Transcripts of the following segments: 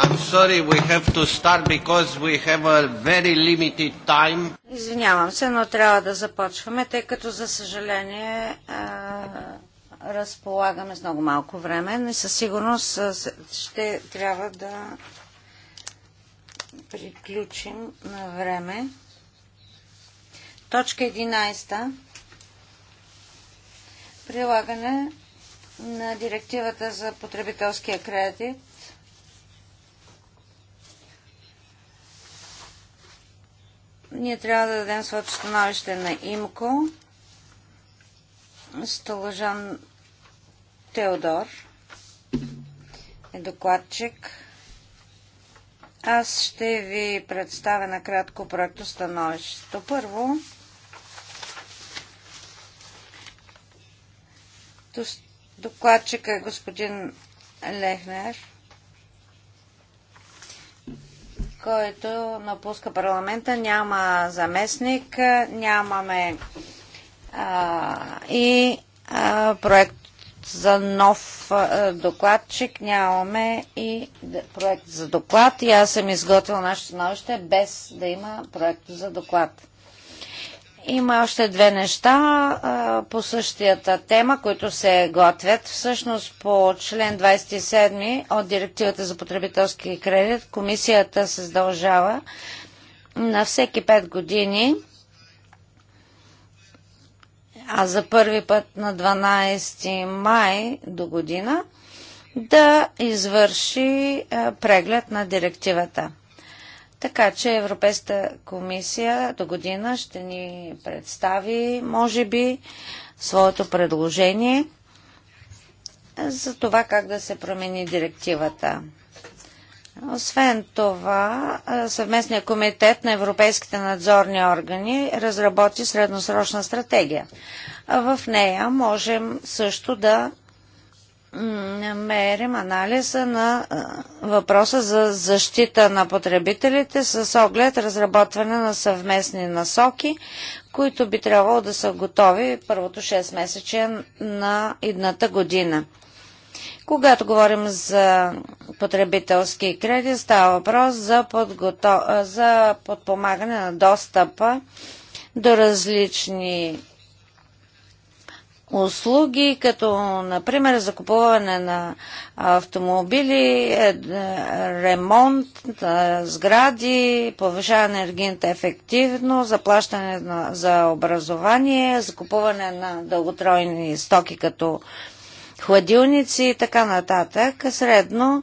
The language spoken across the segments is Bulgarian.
I'm sorry, we have to start because we have a very limited time. Извинявам се, но трябва да започваме, тъй като за съжаление а, разполагаме с много малко време и със сигурност ще трябва да приключим на време. Точка 11. Прилагане на директивата за потребителския кредит. Ние трябва да дадем своето становище на ИМКО. Столъжан Теодор е докладчик. Аз ще ви представя накратко проекто становището. Първо, докладчика е господин Лехнер, който напуска парламента. Няма заместник, нямаме а, и а, проект за нов а, докладчик, нямаме и проект за доклад. И аз съм изготвил нашето становище без да има проект за доклад. Има още две неща а, по същията тема, които се готвят. Всъщност по член 27 от Директивата за потребителски кредит комисията се задължава на всеки 5 години, а за първи път на 12 май до година, да извърши а, преглед на директивата. Така че Европейската комисия до година ще ни представи, може би, своето предложение за това как да се промени директивата. Освен това, съвместният комитет на европейските надзорни органи разработи средносрочна стратегия. В нея можем също да намерим анализа на въпроса за защита на потребителите с оглед разработване на съвместни насоки, които би трябвало да са готови първото 6 месече на едната година. Когато говорим за потребителски кредит, става въпрос за, подготов... за подпомагане на достъпа до различни услуги, като например закупуване на автомобили, е, е, ремонт, е, сгради, повишаване на енергийната ефективност, заплащане за образование, закупуване на дълготройни стоки като хладилници и така нататък. Средно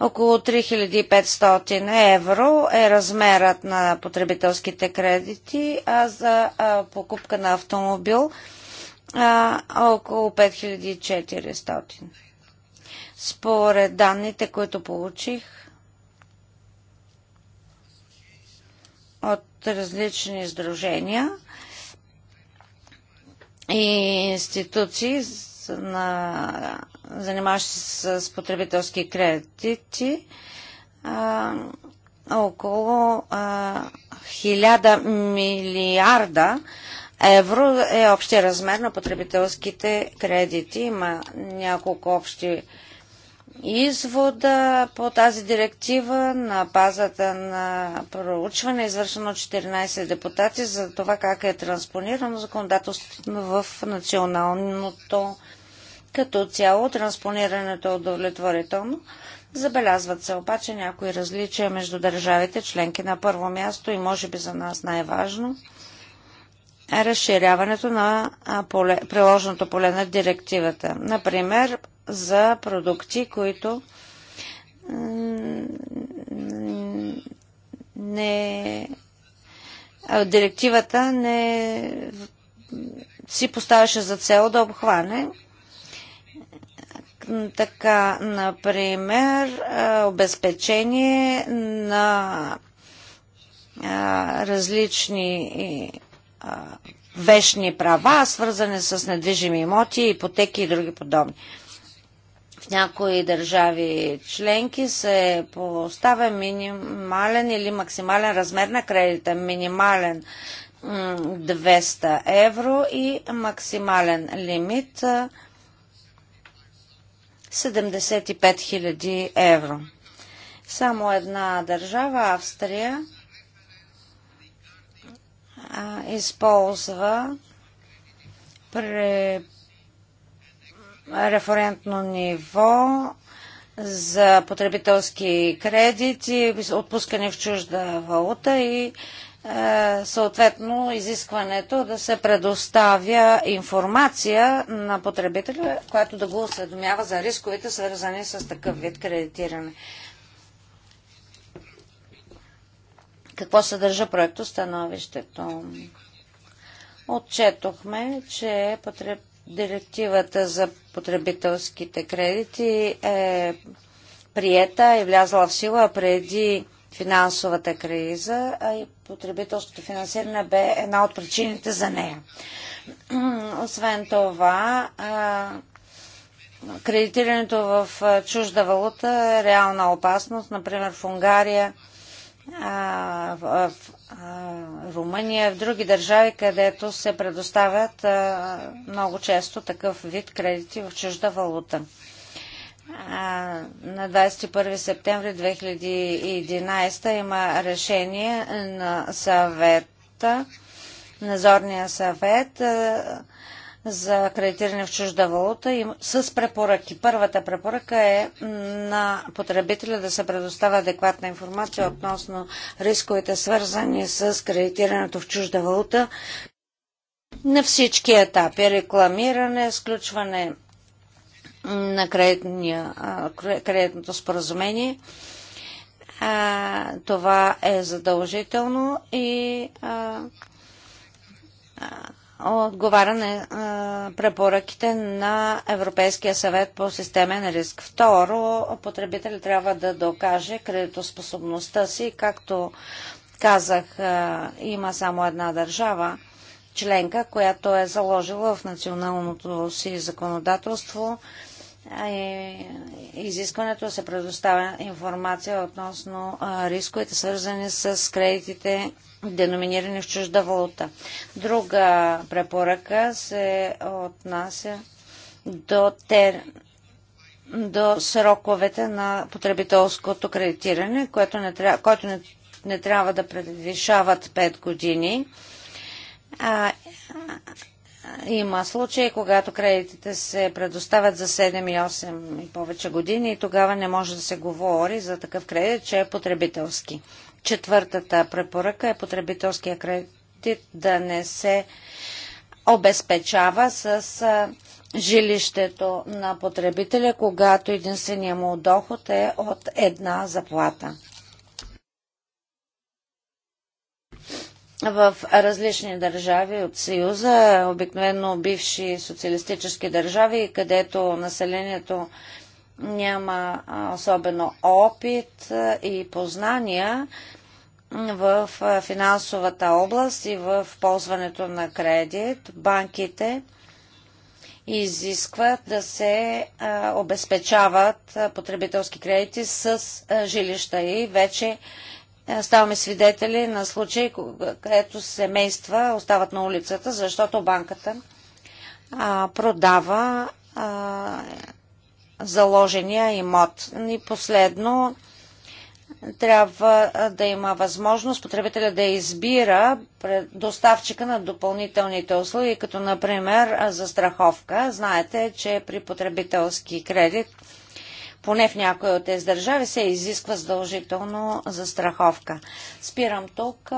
около 3500 евро е размерът на потребителските кредити, а за покупка на автомобил – а, около 5400. Според данните, които получих от различни сдружения и институции, на, занимаващи се с потребителски кредити, а, около а, 1000 милиарда евро е общия размер на потребителските кредити. Има няколко общи извода по тази директива на базата на проучване, извършено от 14 депутати за това как е транспонирано законодателството в националното като цяло. Транспонирането е удовлетворително. Забелязват се обаче някои различия между държавите членки на първо място и може би за нас най-важно – разширяването на поле, приложеното поле на директивата. Например, за продукти, които не директивата не си поставяше за цел да обхване. Така, например, обезпечение на различни вечни права, свързани с недвижими имоти, ипотеки и други подобни. В някои държави членки се поставя минимален или максимален размер на кредита. Минимален 200 евро и максимален лимит 75 000 евро. Само една държава, Австрия, а, използва при референтно ниво за потребителски кредити, отпускане в чужда валута и съответно изискването да се предоставя информация на потребителя, която да го осведомява за рисковете, свързани с такъв вид кредитиране. какво съдържа проекто становището. Отчетохме, че потреб... директивата за потребителските кредити е приета и влязла в сила преди финансовата криза, а и потребителското финансиране бе една от причините за нея. Освен това, кредитирането в чужда валута е реална опасност. Например, в Унгария в Румъния, в други държави, където се предоставят много често такъв вид кредити в чужда валута. На 21 септември 2011 има решение на съвета, Назорния съвет за кредитиране в чужда валута с препоръки. Първата препоръка е на потребителя да се предоставя адекватна информация относно рисковете свързани с кредитирането в чужда валута на всички етапи. Рекламиране, сключване на кредитното споразумение. А, това е задължително и а, отговаряне на препоръките на Европейския съвет по системен риск. Второ, потребителят трябва да докаже кредитоспособността си. Както казах, има само една държава членка, която е заложила в националното си законодателство изискването да се предоставя информация относно рисковете, свързани с кредитите деноминирани в чужда валута. Друга препоръка се отнася до, тер... до сроковете на потребителското кредитиране, което не трябва, който не, не трябва да превишават 5 години. А, има случаи, когато кредитите се предоставят за 7 и 8 и повече години и тогава не може да се говори за такъв кредит, че е потребителски. Четвъртата препоръка е потребителския кредит да не се обезпечава с жилището на потребителя, когато единственият му доход е от една заплата. в различни държави от Съюза, обикновено бивши социалистически държави, където населението няма особено опит и познания в финансовата област и в ползването на кредит. Банките изискват да се обезпечават потребителски кредити с жилища и вече ставаме свидетели на случаи, където семейства остават на улицата, защото банката продава заложения имот. И последно, трябва да има възможност потребителя да избира доставчика на допълнителните услуги, като например за страховка. Знаете, че при потребителски кредит, поне в някои от тези държави, се изисква задължително за страховка. Спирам тук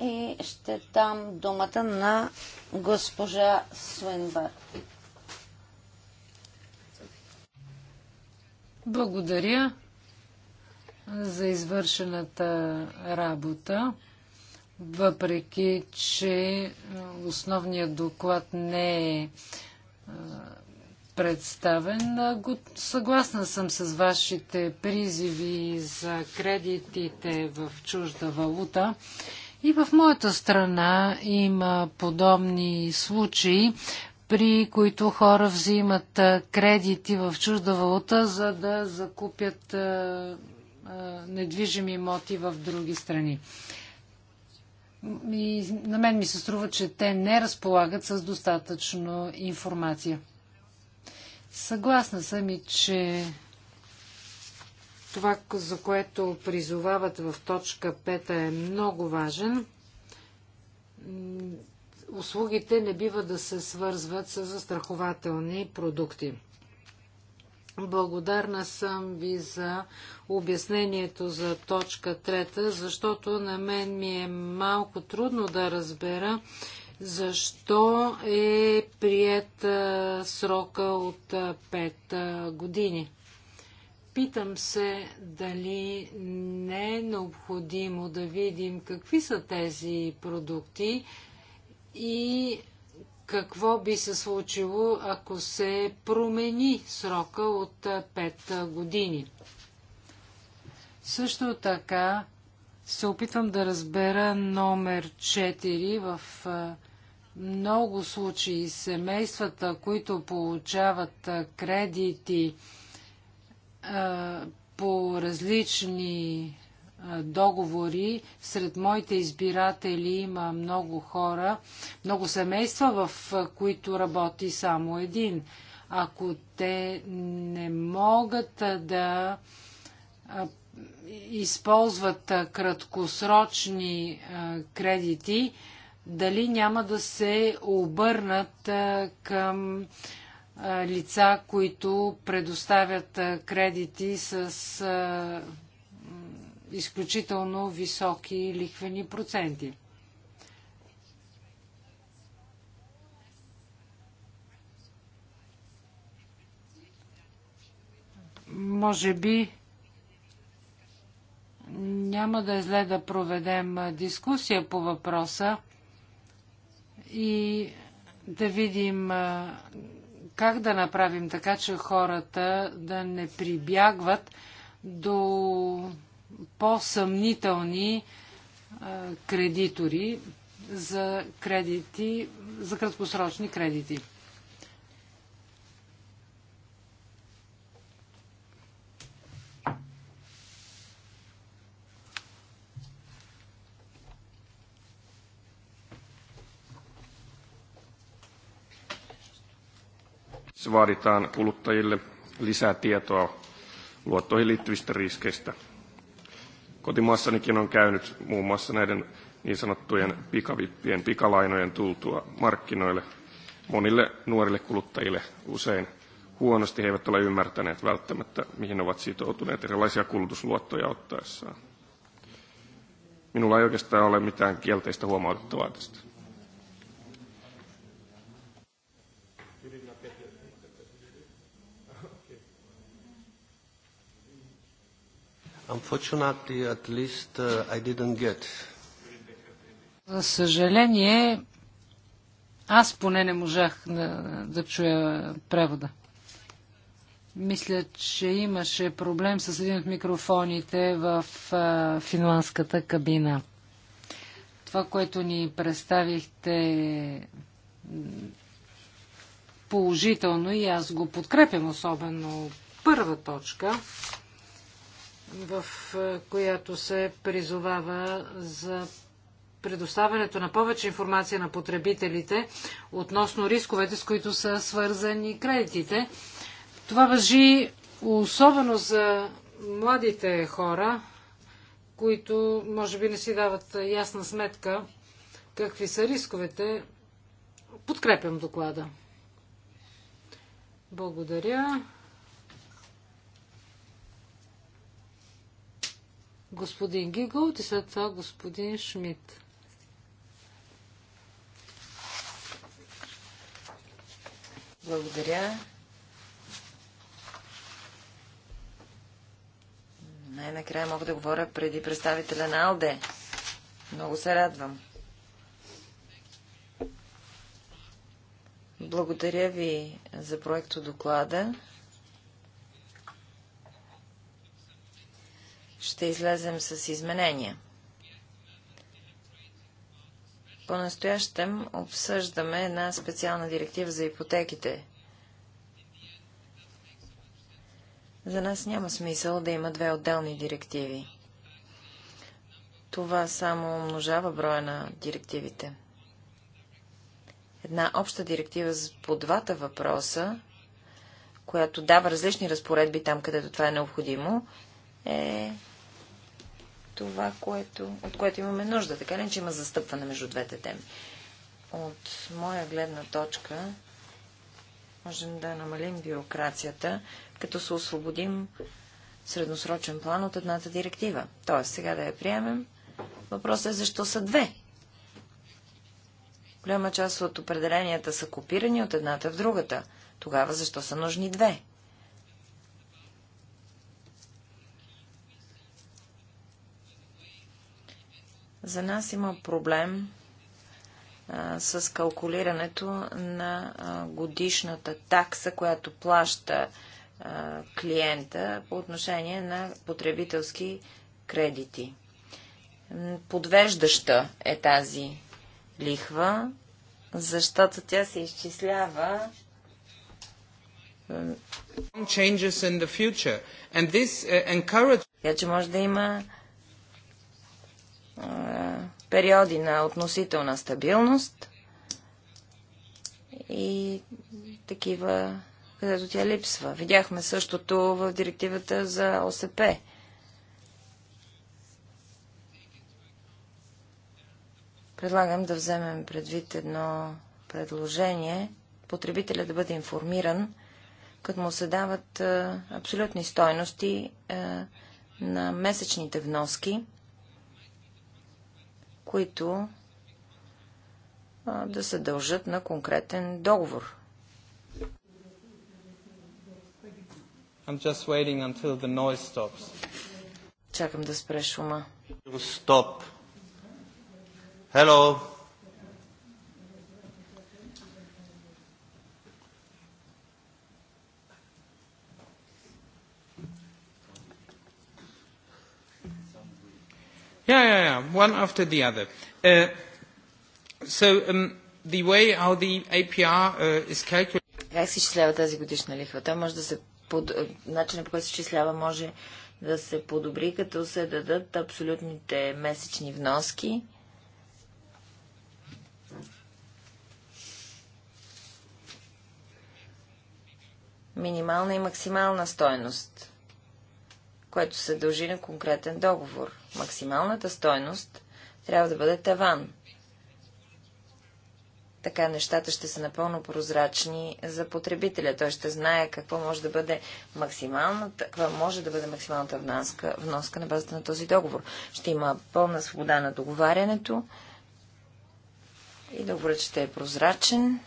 и ще дам думата на госпожа Свенбар. Благодаря за извършената работа, въпреки че основният доклад не е, е представен. Съгласна съм с вашите призиви за кредитите в чужда валута и в моята страна има подобни случаи, при които хора взимат кредити в чужда валута, за да закупят недвижими имоти в други страни. И на мен ми се струва, че те не разполагат с достатъчно информация. Съгласна съм и, че това, за което призовават в точка 5 е много важен. Услугите не бива да се свързват с застрахователни продукти. Благодарна съм ви за обяснението за точка 3, защото на мен ми е малко трудно да разбера защо е прият срока от 5 години. Питам се дали не е необходимо да видим какви са тези продукти и какво би се случило, ако се промени срока от 5 години. Също така се опитвам да разбера номер 4 в много случаи семействата, които получават кредити по различни договори. Сред моите избиратели има много хора, много семейства, в които работи само един. Ако те не могат да използват краткосрочни кредити, дали няма да се обърнат към лица, които предоставят кредити с изключително високи лихвени проценти. Може би няма да е зле да проведем дискусия по въпроса и да видим как да направим така, че хората да не прибягват до по-съмнителни кредитори за кредити, за краткосрочни кредити. vaaditaan kuluttajille lisää tietoa luottoihin liittyvistä riskeistä. Kotimaassanikin on käynyt muun muassa näiden niin sanottujen pikavippien pikalainojen tultua markkinoille. Monille nuorille kuluttajille usein huonosti he eivät ole ymmärtäneet välttämättä, mihin ovat sitoutuneet erilaisia kulutusluottoja ottaessaan. Minulla ei oikeastaan ole mitään kielteistä huomautettavaa tästä. Uh, За съжаление, аз поне не можах да, да чуя превода. Мисля, че имаше проблем с един от микрофоните в а, финландската кабина. Това, което ни представихте положително и аз го подкрепям, особено първа точка в е, която се призовава за предоставянето на повече информация на потребителите относно рисковете, с които са свързани кредитите. Това въжи особено за младите хора, които може би не си дават ясна сметка какви са рисковете. Подкрепям доклада. Благодаря. господин Гигълт и след това господин Шмидт. Благодаря. Най-накрая мога да говоря преди представителя на Алде. Много се радвам. Благодаря ви за проекто доклада. ще излезем с изменения. По-настоящем обсъждаме една специална директива за ипотеките. За нас няма смисъл да има две отделни директиви. Това само умножава броя на директивите. Една обща директива по двата въпроса, която дава различни разпоредби там, където това е необходимо, е това, което, от което имаме нужда. Така ли, че има застъпване между двете теми? От моя гледна точка можем да намалим бюрокрацията, като се освободим средносрочен план от едната директива. Тоест, сега да я приемем. Въпросът е защо са две. Голяма част от определенията са копирани от едната в другата. Тогава защо са нужни две? За нас има проблем а, с калкулирането на а, годишната такса, която плаща а, клиента по отношение на потребителски кредити. Подвеждаща е тази лихва, защото тя се изчислява changes in the future. And this uh, encourage... Така че може да има периоди на относителна стабилност и такива, където тя липсва. Видяхме същото в директивата за ОСП. Предлагам да вземем предвид едно предложение потребителя да бъде информиран, като му се дават абсолютни стойности на месечните вноски които да се дължат на конкретен договор. I'm just waiting until the noise stops. Чакам да спре шума. Stop. Hello. Yeah, yeah, yeah, one after the other. Uh, so, um, the way how the APR uh, is calculated... Как се изчислява тази годишна лихва? Той може да се... Под... Е, начинът по който се изчислява може да се подобри, като се дадат абсолютните месечни вноски. Минимална и максимална стоеност което се дължи на конкретен договор. Максималната стойност трябва да бъде таван. Така нещата ще са напълно прозрачни за потребителя. Той ще знае какво може да бъде максималната, каква може да бъде максималната вноска, вноска на базата на този договор. Ще има пълна свобода на договарянето и договорът ще е прозрачен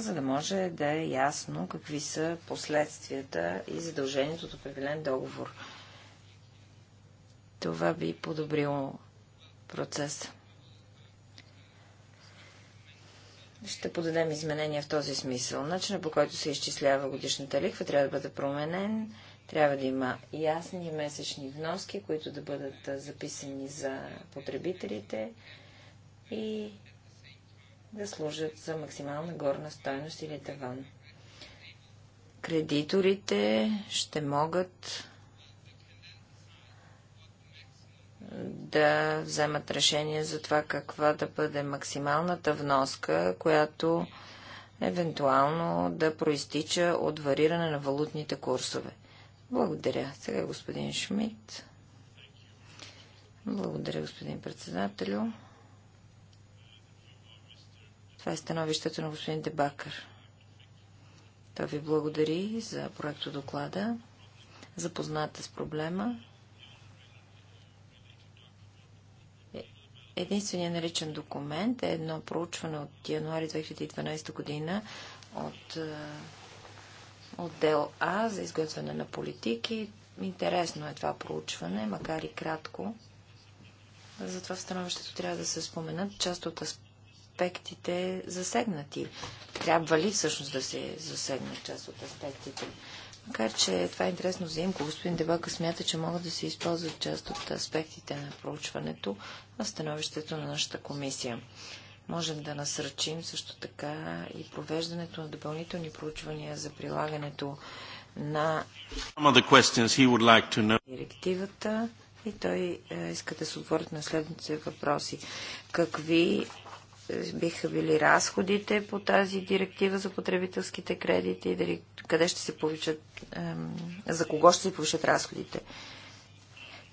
за да може да е ясно какви са последствията и задължението от определен договор. Това би подобрило процеса. Ще подадем изменения в този смисъл. Начинът по който се изчислява годишната лихва трябва да бъде променен. Трябва да има ясни месечни вноски, които да бъдат записани за потребителите и да служат за максимална горна стойност или таван. Кредиторите ще могат да вземат решение за това каква да бъде максималната вноска, която евентуално да проистича от вариране на валутните курсове. Благодаря. Сега господин Шмидт. Благодаря, господин председателю. Това е становището на господин Дебакър. Той ви благодари за проекто доклада, запозната с проблема. Е, единственият наличен документ е едно проучване от януари 2012 година от е, отдел А за изготвяне на политики. Интересно е това проучване, макар и кратко. Затова в становището трябва да се споменат част от аспектите засегнати. Трябва ли всъщност да се засегнат част от аспектите? Макар, че това е интересно за имко, господин Дебака смята, че могат да се използват част от аспектите на проучването на становището на нашата комисия. Можем да насръчим също така и провеждането на допълнителни проучвания за прилагането на директивата и той е, иска да се отворят на следните въпроси. Какви биха били разходите по тази директива за потребителските кредити и дали, къде ще се повишат, за кого ще се повишат разходите.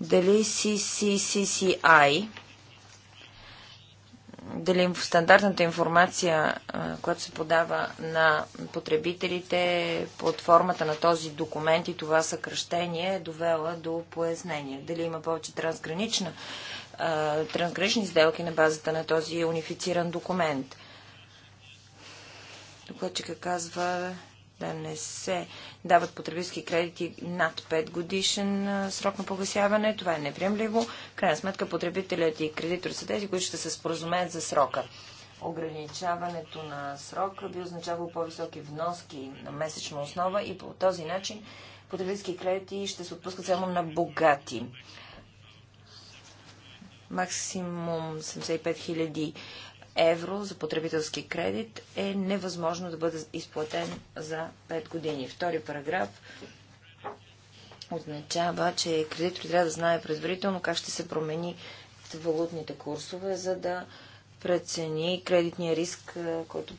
Дали CCCCI, дали в стандартната информация, е, която се подава на потребителите под формата на този документ и това съкръщение е довела до пояснение. Дали има повече трансгранична трансгранични сделки на базата на този унифициран документ. Докладчика казва да не се дават потребителски кредити над 5 годишен срок на погасяване. Това е неприемливо. Крайна сметка потребителят и кредитор са тези, които ще се споразумеят за срока. Ограничаването на срока би означавало по-високи вноски на месечна основа и по този начин потребителски кредити ще се отпускат само на богати максимум 75 000 евро за потребителски кредит е невъзможно да бъде изплатен за 5 години. Втори параграф означава, че кредитор трябва да знае предварително как ще се промени валутните курсове, за да прецени кредитния риск, който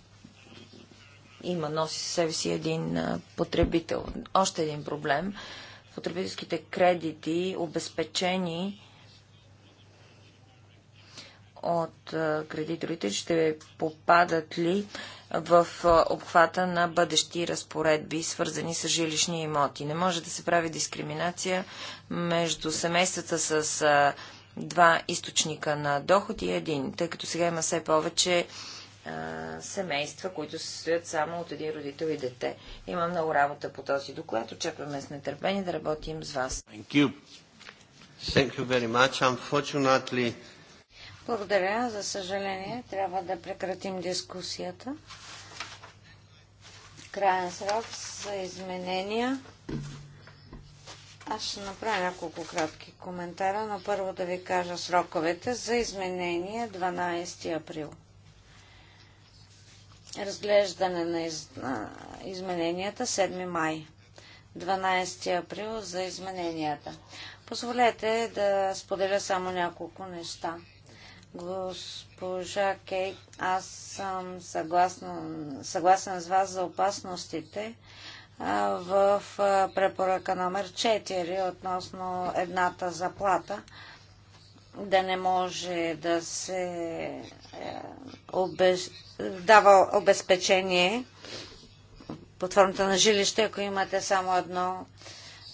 има, носи със себе си един потребител. Още един проблем. Потребителските кредити, обезпечени от кредиторите ще попадат ли в обхвата на бъдещи разпоредби, свързани с жилищни имоти. Не може да се прави дискриминация между семействата с два източника на доход и един, тъй като сега има все повече семейства, които се състоят само от един родител и дете. Има много работа по този доклад. Очакваме с нетърпение да работим с вас. Thank you. Thank you very much. Unfortunately, благодаря. За съжаление, трябва да прекратим дискусията. Краен срок за изменения. Аз ще направя няколко кратки коментара, но първо да ви кажа сроковете за изменение 12 април. Разглеждане на, из... на измененията 7 май. 12 април за измененията. Позволете да споделя само няколко неща. Госпожа Кей, аз съм съгласна, съгласен с вас за опасностите в препоръка номер 4 относно едната заплата да не може да се е, обез... дава обезпечение под формата на жилище, ако имате само едно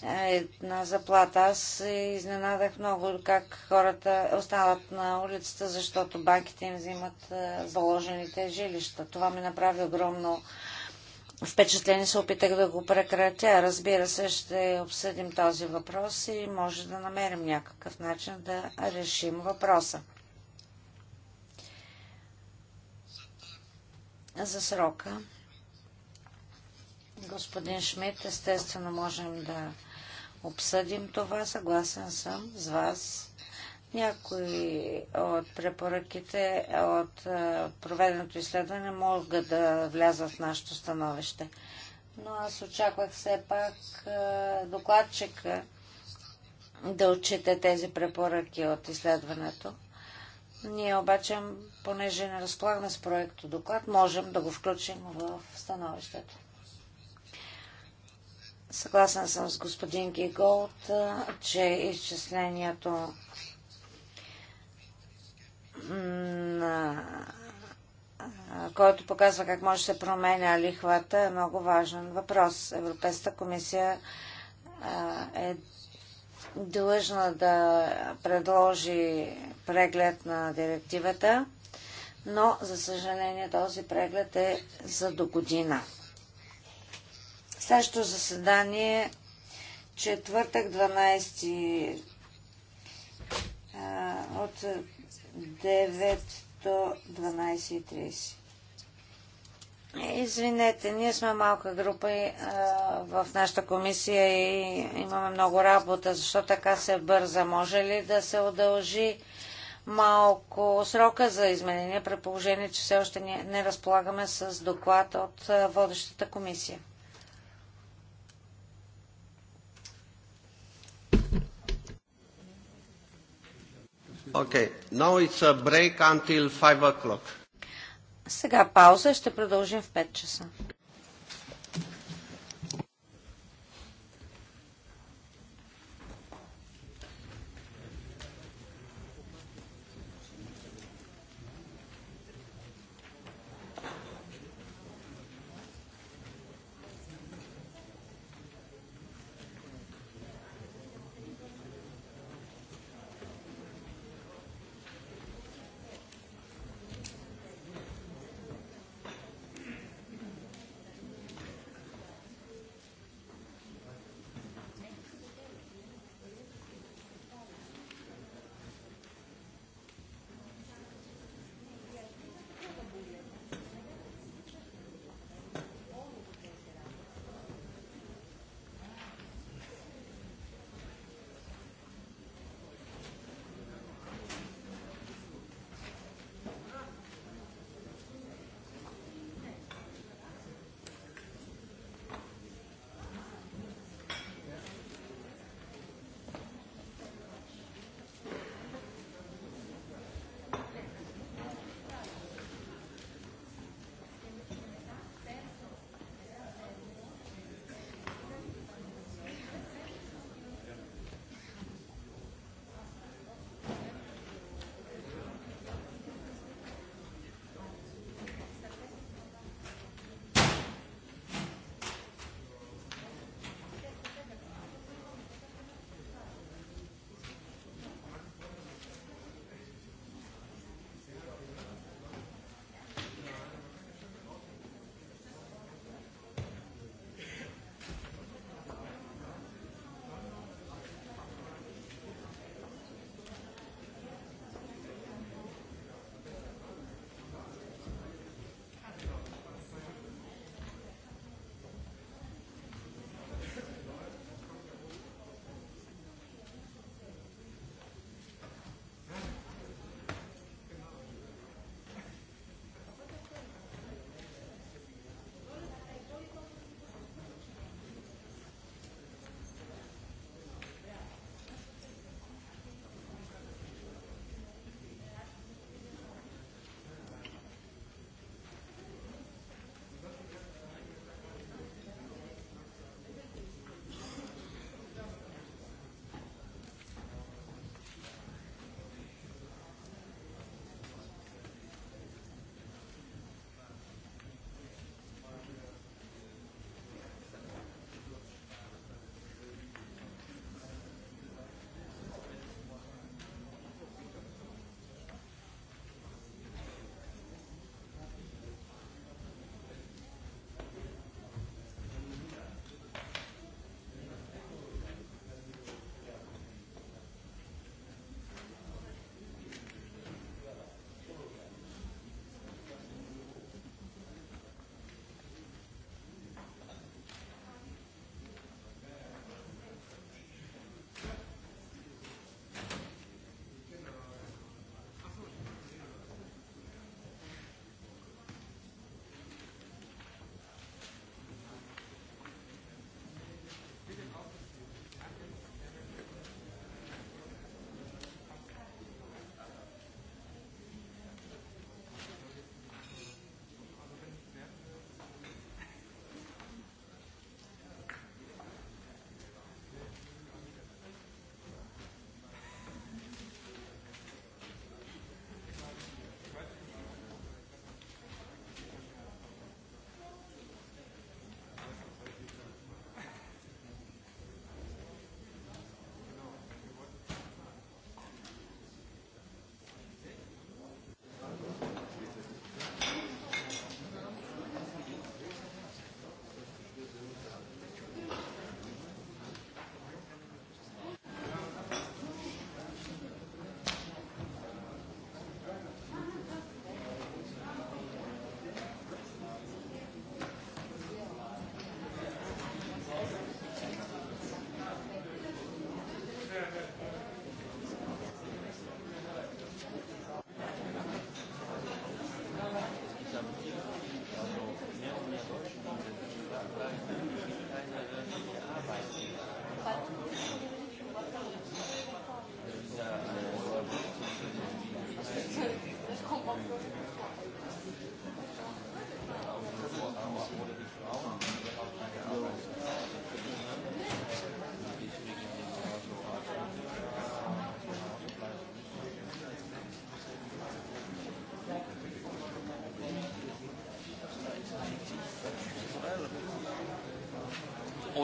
една заплата. Аз се изненадах много как хората остават на улицата, защото банките им взимат заложените жилища. Това ми направи огромно впечатление. Се опитах да го прекратя. Разбира се, ще обсъдим този въпрос и може да намерим някакъв начин да решим въпроса. За срока. Господин Шмидт, естествено можем да обсъдим това. Съгласен съм с вас. Някои от препоръките от проведеното изследване могат да влязат в нашето становище. Но аз очаквах все пак докладчика да отчете тези препоръки от изследването. Ние обаче, понеже не разполагаме с проекто доклад, можем да го включим в становището. Съгласен съм с господин Гиголт, че изчислението на който показва как може да се променя лихвата, е много важен въпрос. Европейската комисия е длъжна да предложи преглед на директивата, но за съжаление този преглед е за до година. Следващото заседание четвъртък 12 а, от 9 до 12.30. Извинете, ние сме малка група и, а, в нашата комисия и имаме много работа. Защо така се бърза? Може ли да се удължи малко срока за изменение, при положение, че все още не, разполагаме с доклад от водещата комисия? Okay. Now it's a break until 5 o'clock. Сега пауза, ще продължим в 5 часа.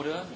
order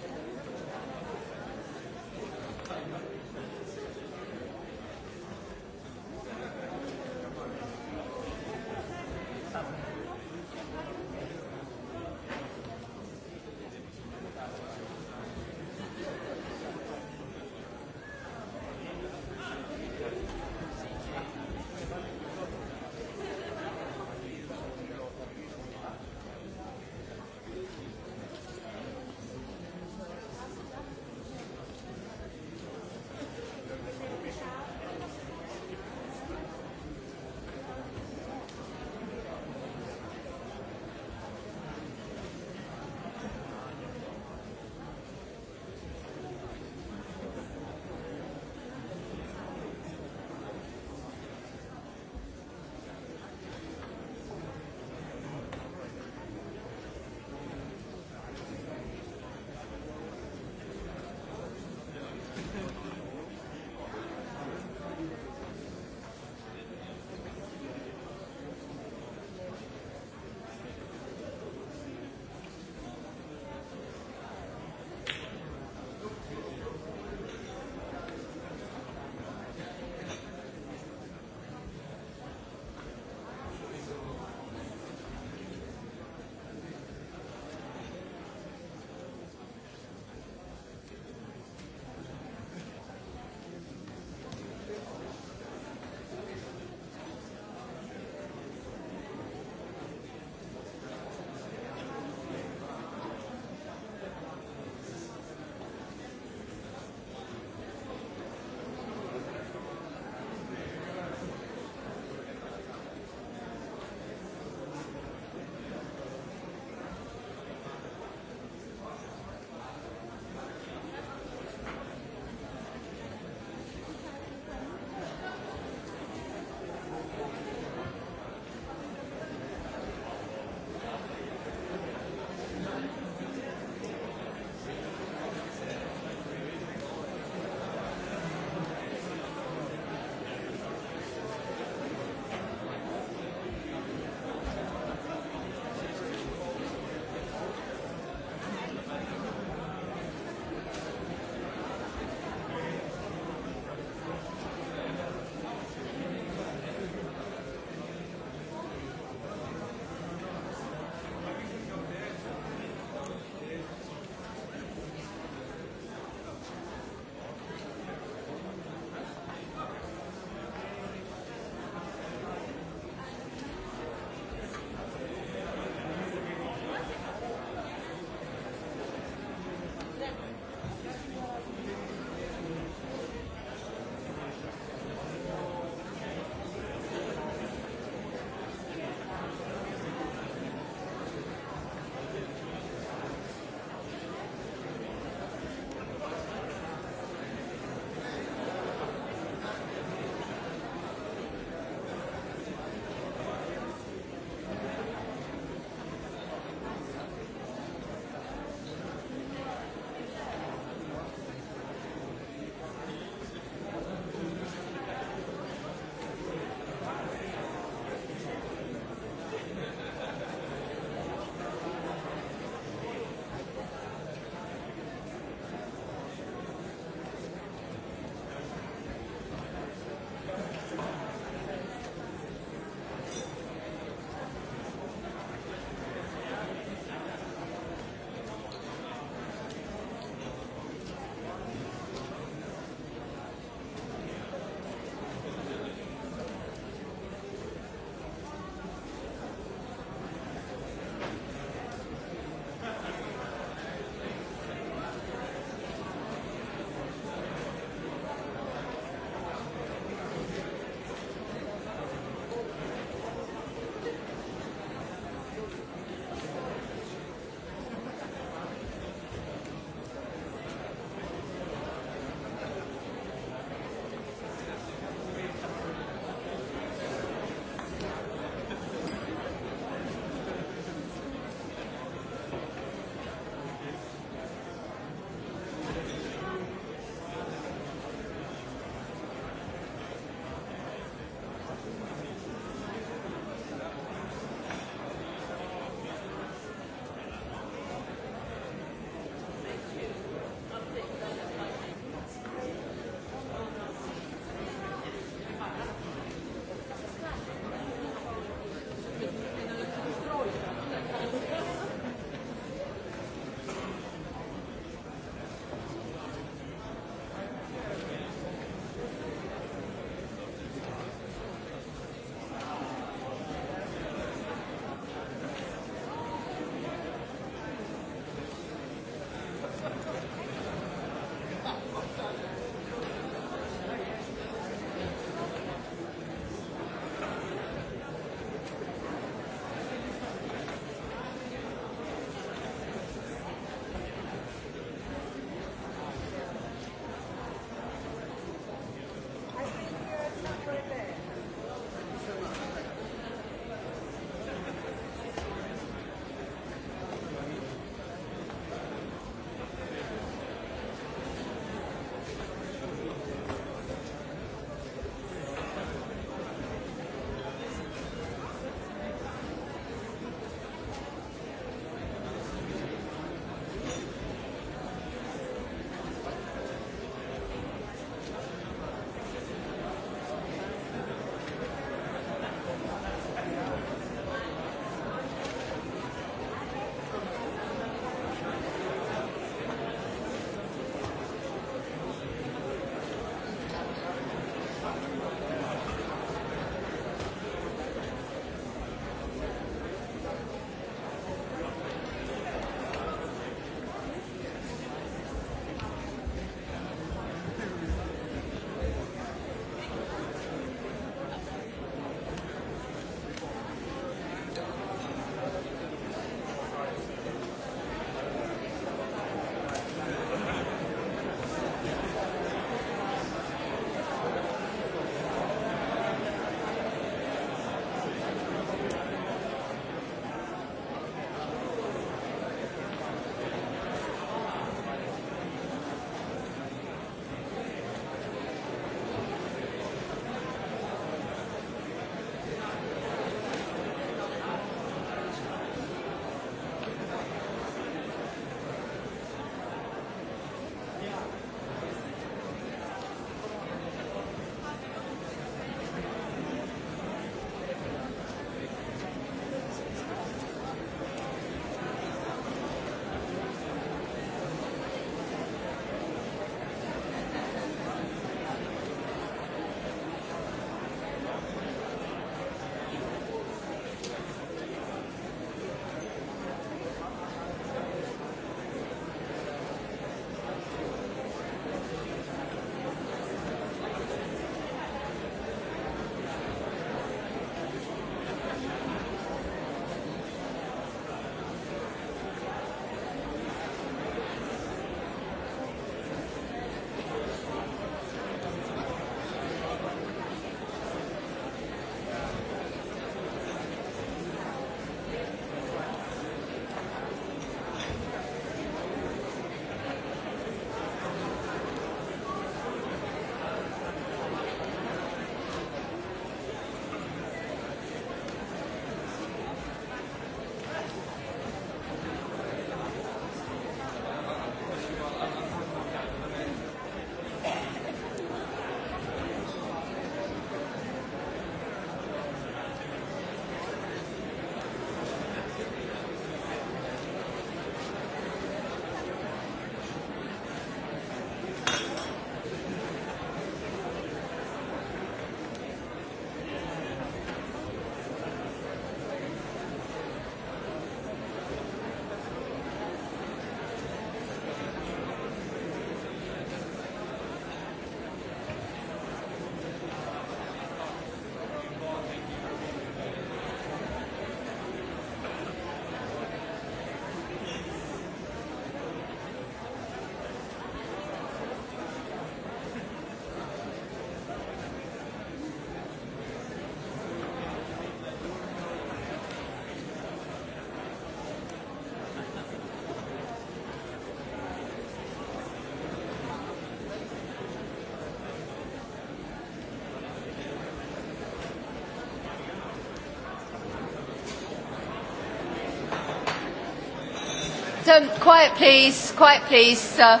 quiet, please. Quiet, please.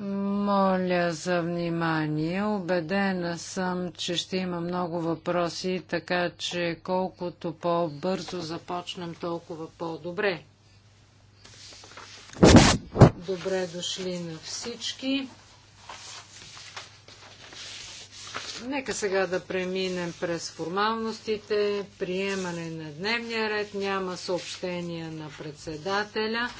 Моля за внимание. Обедена съм, че ще има много въпроси, така че колкото по-бързо започнем, толкова по-добре. Добре дошли на всички. Нека сега да преминем през формалностите, приемане на дневния ред, няма съобщения на председателя.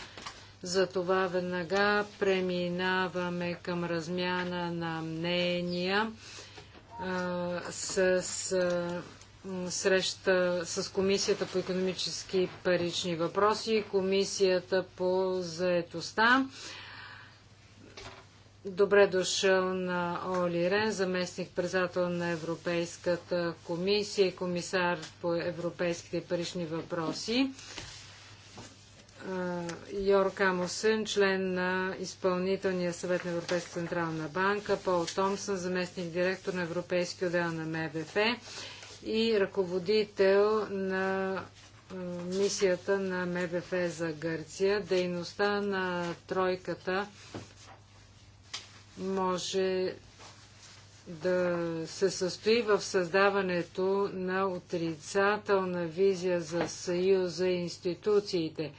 Затова веднага преминаваме към размяна на мнения а, с а, среща с Комисията по економически парични въпроси и Комисията по заетостта. Добре дошъл на Оли Рен, заместник председател на Европейската комисия и комисар по европейските парични въпроси. Йор Камосен, член на изпълнителния съвет на Европейска централна банка, Пол Томсън, заместник директор на Европейски отдел на МВФ и ръководител на мисията на МВФ за Гърция. Дейността на тройката може да се състои в създаването на отрицателна визия за Съюза и институциите.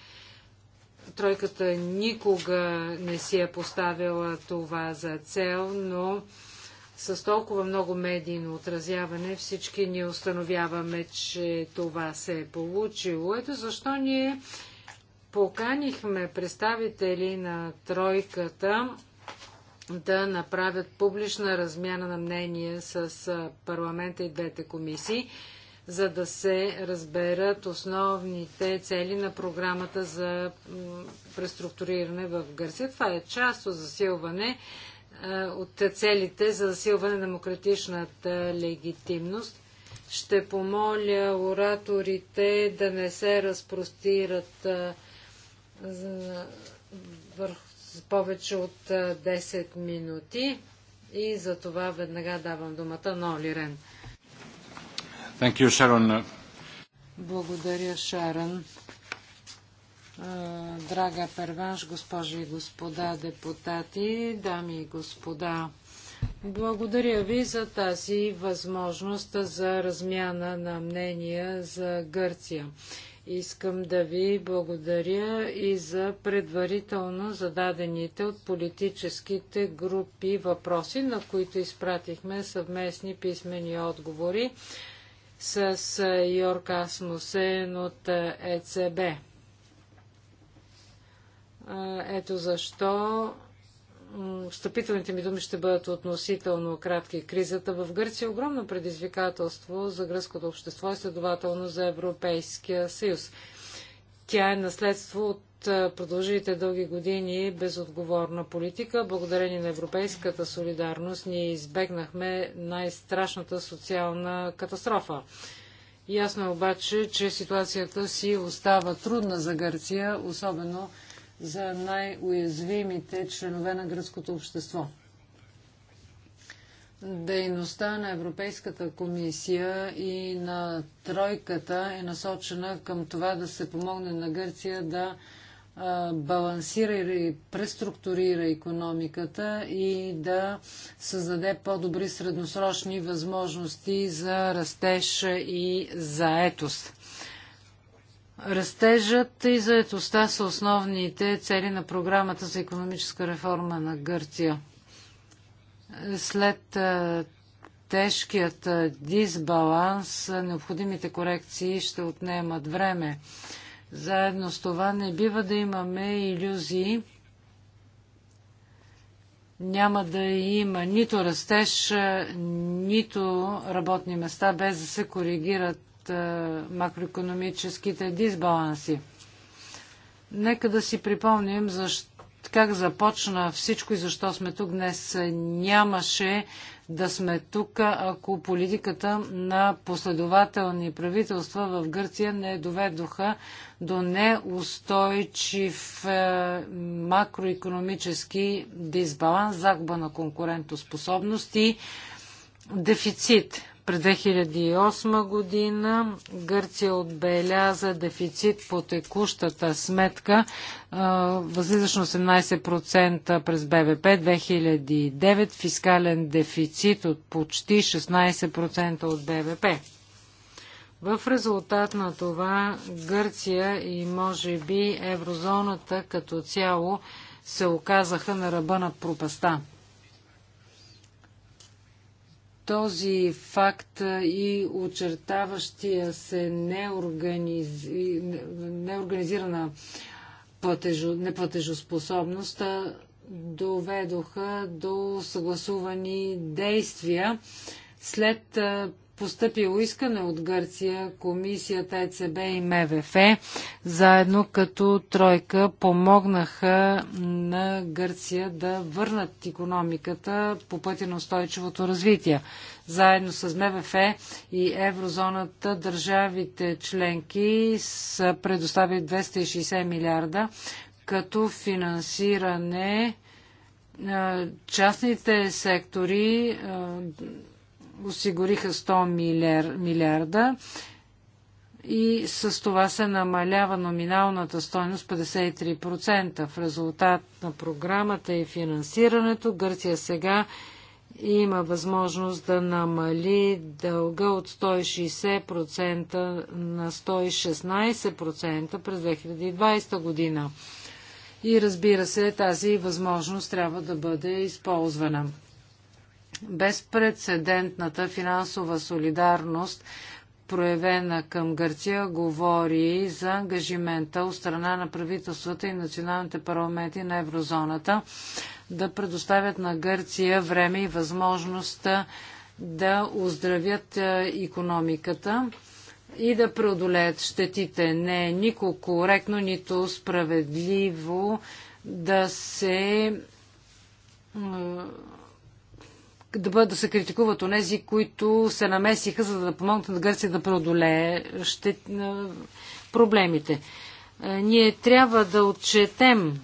Тройката никога не си е поставила това за цел, но с толкова много медийно отразяване всички ни установяваме, че това се е получило. Ето защо ние поканихме представители на тройката да направят публична размяна на мнение с парламента и двете комисии, за да се разберат основните цели на програмата за преструктуриране в Гърция. Това е част от засилване от целите за засилване на демократичната легитимност. Ще помоля ораторите да не се разпростират върху повече от 10 минути и за това веднага давам думата на Оли Рен. Thank you, Sharon. Благодаря, Шарън. Драга Перванш, госпожи и господа депутати, дами и господа, благодаря ви за тази възможност за размяна на мнения за Гърция. Искам да ви благодаря и за предварително зададените от политическите групи въпроси, на които изпратихме съвместни писмени отговори с Йорк Асмусен от ЕЦБ. Ето защо встъпителните ми думи ще бъдат относително кратки. Кризата в Гърция е огромно предизвикателство за гръцкото общество и следователно за Европейския съюз. Тя е наследство от продължите дълги години безотговорна политика. Благодарение на европейската солидарност ние избегнахме най-страшната социална катастрофа. Ясно е обаче, че ситуацията си остава трудна за Гърция, особено за най-уязвимите членове на гръцкото общество. Дейността на Европейската комисия и на тройката е насочена към това да се помогне на Гърция да балансира и преструктурира економиката и да създаде по-добри средносрочни възможности за растеж и заетост. Растежът и заедостта са основните цели на програмата за економическа реформа на Гърция. След тежкият дисбаланс, необходимите корекции ще отнемат време. Заедно с това не бива да имаме иллюзии. Няма да има нито растеж, нито работни места, без да се коригират от е, макроекономическите дисбаланси. Нека да си припомним защ... как започна всичко и защо сме тук днес. Нямаше да сме тук, ако политиката на последователни правителства в Гърция не доведоха до неустойчив е, макроекономически дисбаланс, загуба на конкурентоспособност и дефицит. През 2008 година Гърция отбеляза дефицит по текущата сметка, възлизаш 18% през БВП, 2009 фискален дефицит от почти 16% от БВП. В резултат на това Гърция и може би еврозоната като цяло се оказаха на ръба на пропаста този факт и очертаващия се неорганиз... неорганизирана платежо... неплатежоспособност доведоха до съгласувани действия след Постъпило искане от Гърция, комисията ЕЦБ и МВФ, заедно като тройка помогнаха на Гърция да върнат економиката по пътя на устойчивото развитие. Заедно с МВФ и еврозоната държавите членки са предоставили 260 милиарда като финансиране частните сектори осигуриха 100 милиарда и с това се намалява номиналната стойност 53%. В резултат на програмата и финансирането Гърция сега има възможност да намали дълга от 160% на 116% през 2020 година. И разбира се, тази възможност трябва да бъде използвана. Безпредседентната финансова солидарност, проявена към Гърция, говори за ангажимента от страна на правителствата и националните парламенти на еврозоната да предоставят на Гърция време и възможност да оздравят економиката и да преодолеят щетите. Не е нико коректно, нито справедливо да се е, да бъдат да се критикуват онези, които се намесиха, за да помогнат на Гърция да преодолее ще, проблемите. Ние трябва да отчетем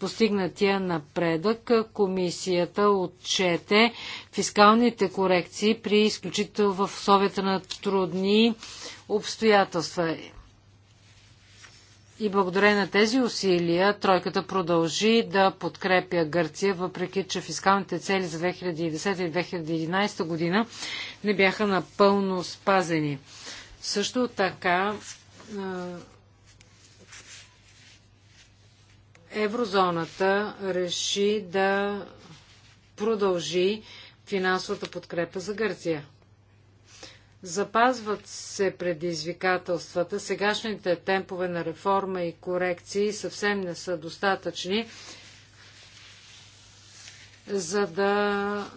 постигнатия напредък. Комисията отчете фискалните корекции при изключително в условията на трудни обстоятелства. И благодарение на тези усилия тройката продължи да подкрепя Гърция, въпреки че фискалните цели за 2010 и 2011 година не бяха напълно спазени. Също така еврозоната реши да продължи финансовата подкрепа за Гърция. Запазват се предизвикателствата. Сегашните темпове на реформа и корекции съвсем не са достатъчни, за да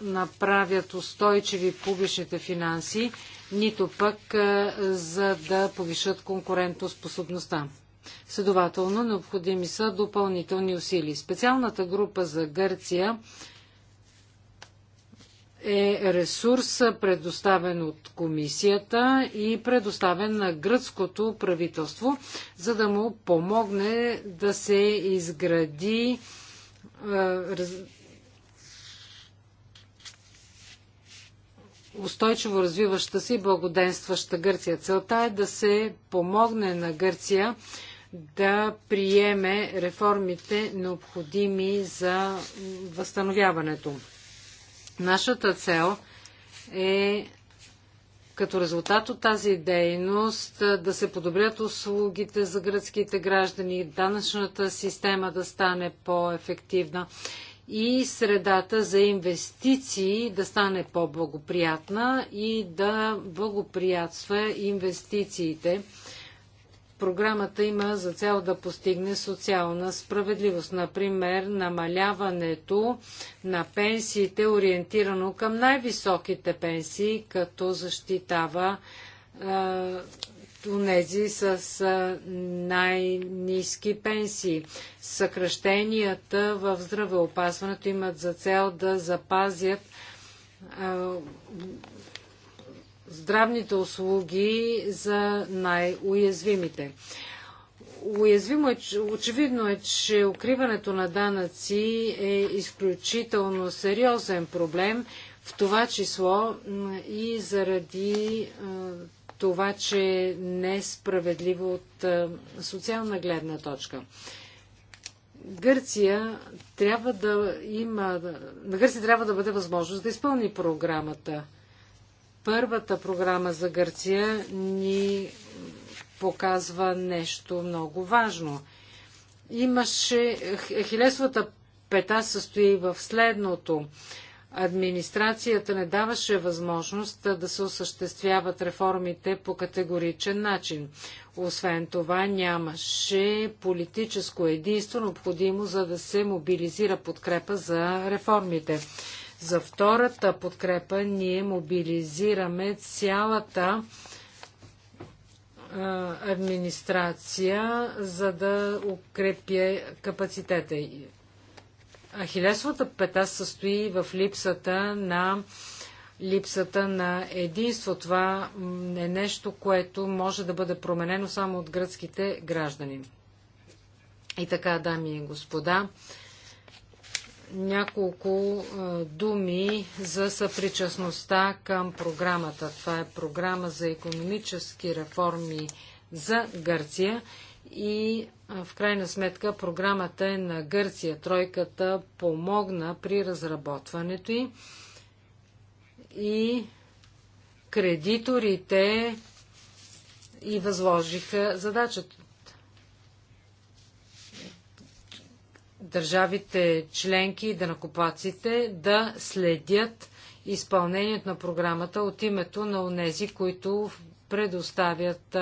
направят устойчиви публичните финанси, нито пък е, за да повишат конкурентоспособността. Следователно, необходими са допълнителни усилия. Специалната група за Гърция е ресурс предоставен от комисията и предоставен на гръцкото правителство, за да му помогне да се изгради е, устойчиво развиваща се и благоденстваща Гърция. Целта е да се помогне на Гърция да приеме реформите необходими за възстановяването. Нашата цел е като резултат от тази дейност да се подобрят услугите за гръцките граждани, данъчната система да стане по-ефективна и средата за инвестиции да стане по-благоприятна и да благоприятства инвестициите програмата има за цел да постигне социална справедливост. Например, намаляването на пенсиите, ориентирано към най-високите пенсии, като защитава унези с най-низки пенсии. Съкръщенията в здравеопазването имат за цел да запазят здравните услуги за най-уязвимите. Уязвимо е, очевидно е, че укриването на данъци е изключително сериозен проблем, в това число и заради това, че е несправедливо от социална гледна точка. Гърция трябва да има, на Гърция трябва да бъде възможност да изпълни програмата. Първата програма за Гърция ни показва нещо много важно. Имаше Хилесовата пета състои в следното. Администрацията не даваше възможност да се осъществяват реформите по категоричен начин. Освен това нямаше политическо единство необходимо, за да се мобилизира подкрепа за реформите. За втората подкрепа ние мобилизираме цялата администрация, за да укрепя капацитета. Ахилесовата пета състои в липсата на липсата на единство. Това е нещо, което може да бъде променено само от гръцките граждани. И така, дами и господа, няколко думи за съпричастността към програмата. Това е програма за економически реформи за Гърция и в крайна сметка програмата е на Гърция. Тройката помогна при разработването й и кредиторите и възложиха задачата. държавите членки и дънакопаците да следят изпълнението на програмата от името на онези, които предоставят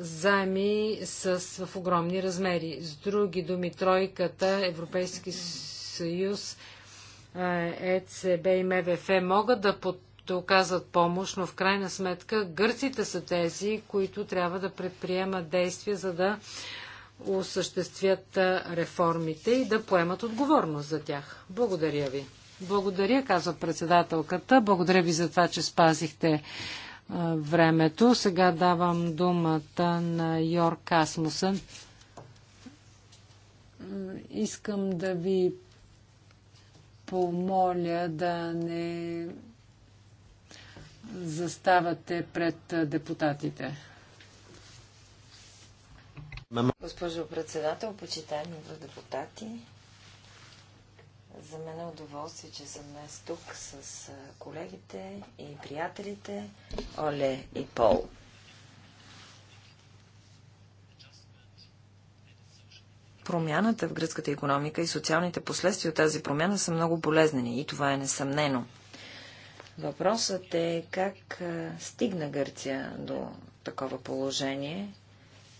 заеми с, в огромни размери. С други думи, тройката, Европейски съюз, ЕЦБ и МВФ могат да под да оказват помощ, но в крайна сметка гърците са тези, които трябва да предприемат действия, за да осъществят реформите и да поемат отговорност за тях. Благодаря ви. Благодаря, казва председателката. Благодаря ви за това, че спазихте времето. Сега давам думата на Йор Асмусън. Искам да ви помоля да не заставате пред депутатите. Госпожо председател, почитаеми депутати, за мен е удоволствие, че съм днес тук с колегите и приятелите Оле и Пол. Промяната в гръцката економика и социалните последствия от тази промяна са много болезнени и това е несъмнено. Въпросът е как стигна Гърция до такова положение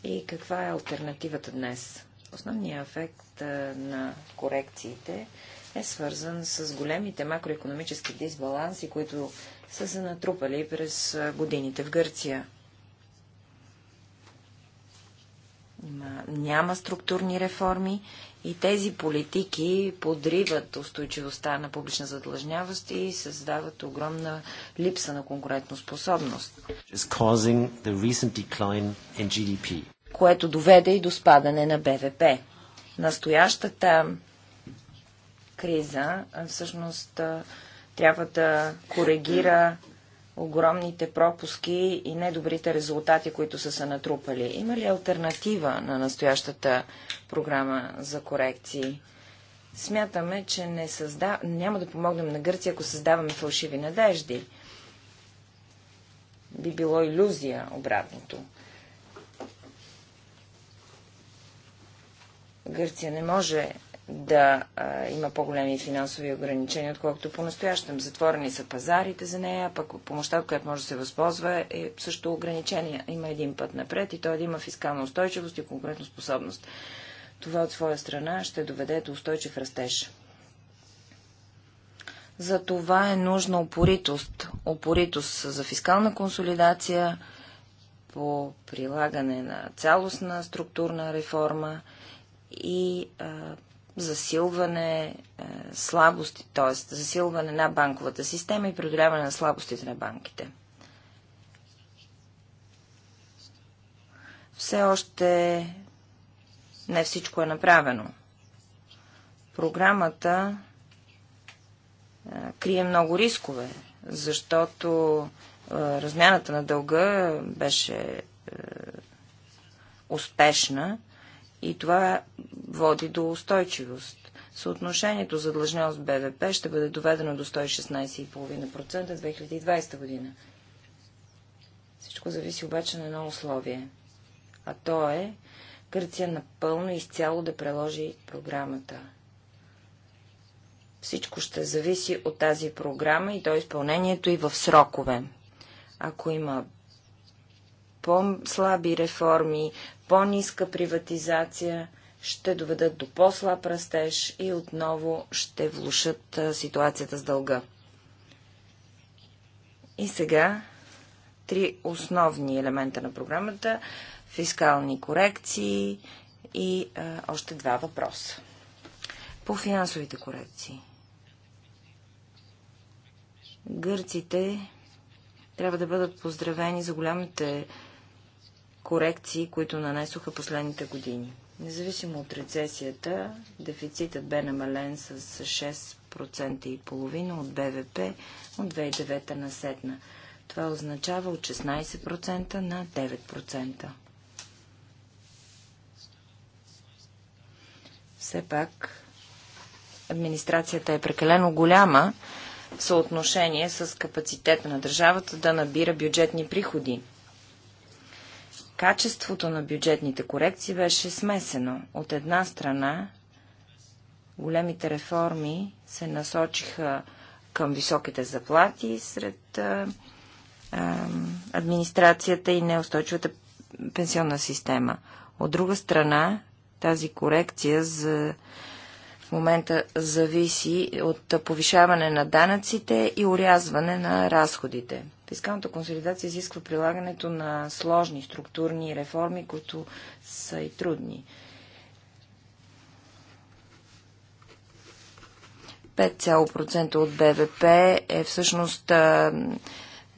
и каква е альтернативата днес? Основният ефект на корекциите е свързан с големите макроекономически дисбаланси, които са се натрупали през годините в Гърция. няма структурни реформи и тези политики подриват устойчивостта на публична задлъжнявост и създават огромна липса на конкурентоспособност, което доведе и до спадане на БВП. Настоящата криза всъщност трябва да коригира огромните пропуски и недобрите резултати, които са се натрупали. Има ли альтернатива на настоящата програма за корекции? Смятаме, че не създа... няма да помогнем на Гърция, ако създаваме фалшиви надежди. Би било иллюзия обратното. Гърция не може да а, има по-големи финансови ограничения, отколкото по-настоящем. Затворени са пазарите за нея, пък помощта, от която може да се възползва, е също ограничение. Има един път напред и той да има фискална устойчивост и конкурентоспособност. Това от своя страна ще доведе до устойчив растеж. За това е нужна опоритост. Опоритост за фискална консолидация, по прилагане на цялостна структурна реформа и а, засилване е, слабости, т.е. засилване на банковата система и преодоляване на слабостите на банките. Все още не всичко е направено. Програмата е, крие много рискове, защото е, размяната на дълга беше е, успешна и това води до устойчивост. Съотношението за длъжност БВП ще бъде доведено до 116,5% 2020 година. Всичко зависи обаче на едно условие, а то е Гърция напълно и изцяло да преложи програмата. Всичко ще зависи от тази програма и до изпълнението и в срокове. Ако има по-слаби реформи, по-ниска приватизация, ще доведат до по-слаб растеж и отново ще влушат ситуацията с дълга. И сега три основни елемента на програмата фискални корекции и а, още два въпроса. По финансовите корекции. Гърците трябва да бъдат поздравени за голямите корекции, които нанесоха последните години. Независимо от рецесията, дефицитът бе намален с 6% и половина от БВП от 2009 на сетна. Това означава от 16% на 9%. Все пак администрацията е прекалено голяма в съотношение с капацитета на държавата да набира бюджетни приходи качеството на бюджетните корекции беше смесено. От една страна, големите реформи се насочиха към високите заплати сред а, а, администрацията и неустойчивата пенсионна система. От друга страна, тази корекция за в момента зависи от повишаване на данъците и урязване на разходите. Фискалната консолидация изисква прилагането на сложни структурни реформи, които са и трудни. процента от БВП е всъщност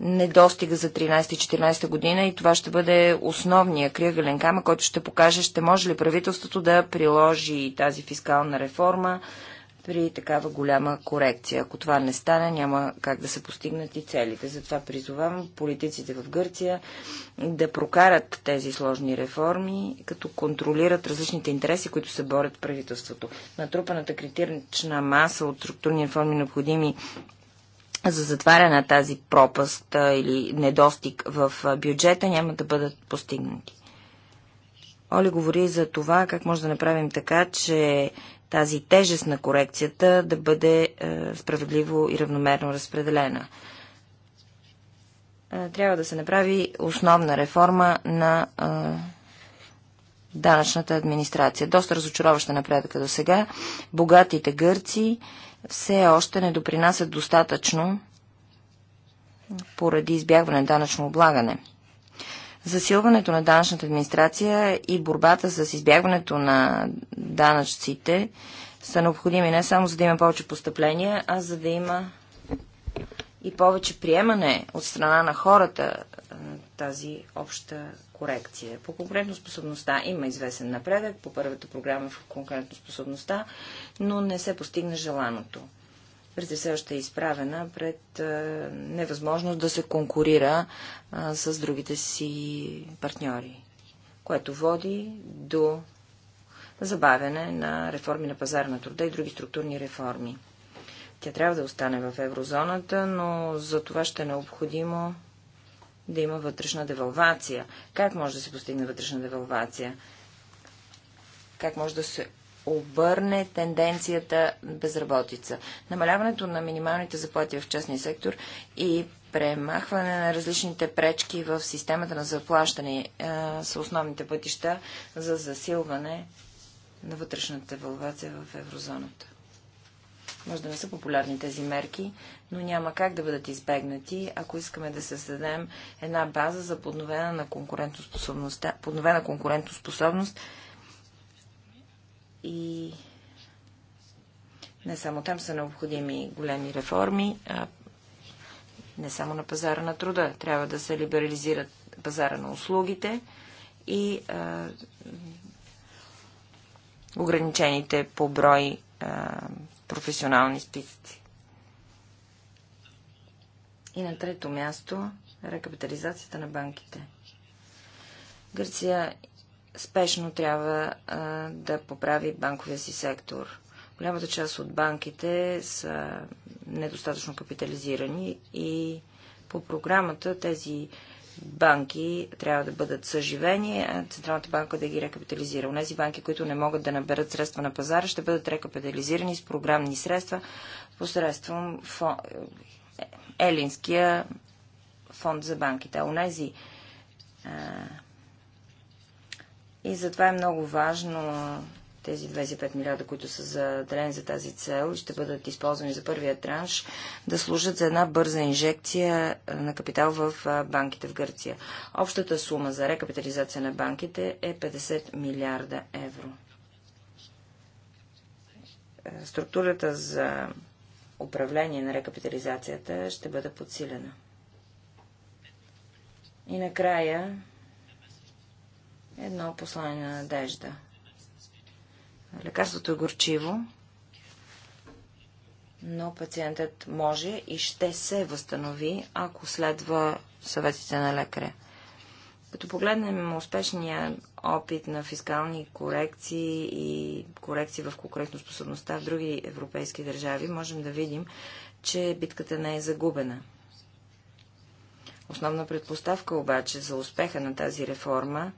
недостига за 13-14 година и това ще бъде основния кръгълен камък, който ще покаже, ще може ли правителството да приложи тази фискална реформа при такава голяма корекция. Ако това не стане, няма как да се постигнат и целите. Затова призовавам политиците в Гърция да прокарат тези сложни реформи, като контролират различните интереси, които се борят правителството. Натрупаната критична маса от структурни реформи, необходими за затваряне на тази пропаст или недостиг в бюджета, няма да бъдат постигнати. Оли говори за това как може да направим така, че тази тежест на корекцията да бъде е, справедливо и равномерно разпределена. Е, трябва да се направи основна реформа на е, данъчната администрация. Доста разочароваща напредъка до сега. Богатите гърци все още не допринасят достатъчно поради избягване на данъчно облагане. Засилването на данъчната администрация и борбата с избягването на данъчците са необходими не само за да има повече постъпления, а за да има и повече приемане от страна на хората на тази обща корекция. По конкретно способността има известен напредък, по първата програма в конкретно способността, но не се постигна желаното преди все още е изправена пред е, невъзможност да се конкурира а, е, с другите си партньори, което води до забавяне на реформи на пазара на труда и други структурни реформи. Тя трябва да остане в еврозоната, но за това ще е необходимо да има вътрешна девалвация. Как може да се постигне вътрешна девалвация? Как може да се обърне тенденцията безработица. Намаляването на минималните заплати в частния сектор и премахване на различните пречки в системата на заплащане е, са основните пътища за засилване на вътрешната девалвация в еврозоната. Може да не са популярни тези мерки, но няма как да бъдат избегнати, ако искаме да създадем една база за подновена, на конкурентоспособността, подновена конкурентоспособност и не само там са необходими големи реформи, а не само на пазара на труда. Трябва да се либерализират пазара на услугите и а, ограничените по брой а, професионални списъци. И на трето място рекапитализацията на банките. Гърция спешно трябва а, да поправи банковия си сектор. Голямата част от банките са недостатъчно капитализирани и по програмата тези банки трябва да бъдат съживени, а Централната банка да ги рекапитализира. Унези банки, които не могат да наберат средства на пазара, ще бъдат рекапитализирани с програмни средства посредством фон... Е, Елинския фонд за банките. А унези и затова е много важно тези 25 милиарда, които са заделени за тази цел и ще бъдат използвани за първия транш, да служат за една бърза инжекция на капитал в банките в Гърция. Общата сума за рекапитализация на банките е 50 милиарда евро. Е, структурата за управление на рекапитализацията ще бъде подсилена. И накрая едно послание на надежда. Лекарството е горчиво, но пациентът може и ще се възстанови, ако следва съветите на лекаря. Като погледнем успешния опит на фискални корекции и корекции в конкурентоспособността в други европейски държави, можем да видим, че битката не е загубена. Основна предпоставка обаче за успеха на тази реформа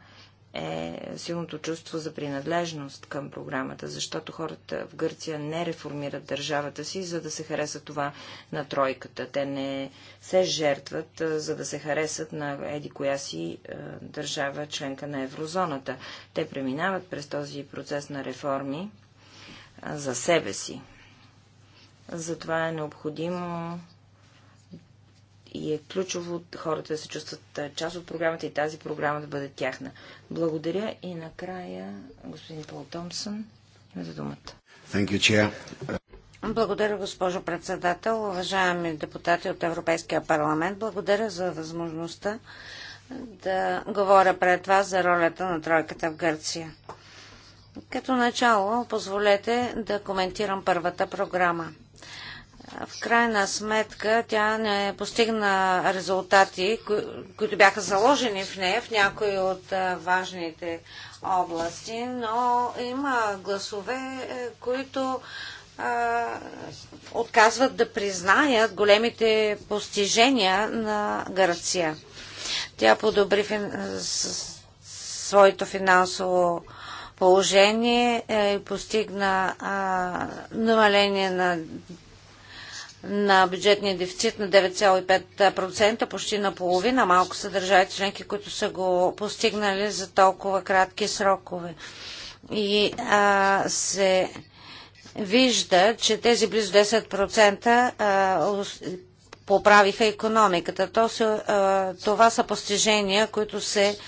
е силното чувство за принадлежност към програмата, защото хората в Гърция не реформират държавата си, за да се хареса това на тройката. Те не се жертват, за да се харесат на еди коя си държава, членка на еврозоната. Те преминават през този процес на реформи за себе си. Затова е необходимо и е ключово хората да се чувстват част от програмата и тази програма да бъде тяхна. Благодаря и накрая господин Пол Томсън. за думата. Thank you, chair. Благодаря, госпожо председател. Уважаеми депутати от Европейския парламент, благодаря за възможността да говоря пред вас за ролята на тройката в Гърция. Като начало, позволете да коментирам първата програма в крайна сметка тя не постигна резултати, кои, които бяха заложени в нея в някои от а, важните области, но има гласове, е, които а, отказват да признаят големите постижения на Гърция. Тя подобри фин... С... своето финансово положение е, и постигна а, намаление на на бюджетния дефицит на 9,5%, почти на половина. Малко са държавите членки, които са го постигнали за толкова кратки срокове. И а, се вижда, че тези близо 10% а, поправиха економиката. То се, а, това са постижения, които се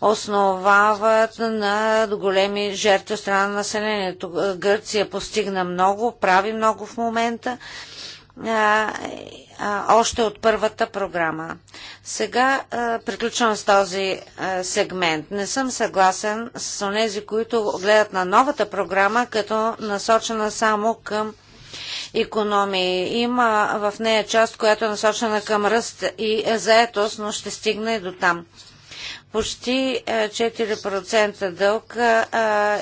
основават на големи жертви от страна на населението. Гърция постигна много, прави много в момента. А, а, а, още от първата програма. Сега а, приключвам с този а, сегмент. Не съм съгласен с онези, които гледат на новата програма като насочена само към економии. Има в нея част, която е насочена към ръст и заетост, но ще стигне и до там почти 4% дълг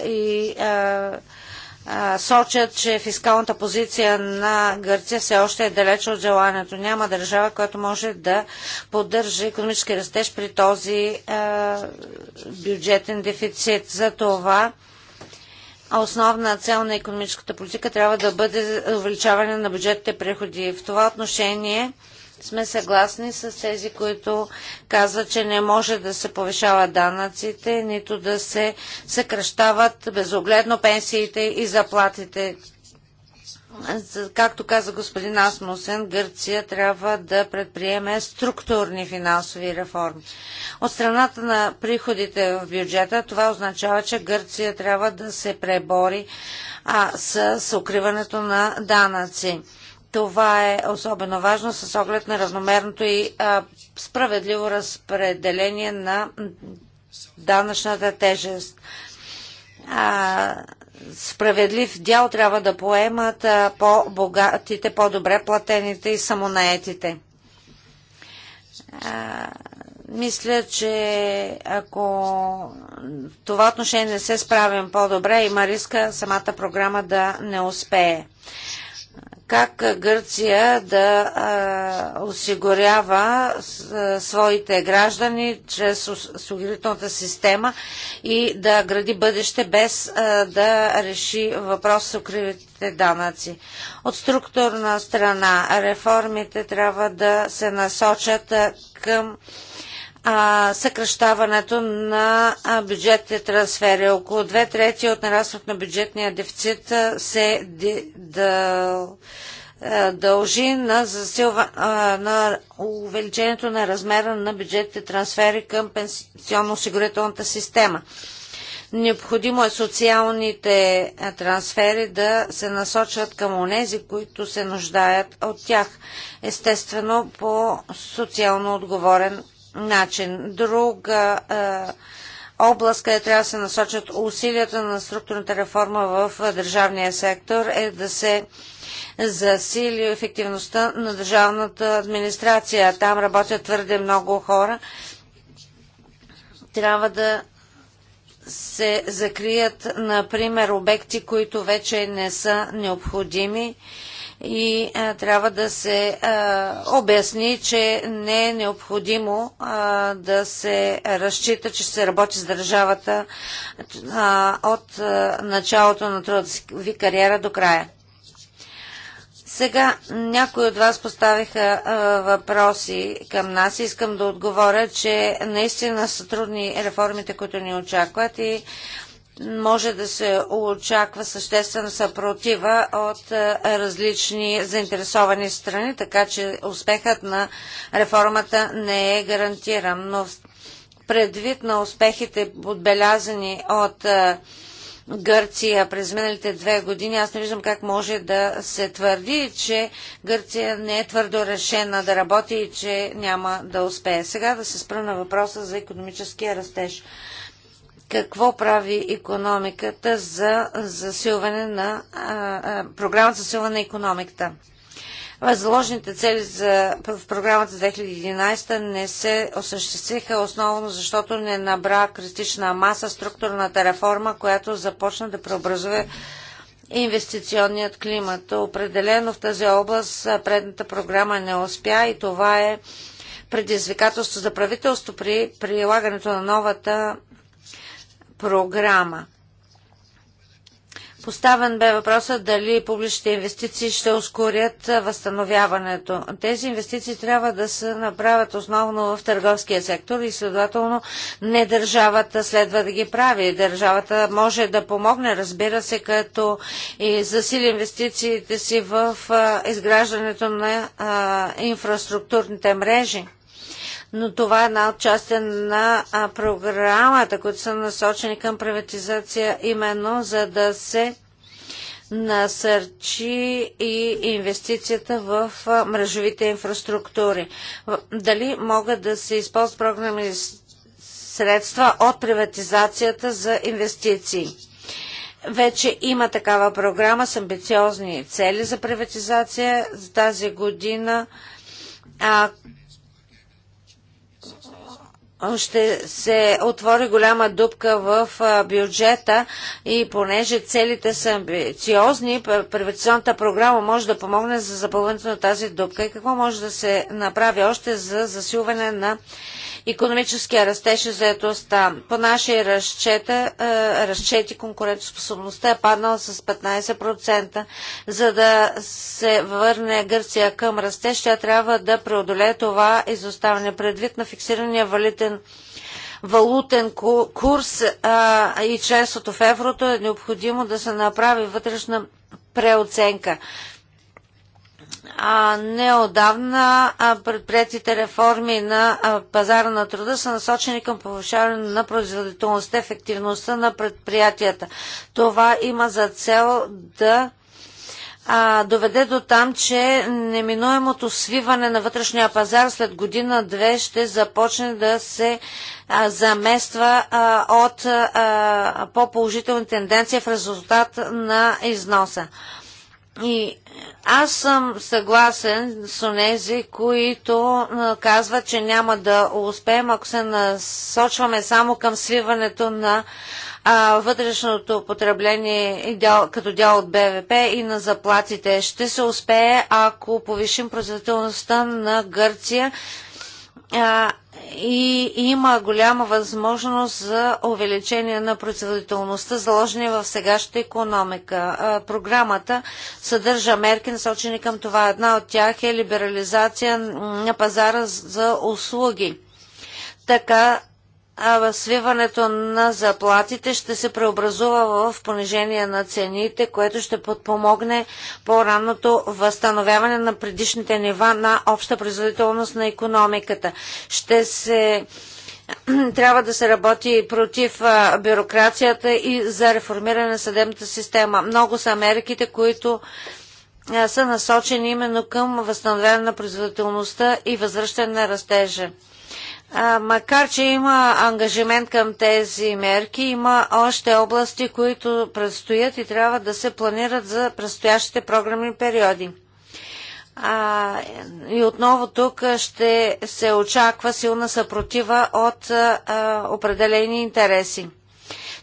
и сочат, че фискалната позиция на Гърция все още е далеч от желанието. Няма държава, която може да поддържа економически растеж при този бюджетен дефицит. За това основна цел на економическата политика трябва да бъде увеличаване на бюджетните приходи. В това отношение сме съгласни с тези, които казват, че не може да се повишават данъците, нито да се съкръщават безогледно пенсиите и заплатите. Както каза господин Асмусен, Гърция трябва да предприеме структурни финансови реформи. От страната на приходите в бюджета това означава, че Гърция трябва да се пребори а, с укриването на данъци. Това е особено важно с оглед на разномерното и а, справедливо разпределение на данъчната тежест. А, справедлив дял трябва да поемат по-богатите, по-добре платените и самонаетите. А, мисля, че ако това отношение не се справим по-добре, има риска самата програма да не успее как Гърция да осигурява своите граждани чрез осигурителната система и да гради бъдеще без да реши въпрос с укривите данъци. От структурна страна реформите трябва да се насочат към а, съкръщаването на бюджетните трансфери. Около две трети от нарастването на бюджетния дефицит се да, дължи на, засилва, на увеличението на размера на бюджетните трансфери към пенсионно-осигурителната система. Необходимо е социалните трансфери да се насочат към онези, които се нуждаят от тях, естествено по социално отговорен начин. Друга област, къде трябва да се насочат усилията на структурната реформа в държавния сектор е да се засили ефективността на държавната администрация. Там работят твърде много хора. Трябва да се закрият, например, обекти, които вече не са необходими и а, трябва да се а, обясни, че не е необходимо а, да се разчита, че се работи с държавата а, от а, началото на трудовата ви кариера до края. Сега някои от вас поставиха а, въпроси към нас. Искам да отговоря, че наистина са трудни реформите, които ни очакват и може да се очаква съществена съпротива от е, различни заинтересовани страни, така че успехът на реформата не е гарантиран. Но предвид на успехите, отбелязани от е, Гърция през миналите две години, аз не виждам как може да се твърди, че Гърция не е твърдо решена да работи и че няма да успее. Сега да се спра на въпроса за економическия растеж какво прави економиката за засилване на а, а, за засилване на економиката. Възложените цели за, в програмата за 2011 не се осъществиха основно, защото не набра критична маса структурната реформа, която започна да преобразува инвестиционният климат. Определено в тази област предната програма не успя и това е предизвикателство за правителство при прилагането на новата програма. Поставен бе въпроса дали публичните инвестиции ще ускорят възстановяването. Тези инвестиции трябва да се направят основно в търговския сектор и следователно не държавата следва да ги прави. Държавата може да помогне, разбира се, като и засили инвестициите си в изграждането на инфраструктурните мрежи но това е една от части на програмата, които са насочени към приватизация, именно за да се насърчи и инвестицията в мрежовите инфраструктури. Дали могат да се използват програми средства от приватизацията за инвестиции? Вече има такава програма с амбициозни цели за приватизация. За тази година а, ще се отвори голяма дупка в бюджета и понеже целите са амбициозни, превенционната програма може да помогне за запълването на тази дупка. И какво може да се направи още за засилване на економическия растеж и заедостта. По наши разчета, разчети конкурентоспособността е паднала с 15%. За да се върне Гърция към растеж, тя трябва да преодолее това изоставане предвид на фиксирания валитен валутен курс а, и членството в еврото е необходимо да се направи вътрешна преоценка неодавна предприятите реформи на пазара на труда са насочени към повишаване на производителността, ефективността на предприятията. Това има за цел да доведе до там, че неминуемото свиване на вътрешния пазар след година-две ще започне да се замества от по-положителни тенденции в резултат на износа. И аз съм съгласен с онези, които казват, че няма да успеем, ако се насочваме само към свиването на а, вътрешното потребление като дял от БВП и на заплатите. Ще се успее, ако повишим производителността на Гърция а, и има голяма възможност за увеличение на производителността, заложени в сегашната економика. Програмата съдържа мерки, насочени към това. Една от тях е либерализация на пазара за услуги. Така свиването на заплатите ще се преобразува в понижение на цените, което ще подпомогне по-ранното възстановяване на предишните нива на обща производителност на економиката. Ще се трябва да се работи против бюрокрацията и за реформиране на съдебната система. Много са мерките, които са насочени именно към възстановяване на производителността и възвръщане на растежа. А, макар, че има ангажимент към тези мерки, има още области, които предстоят и трябва да се планират за предстоящите програмни периоди. А, и отново тук ще се очаква силна съпротива от а, определени интереси.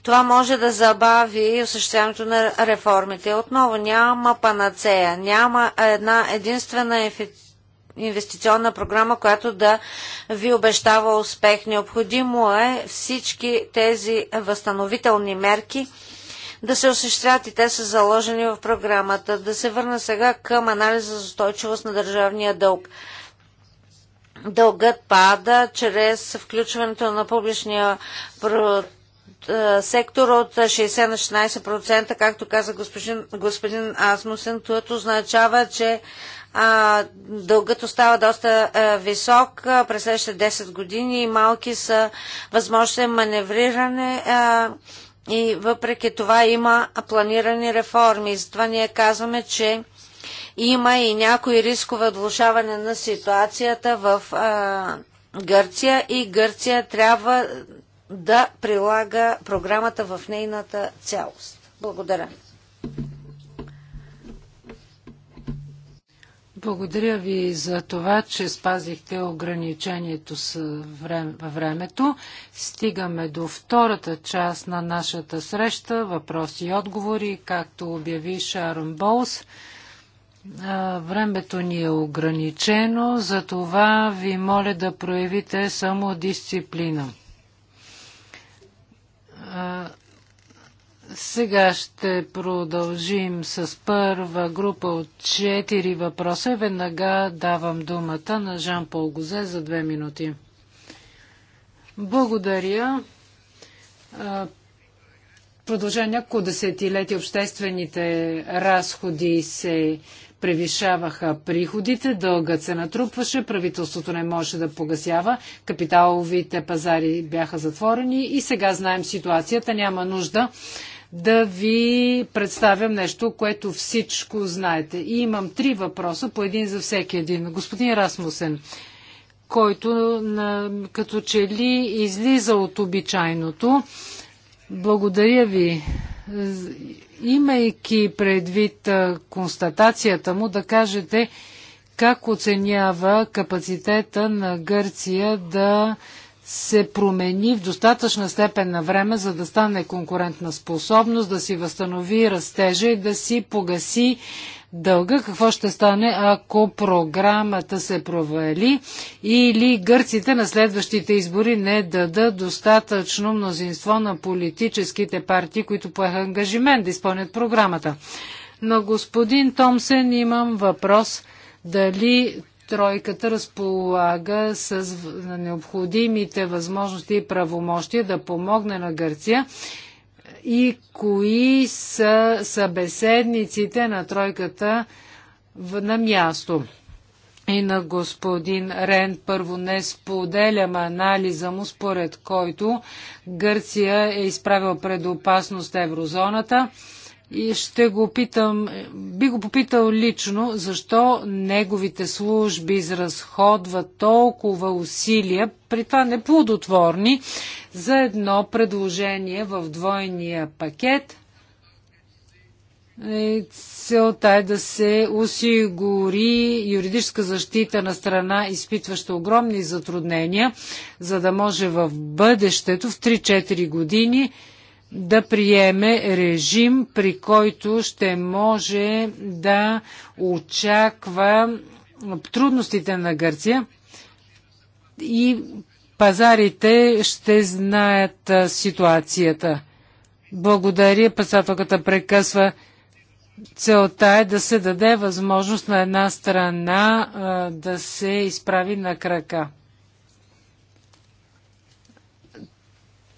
Това може да забави осъществяването на реформите. Отново няма панацея, няма една единствена ефективност инвестиционна програма, която да ви обещава успех. Необходимо е всички тези възстановителни мерки да се осъществят и те са заложени в програмата. Да се върна сега към анализа за устойчивост на държавния дълг. Дългът пада чрез включването на публичния е, сектор от 60 на 16%, както каза господин, господин Асмусен, което означава, че дългът остава доста висок през следващите 10 години и малки са възможности маневриране и въпреки това има планирани реформи. Затова ние казваме, че има и някои рискове от влушаване на ситуацията в Гърция и Гърция трябва да прилага програмата в нейната цялост. Благодаря. Благодаря ви за това, че спазихте ограничението с време, времето. Стигаме до втората част на нашата среща. Въпроси и отговори, както обяви Шарон Болс. Времето ни е ограничено, затова ви моля да проявите самодисциплина. Сега ще продължим с първа група от четири въпроса. Веднага давам думата на Жан-Пол Гозе за две минути. Благодаря. Продължава няколко десетилетия обществените разходи се превишаваха приходите, дългът се натрупваше, правителството не можеше да погасява, капиталовите пазари бяха затворени и сега знаем ситуацията, няма нужда да ви представям нещо, което всичко знаете. И имам три въпроса, по един за всеки един. Господин Расмусен, който на, като че ли излиза от обичайното. Благодаря ви. Имайки предвид констатацията му, да кажете как оценява капацитета на Гърция да се промени в достатъчна степен на време, за да стане конкурентна способност, да си възстанови растежа и да си погаси дълга. Какво ще стане, ако програмата се провали или гърците на следващите избори не дадат достатъчно мнозинство на политическите партии, които поеха ангажимент да изпълнят програмата? На господин Томсен имам въпрос дали тройката разполага с необходимите възможности и правомощия да помогне на Гърция и кои са събеседниците на тройката на място. И на господин Рен първо не споделям анализа му, според който Гърция е изправила пред опасност еврозоната и ще го питам, би го попитал лично, защо неговите служби изразходват толкова усилия, при това неплодотворни, за едно предложение в двойния пакет. Е, целта е да се осигури юридическа защита на страна, изпитваща огромни затруднения, за да може в бъдещето, в 3-4 години, да приеме режим, при който ще може да очаква трудностите на Гърция и пазарите ще знаят ситуацията. Благодаря, пасатоката прекъсва. Целта е да се даде възможност на една страна да се изправи на крака.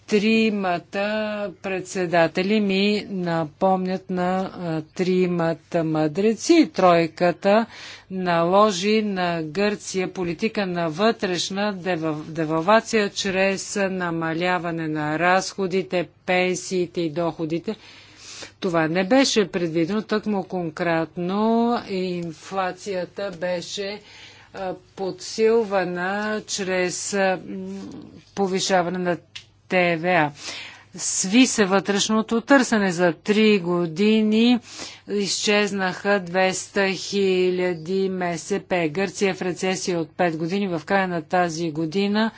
тримата председатели ми напомнят на тримата мъдреци. Тройката наложи на Гърция политика на вътрешна девалвация чрез намаляване на разходите, пенсиите и доходите. Това не беше предвидено, Тък му конкретно инфлацията беше подсилвана чрез повишаване на ТВА. Сви се вътрешното търсене. За три години изчезнаха 200 000 МСП. Гърция е в рецесия от 5 години. В края на тази година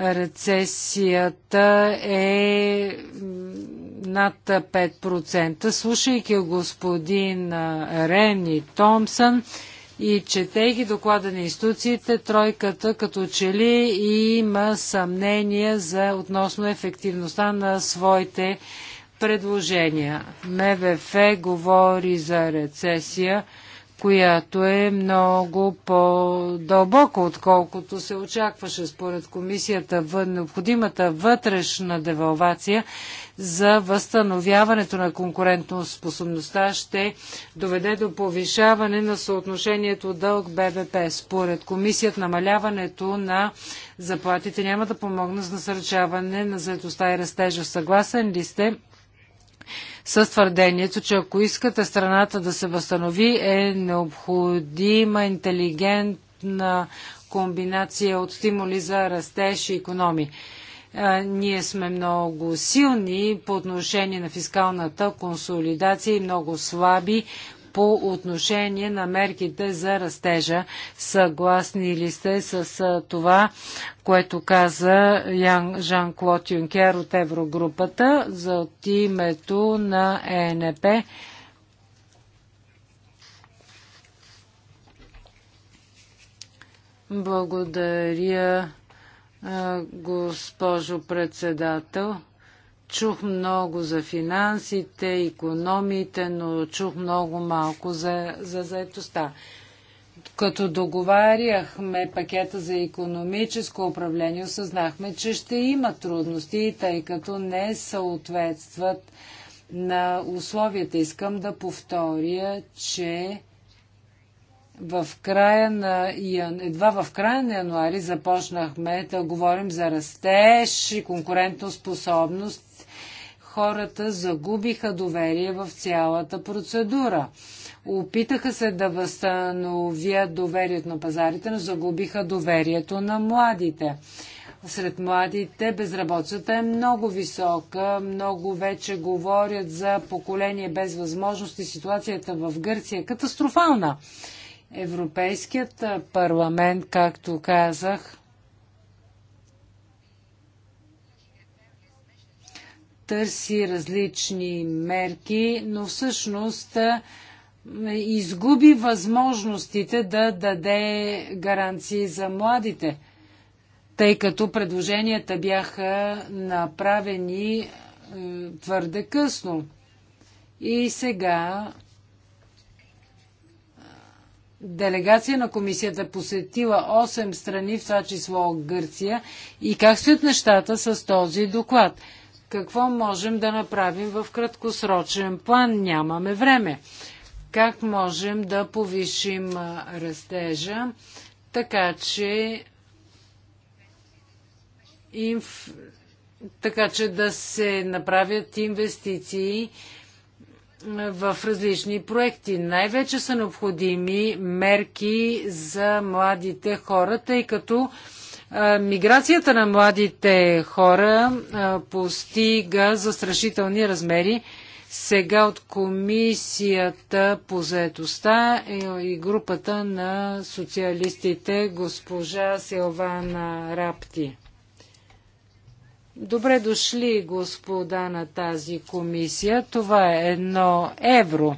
рецесията е над 5%. Слушайки господин Рен и Томсън, и четейки доклада на институциите, тройката като че ли има съмнение за относно ефективността на своите предложения. МВФ говори за рецесия която е много по-дълбока, отколкото се очакваше според комисията в необходимата вътрешна девалвация за възстановяването на конкурентоспособността ще доведе до повишаване на съотношението дълг БВП. Според комисията намаляването на заплатите няма да помогне за насърчаване на заедостта и растежа. Съгласен ли сте с твърдението, че ако искате страната да се възстанови, е необходима интелигентна комбинация от стимули за растеж и економи. Ние сме много силни по отношение на фискалната консолидация и много слаби по отношение на мерките за растежа. Съгласни ли сте с това, което каза Жан-Клод Юнкер от Еврогрупата за името на ЕНП? Благодаря, госпожо председател. Чух много за финансите, економиите, но чух много малко за, за заетостта. Като договаряхме пакета за економическо управление, осъзнахме, че ще има трудности, тъй като не съответстват на условията. Искам да повторя, че в края на, едва в края на януари започнахме да говорим за растеж и конкурентоспособност. Хората загубиха доверие в цялата процедура. Опитаха се да възстановят доверието на пазарите, но загубиха доверието на младите. Сред младите безработицата е много висока. Много вече говорят за поколение без възможности. Ситуацията в Гърция е катастрофална. Европейският парламент, както казах, търси различни мерки, но всъщност изгуби възможностите да даде гаранции за младите, тъй като предложенията бяха направени твърде късно. И сега делегация на комисията посетила 8 страни, в това число Гърция. И как стоят нещата с този доклад? Какво можем да направим в краткосрочен план? Нямаме време. Как можем да повишим растежа, така че, инф... така че да се направят инвестиции в различни проекти. Най-вече са необходими мерки за младите хора, тъй като миграцията на младите хора постига застрашителни размери. Сега от комисията по заедостта и групата на социалистите госпожа Силвана Рапти. Добре дошли, господа, на тази комисия. Това е едно евро.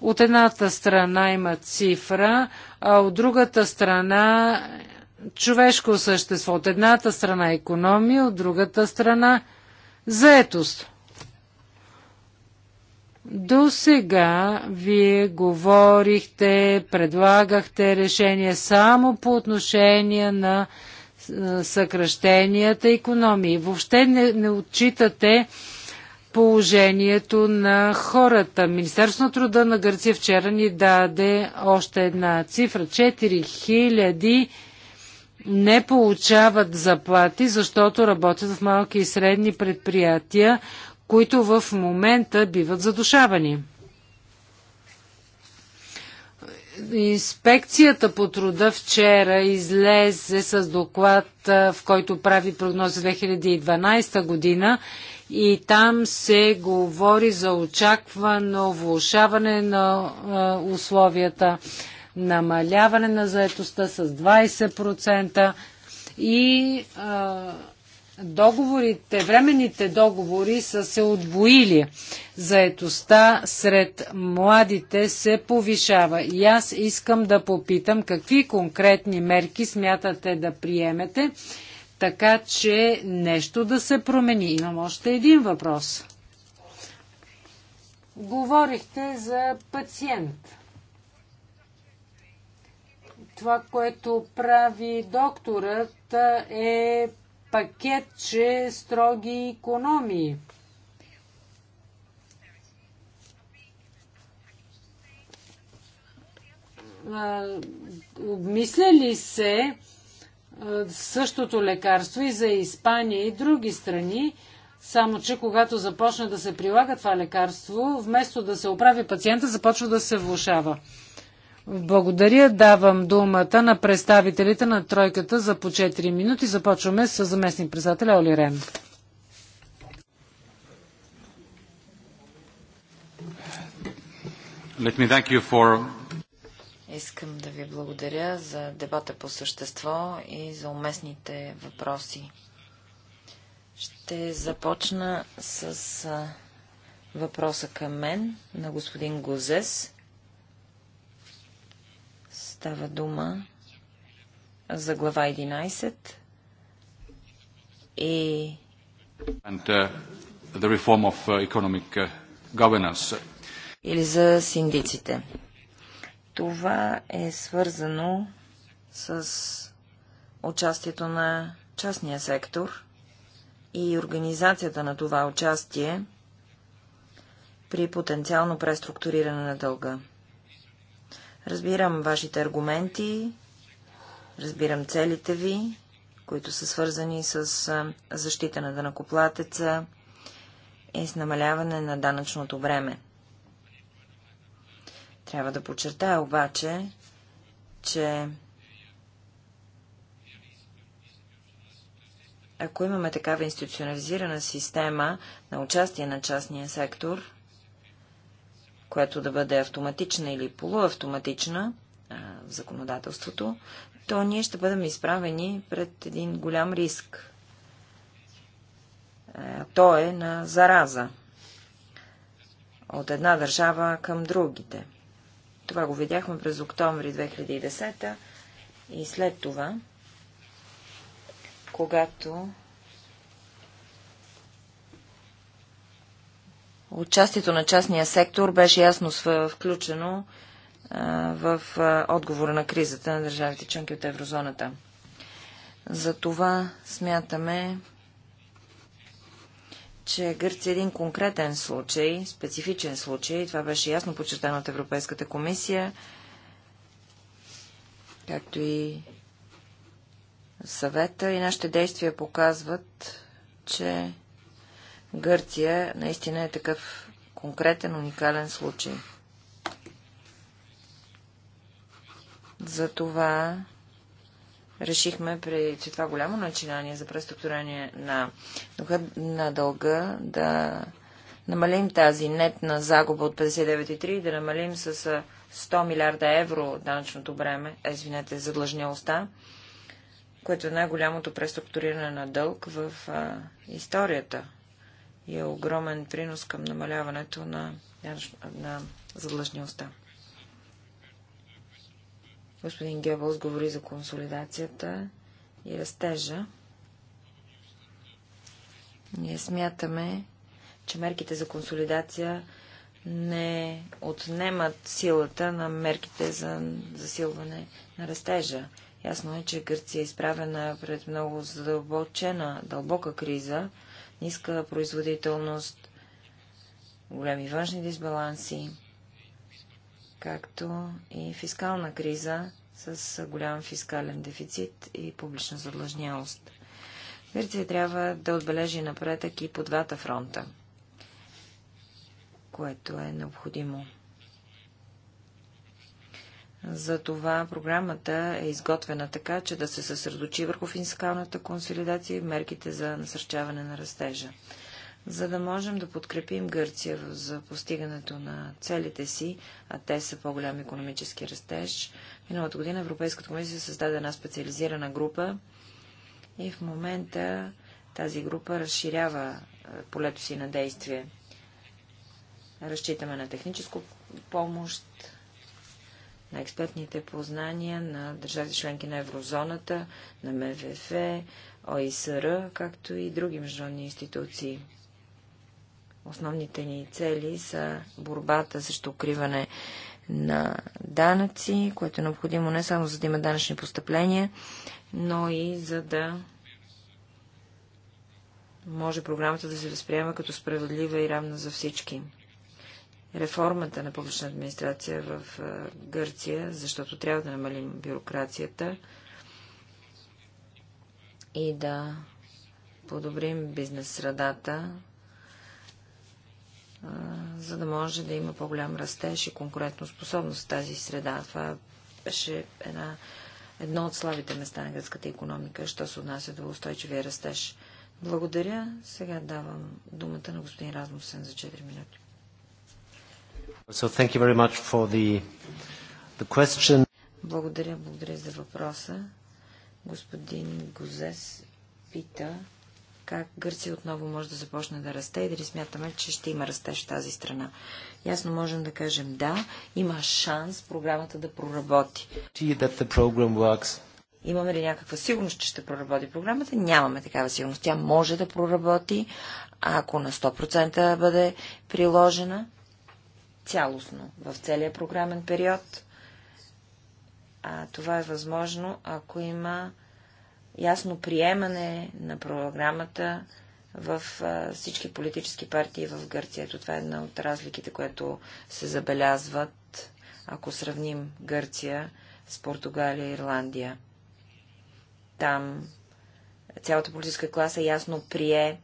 От едната страна има цифра, а от другата страна човешко същество. От едната страна економия, от другата страна заетост. До сега вие говорихте, предлагахте решение само по отношение на съкръщенията, економии. Въобще не, не отчитате положението на хората. Министерството на труда на Гърция вчера ни даде още една цифра. 4000 не получават заплати, защото работят в малки и средни предприятия, които в момента биват задушавани. Инспекцията по труда вчера излезе с доклад, в който прави прогноз за 2012 година и там се говори за очаквано влушаване на условията, намаляване на заетостта с 20% и договорите, временните договори са се отвоили. Заетостта сред младите се повишава. И аз искам да попитам какви конкретни мерки смятате да приемете, така че нещо да се промени. Имам още един въпрос. Говорихте за пациент това, което прави докторът е пакетче строги економии. Обмисля ли се същото лекарство и за Испания и други страни, само че когато започне да се прилага това лекарство, вместо да се оправи пациента, започва да се влушава. Благодаря. Давам думата на представителите на тройката за по 4 минути. Започваме с заместник председателя Оли Рен. For... Искам да ви благодаря за дебата по същество и за уместните въпроси. Ще започна с въпроса към мен на господин Гозес Става дума за глава 11 и And, uh, the reform of uh, economic uh, governance. Или за синдиците. Това е свързано с участието на частния сектор и организацията на това участие при потенциално преструктуриране на дълга. Разбирам вашите аргументи, разбирам целите ви, които са свързани с защита на дънакоплатеца и с намаляване на данъчното време. Трябва да подчертая обаче, че ако имаме такава институционализирана система на участие на частния сектор, която да бъде автоматична или полуавтоматична в законодателството, то ние ще бъдем изправени пред един голям риск. то е на зараза от една държава към другите. Това го видяхме през октомври 2010 и след това, когато Участието на частния сектор беше ясно включено в отговора на кризата на държавите членки от еврозоната. За това смятаме, че Гърция е един конкретен случай, специфичен случай. Това беше ясно подчертано от Европейската комисия, както и съвета. И нашите действия показват, че Гърция наистина е такъв конкретен, уникален случай. Затова решихме при това голямо начинание за преструктуране на, на дълга да намалим тази нетна загуба от 59,3 и да намалим с 100 милиарда евро данъчното бреме, е, извинете, задлъжнялостта, което е най-голямото преструктуриране на дълг в а, историята и е огромен принос към намаляването на, на задлъжнялостта. Господин Гебълс говори за консолидацията и растежа. Ние смятаме, че мерките за консолидация не отнемат силата на мерките за засилване на растежа. Ясно е, че Гърция е изправена пред много задълбочена, дълбока криза, ниска производителност, големи външни дисбаланси, както и фискална криза с голям фискален дефицит и публична задлъжнялост. Гърция трябва да отбележи напредък и по двата фронта, което е необходимо. Затова програмата е изготвена така, че да се съсредочи върху фискалната консолидация и мерките за насърчаване на растежа. За да можем да подкрепим Гърция за постигането на целите си, а те са по-голям економически растеж, миналата година Европейската комисия създаде една специализирана група и в момента тази група разширява е, полето си на действие. Разчитаме на техническо помощ, на експертните познания на държавите членки на еврозоната, на МВФ, ОИСР, както и други международни институции. Основните ни цели са борбата срещу укриване на данъци, което е необходимо не само за да има данъчни постъпления, но и за да може програмата да се възприема като справедлива и равна за всички реформата на публична администрация в Гърция, защото трябва да намалим бюрокрацията и да подобрим бизнес средата, за да може да има по-голям растеж и способност в тази среда. Това беше една, едно от слабите места на гръцката економика, що се отнася до устойчивия растеж. Благодаря. Сега давам думата на господин Размусен за 4 минути. Благодаря, благодаря за въпроса. Господин Гозес пита как Гърция отново може да започне да расте и дали смятаме, че ще има растеж в тази страна. Ясно можем да кажем да, има шанс програмата да проработи. Имаме ли някаква сигурност, че ще проработи програмата? Нямаме такава сигурност. Тя може да проработи, ако на 100% бъде приложена цялостно в целия програмен период. А това е възможно, ако има ясно приемане на програмата в всички политически партии в Гърция. Ето това е една от разликите, което се забелязват, ако сравним Гърция с Португалия и Ирландия. Там цялата политическа класа ясно прие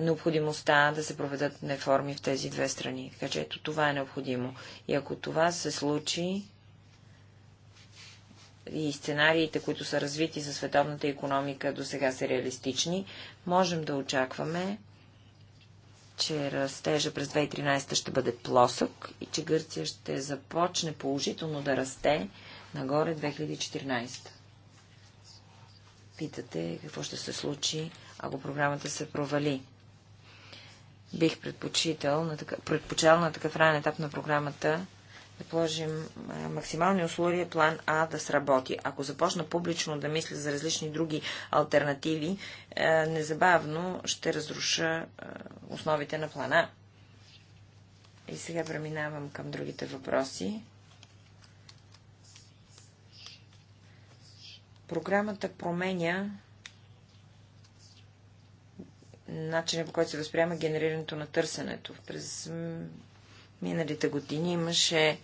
необходимостта да се проведат реформи в тези две страни. Така че ето това е необходимо. И ако това се случи и сценариите, които са развити за световната економика до сега са реалистични, можем да очакваме, че растежа през 2013 ще бъде плосък и че Гърция ще започне положително да расте нагоре 2014. Питате какво ще се случи, ако програмата се провали. Бих предпочитал на такъв, предпочитал на такъв ранен етап на програмата да положим максимални условия план А да сработи. Ако започна публично да мисля за различни други альтернативи, е, незабавно ще разруша е, основите на плана. И сега преминавам към другите въпроси. Програмата променя начинът по който се възприема генерирането на търсенето. През миналите години имаше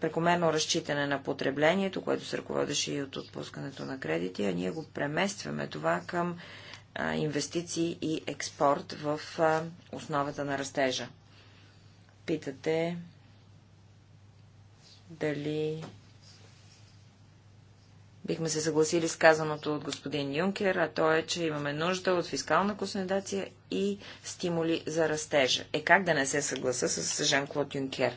прекомерно разчитане на потреблението, което се ръководеше и от отпускането на кредити, а ние го преместваме това към инвестиции и експорт в основата на растежа. Питате дали Бихме се съгласили с казаното от господин Юнкер, а то е, че имаме нужда от фискална консолидация и стимули за растежа. Е как да не се съгласа с Жан-Клод Юнкер?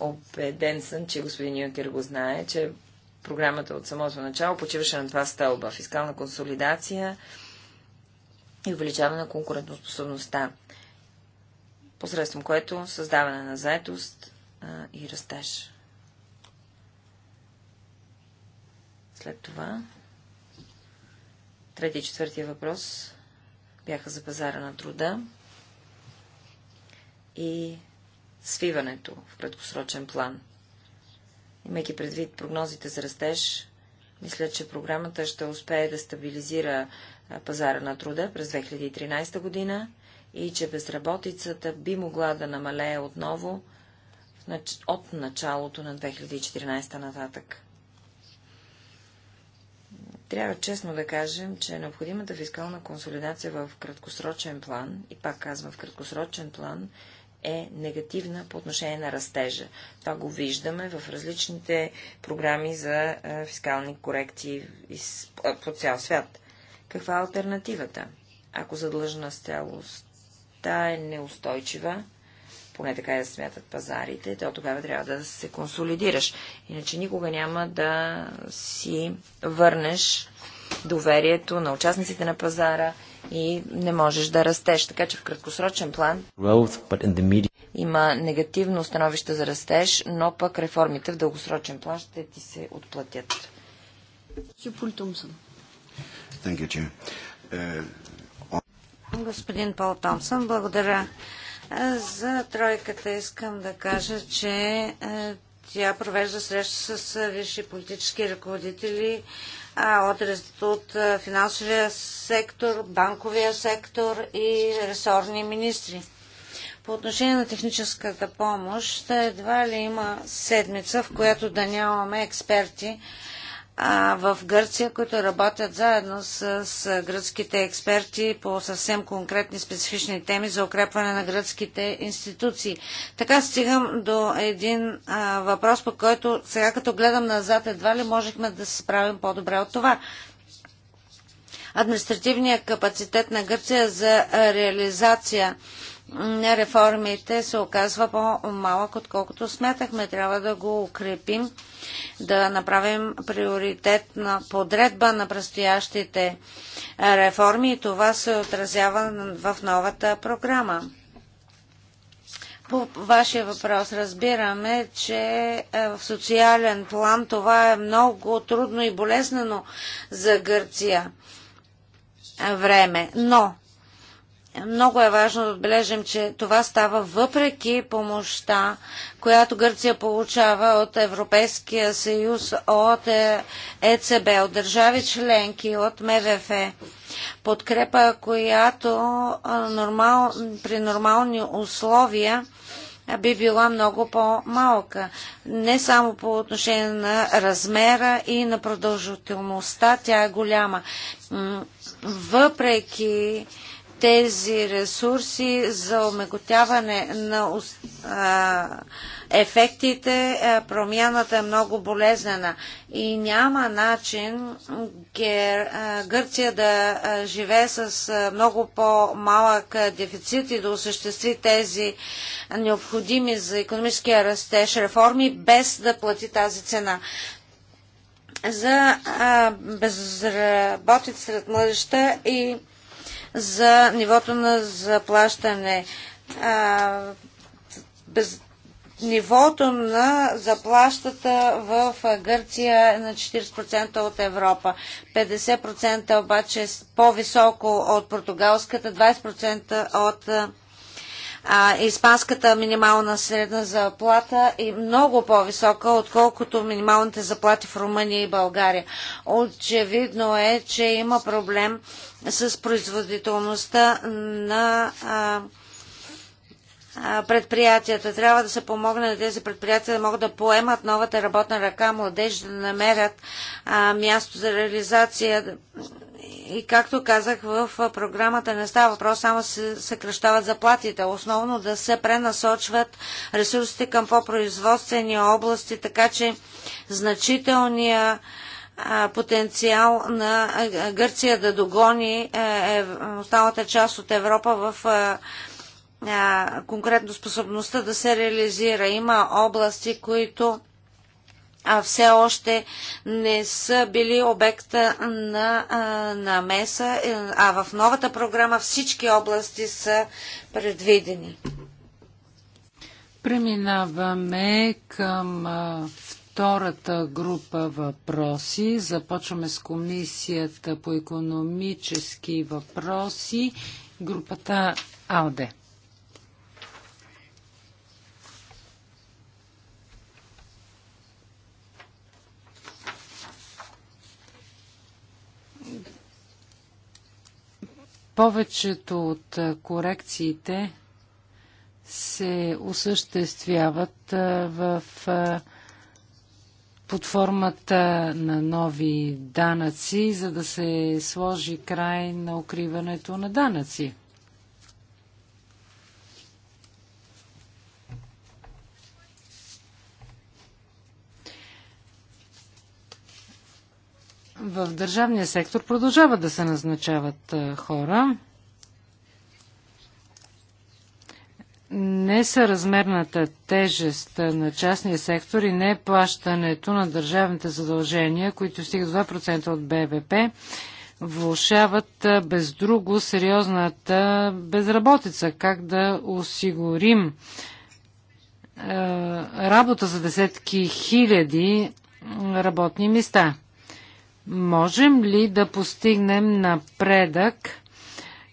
Обеден съм, че господин Юнкер го знае, че програмата от самото начало почиваше на два стълба. Фискална консолидация и увеличаване на конкурентоспособността, посредством което създаване на заетост и растеж. След това третия и четвъртия въпрос бяха за пазара на труда и свиването в краткосрочен план. Имайки предвид прогнозите за растеж, мисля, че програмата ще успее да стабилизира пазара на труда през 2013 година и че безработицата би могла да намалее отново от началото на 2014 нататък. Трябва честно да кажем, че е необходимата фискална консолидация в краткосрочен план, и пак казвам в краткосрочен план, е негативна по отношение на растежа. Това го виждаме в различните програми за е, фискални корекции е, по цял свят. Каква е альтернативата? Ако задлъжна цялостта е неустойчива, поне така я смятат пазарите, то тогава трябва да се консолидираш. Иначе никога няма да си върнеш доверието на участниците на пазара и не можеш да растеш. Така че в краткосрочен план има негативно становище за растеж, но пък реформите в дългосрочен план ще ти се отплатят. Uh, Господин Пол Томсън, благодаря. За тройката искам да кажа, че тя провежда среща с висши политически ръководители от, от финансовия сектор, банковия сектор и ресорни министри. По отношение на техническата помощ, едва ли има седмица, в която да нямаме експерти в Гърция, които работят заедно с, с гръцките експерти по съвсем конкретни специфични теми за укрепване на гръцките институции. Така стигам до един а, въпрос, по който сега като гледам назад, едва ли можехме да се справим по-добре от това. Административният капацитет на Гърция за реализация реформите се оказва по-малък, отколкото смятахме. Трябва да го укрепим, да направим приоритет на подредба на предстоящите реформи и това се отразява в новата програма. По вашия въпрос разбираме, че е, в социален план това е много трудно и болезнено за Гърция време. Но много е важно да отбележим, че това става въпреки помощта, която Гърция получава от Европейския съюз, от е, ЕЦБ, от държави членки, от МВФ. Подкрепа, която нормал, при нормални условия би била много по-малка. Не само по отношение на размера и на продължителността, тя е голяма. Въпреки тези ресурси за омеготяване на ефектите, промяната е много болезнена и няма начин Гърция да живее с много по-малък дефицит и да осъществи тези необходими за економическия растеж реформи без да плати тази цена за безработица сред младеща и за нивото на заплащане. А, без, нивото на заплащата в Гърция е на 40% от Европа. 50% обаче е по-високо от португалската, 20% от а, испанската минимална средна заплата е много по-висока, отколкото минималните заплати в Румъния и България. Очевидно е, че има проблем с производителността на а, предприятията. Трябва да се помогне на тези предприятия да могат да поемат новата работна ръка, младежи да намерят а, място за реализация и както казах, в програмата не става въпрос само се съкръщават заплатите, основно да се пренасочват ресурсите към по-производствени области, така че значителния потенциал на Гърция да догони е, е, останалата част от Европа в конкретно способността да се реализира. Има области, които а все още не са били обекта на намеса, е, а в новата програма всички области са предвидени. Преминаваме към втората група въпроси. Започваме с Комисията по економически въпроси, групата АЛДЕ. Повечето от корекциите се осъществяват в под формата на нови данъци, за да се сложи край на укриването на данъци. В държавния сектор продължават да се назначават хора. не размерната тежест на частния сектор и не е плащането на държавните задължения, които стигат 2% от БВП, влушават без друго сериозната безработица. Как да осигурим работа за десетки хиляди работни места? Можем ли да постигнем напредък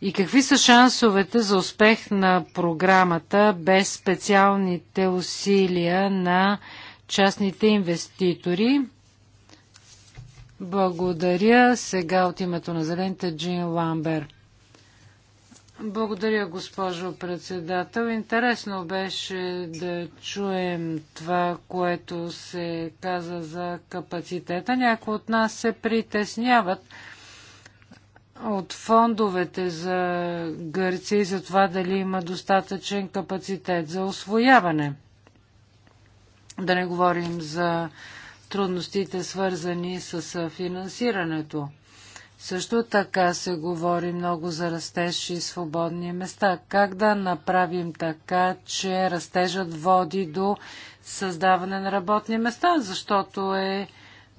и какви са шансовете за успех на програмата без специалните усилия на частните инвеститори? Благодаря. Сега от името на зелените Джин Ламбер. Благодаря, госпожо председател. Интересно беше да чуем това, което се каза за капацитета. Някои от нас се притесняват от фондовете за Гърция и за това дали има достатъчен капацитет за освояване. Да не говорим за трудностите, свързани с финансирането. Също така се говори много за растеж и свободни места. Как да направим така, че растежът води до създаване на работни места, защото е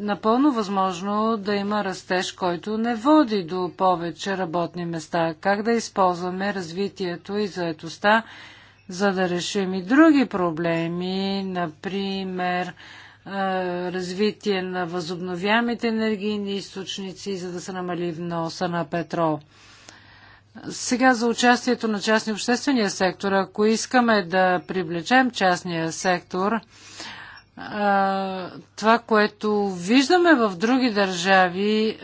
напълно възможно да има растеж, който не води до повече работни места. Как да използваме развитието и заетостта, за да решим и други проблеми, например, развитие на възобновяемите енергийни източници, за да се намали вноса на петрол. Сега за участието на частния обществения сектор. Ако искаме да привлечем частния сектор, това, което виждаме в други държави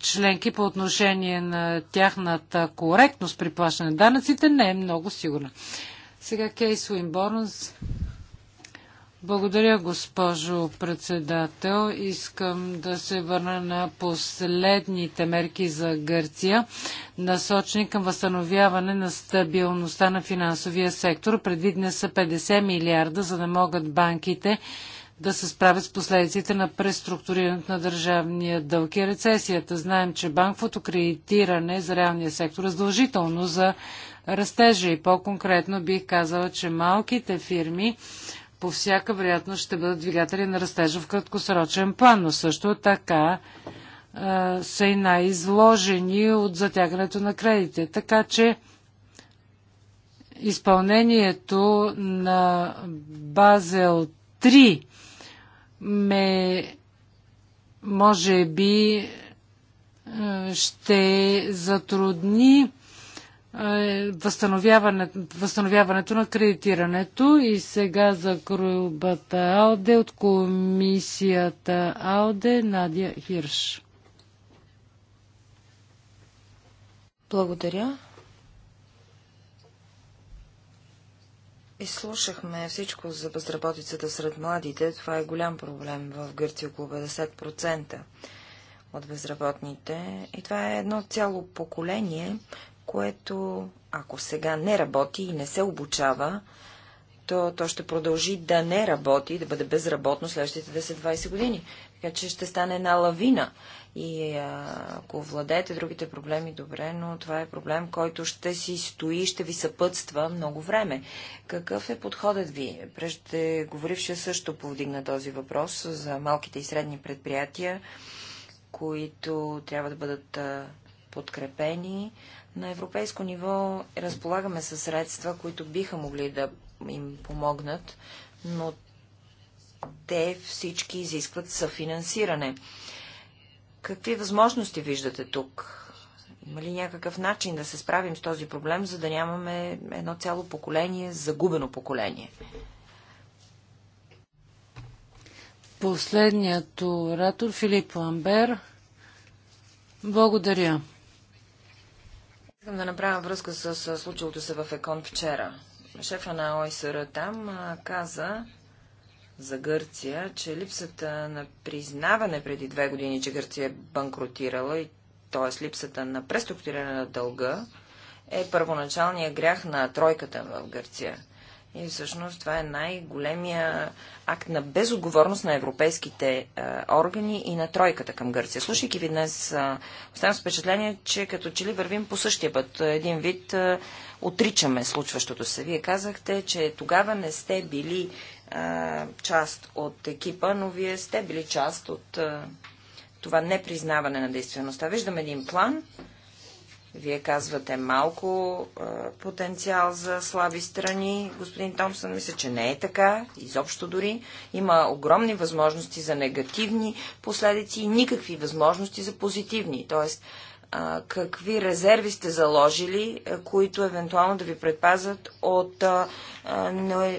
членки по отношение на тяхната коректност при плащане на данъците, не е много сигурна. Сега Кейс Уинборнс. Борнс. Благодаря, госпожо председател. Искам да се върна на последните мерки за Гърция, насочени към възстановяване на стабилността на финансовия сектор. Предвидне са 50 милиарда, за да могат банките да се справят с последиците на преструктурирането на държавния дълг и рецесията. Знаем, че банковото кредитиране за реалния сектор е задължително за растежа и по-конкретно бих казала, че малките фирми по всяка вероятност ще бъдат двигатели на растежа в краткосрочен план, но също така а, са и най-изложени от затягането на кредите. Така че изпълнението на Базел 3 ме може би ще затрудни е, възстановяване, възстановяването на кредитирането и сега за групата АЛДЕ от комисията АЛДЕ Надя Хирш. Благодаря. Изслушахме всичко за безработицата сред младите. Това е голям проблем в Гърция, около 50% от безработните. И това е едно цяло поколение, което, ако сега не работи и не се обучава, то, то ще продължи да не работи, да бъде безработно следващите 10-20 години. Така че ще стане една лавина. И ако владеете другите проблеми, добре, но това е проблем, който ще си стои, ще ви съпътства много време. Какъв е подходът ви? Преждеговорившия също повдигна този въпрос за малките и средни предприятия, които трябва да бъдат подкрепени, на европейско ниво разполагаме със средства, които биха могли да им помогнат, но те всички изискват съфинансиране. Какви възможности виждате тук? Има ли някакъв начин да се справим с този проблем, за да нямаме едно цяло поколение, загубено поколение? Последният оратор Филип Ламбер. Благодаря. Искам да направя връзка с, случилото се в Екон вчера. Шефа на ОИСР там каза за Гърция, че липсата на признаване преди две години, че Гърция е банкротирала и т.е. липсата на преструктуриране на дълга е първоначалния грях на тройката в Гърция. И всъщност това е най-големия акт на безотговорност на европейските е, органи и на тройката към Гърция. Слушайки ви днес, е, оставам с впечатление, че като че ли вървим по същия път. Един вид е, отричаме случващото се. Вие казахте, че тогава не сте били е, част от екипа, но вие сте били част от е, това непризнаване на действеността. Виждам един план, вие казвате малко потенциал за слаби страни. Господин Томсън мисля, че не е така. Изобщо дори има огромни възможности за негативни последици и никакви възможности за позитивни. Тоест, какви резерви сте заложили, които евентуално да ви предпазят от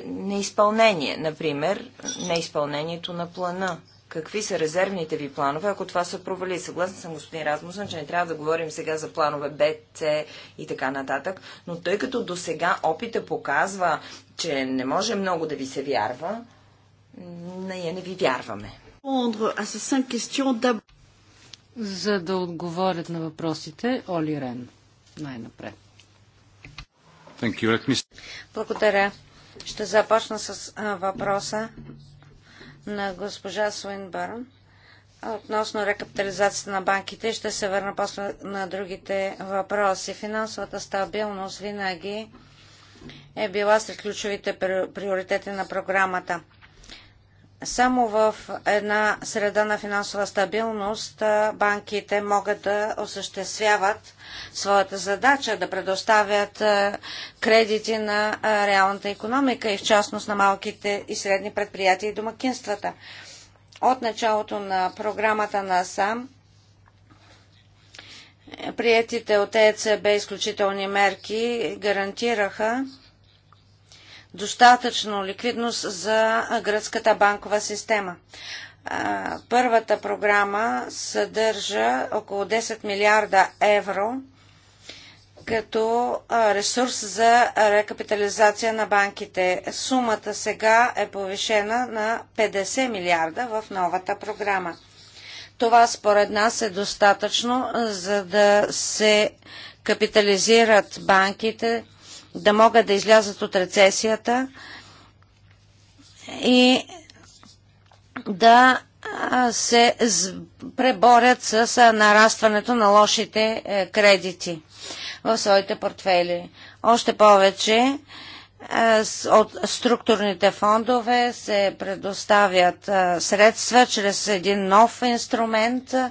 неизпълнение, например, неизпълнението на плана Какви са резервните ви планове, ако това се провали? Съгласен съм, господин Размусън, че не трябва да говорим сега за планове Б, С и така нататък, но тъй като до сега опита показва, че не може много да ви се вярва, ние не ви вярваме. За да отговорят на въпросите, Оли Рен, най-напред. Благодаря. Ще започна с а, въпроса на госпожа Суинбърн относно рекапитализацията на банките. Ще се върна после на другите въпроси. Финансовата стабилност винаги е била сред ключовите приоритети на програмата. Само в една среда на финансова стабилност банките могат да осъществяват своята задача да предоставят кредити на реалната економика и в частност на малките и средни предприятия и домакинствата. От началото на програмата на САМ е, приятите от ЕЦБ изключителни мерки гарантираха достатъчно ликвидност за гръцката банкова система. Първата програма съдържа около 10 милиарда евро като ресурс за рекапитализация на банките. Сумата сега е повишена на 50 милиарда в новата програма. Това според нас е достатъчно, за да се капитализират банките да могат да излязат от рецесията и да се преборят с нарастването на лошите е, кредити в своите портфели. Още повече, е, от структурните фондове се предоставят е, средства чрез един нов инструмент, е,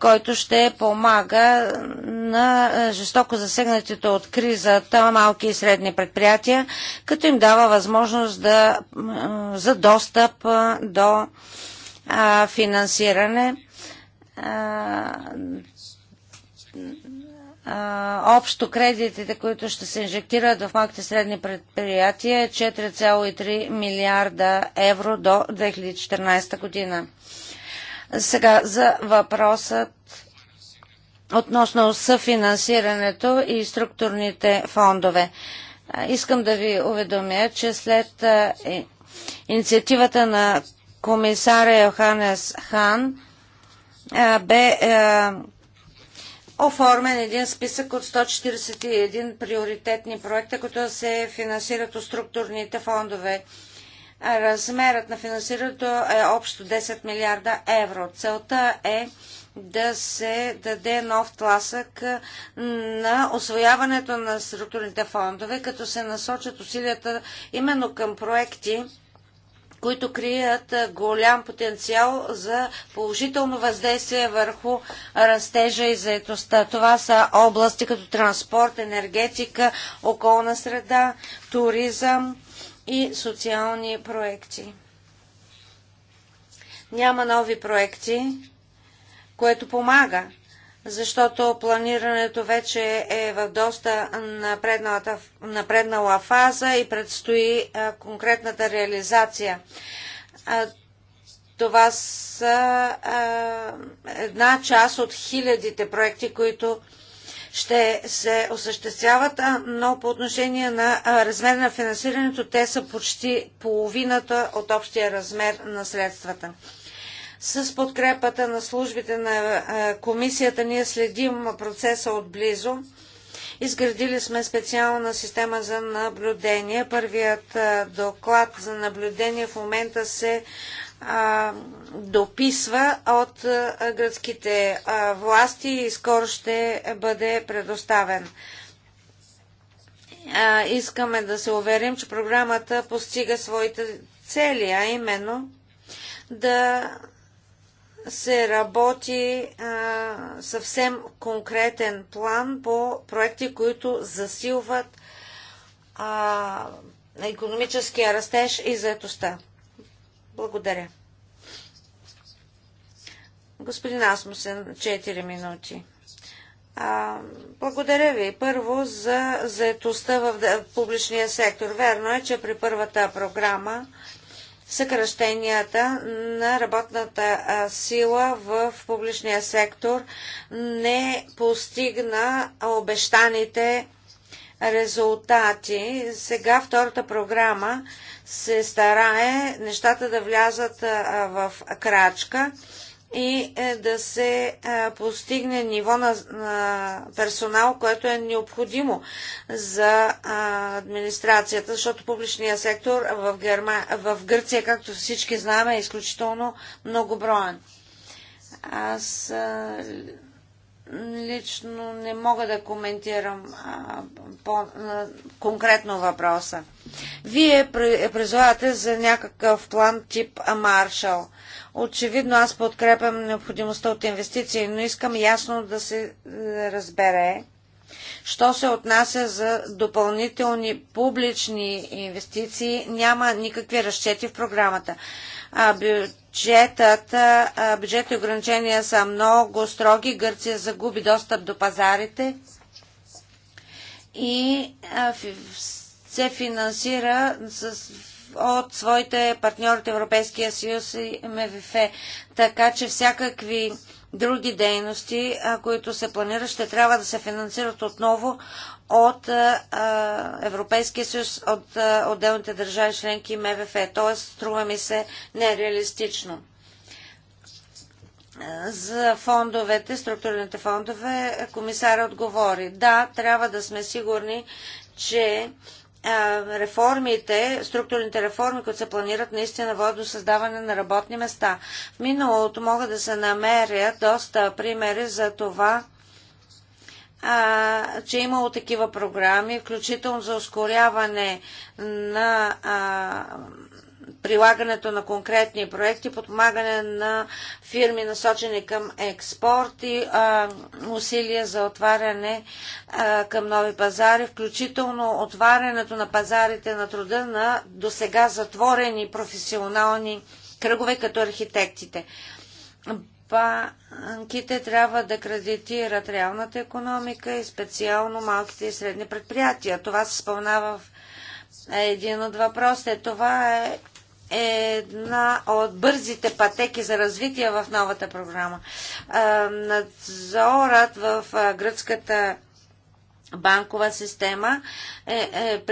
който ще помага на жестоко засегнатите от кризата малки и средни предприятия, като им дава възможност да, за достъп до финансиране общо кредитите, които ще се инжектират в малките средни предприятия е 4,3 милиарда евро до 2014 година. Сега за въпросът относно съфинансирането и структурните фондове. Искам да ви уведомя, че след инициативата на комисаря Йоханес Хан бе оформен един списък от 141 приоритетни проекта, които се финансират от структурните фондове. Размерът на финансирането е общо 10 милиарда евро. Целта е да се даде нов тласък на освояването на структурните фондове, като се насочат усилията именно към проекти, които крият голям потенциал за положително въздействие върху растежа и заетостта. Това са области като транспорт, енергетика, околна среда, туризъм и социални проекти. Няма нови проекти, което помага защото планирането вече е в доста напреднала фаза и предстои конкретната реализация. Това са една част от хилядите проекти, които ще се осъществяват, но по отношение на размер на финансирането те са почти половината от общия размер на средствата. С подкрепата на службите на комисията ние следим процеса отблизо. Изградили сме специална система за наблюдение. Първият доклад за наблюдение в момента се дописва от гръцките власти и скоро ще бъде предоставен. искаме да се уверим, че програмата постига своите цели, а именно да се работи а, съвсем конкретен план по проекти, които засилват а, економическия растеж и заетостта. Благодаря. Господин Асмусен, 4 минути. А, благодаря ви първо за заетостта в публичния сектор. Верно е, че при първата програма съкръщенията на работната сила в публичния сектор не постигна обещаните резултати. Сега втората програма се старае нещата да влязат в крачка и е, да се е, постигне ниво на персонал, което е необходимо за е, администрацията, защото публичният сектор в, Герма... в Гърция, както всички знаем, е изключително многоброен. Аз лично не мога да коментирам а, по, а, конкретно въпроса. Вие призовате за някакъв план тип Маршал. Очевидно аз подкрепям необходимостта от инвестиции, но искам ясно да се е, разбере, що се отнася за допълнителни публични инвестиции, няма никакви разчети в програмата бюджетът, бюджетни ограничения са много строги. Гърция загуби достъп до пазарите и се финансира с от своите партньори от Европейския съюз и МВФ. Така че всякакви други дейности, които се планират, ще трябва да се финансират отново от Европейския съюз, от отделните държави членки и МВФ. Т.е. струва ми се нереалистично. За фондовете, структурните фондове, комисарът отговори. Да, трябва да сме сигурни, че реформите, структурните реформи, които се планират, наистина водят до създаване на работни места. В миналото могат да се намерят доста примери за това, а, че е имало такива програми, включително за ускоряване на а, прилагането на конкретни проекти, подпомагане на фирми насочени към експорт и а, усилия за отваряне а, към нови пазари, включително отварянето на пазарите на труда на досега затворени професионални кръгове като архитектите банките трябва да кредитират реалната економика и специално малките и средни предприятия. Това се спомнава в един от въпросите. Това е една от бързите пътеки за развитие в новата програма. Надзорът в гръцката банкова система е, е,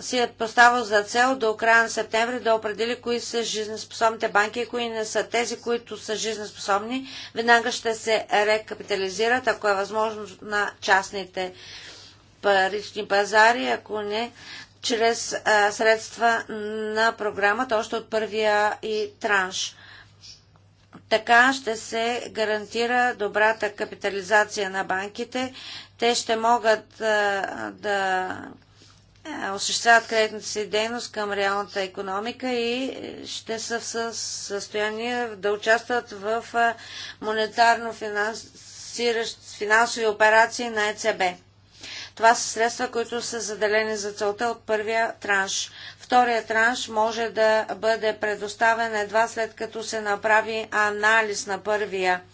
си е поставил за цел до края на септември да определи кои са жизнеспособните банки и кои не са. Тези, които са жизнеспособни, веднага ще се рекапитализират, ако е възможно, на частните парични пазари, ако не, чрез средства на програмата, още от първия и транш. Така ще се гарантира добрата капитализация на банките. Те ще могат а, да е, осъществяват кредитната си дейност към реалната економика и ще са в състояние да участват в е, монетарно-финансови операции на ЕЦБ. Това са средства, които са заделени за целта от първия транш. Втория транш може да бъде предоставен едва след като се направи анализ на първия транш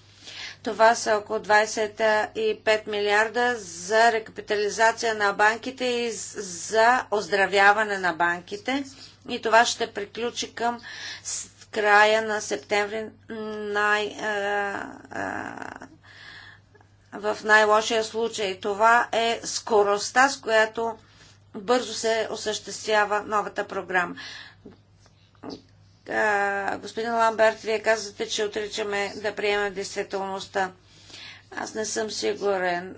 това са около 25 милиарда за рекапитализация на банките и за оздравяване на банките. И това ще приключи към края на септември най, а, е, а, е, в най-лошия случай. Това е скоростта, с която бързо се осъществява новата програма. Господин Ламберт, вие казвате, че отричаме да приемем действителността. Аз не съм сигурен.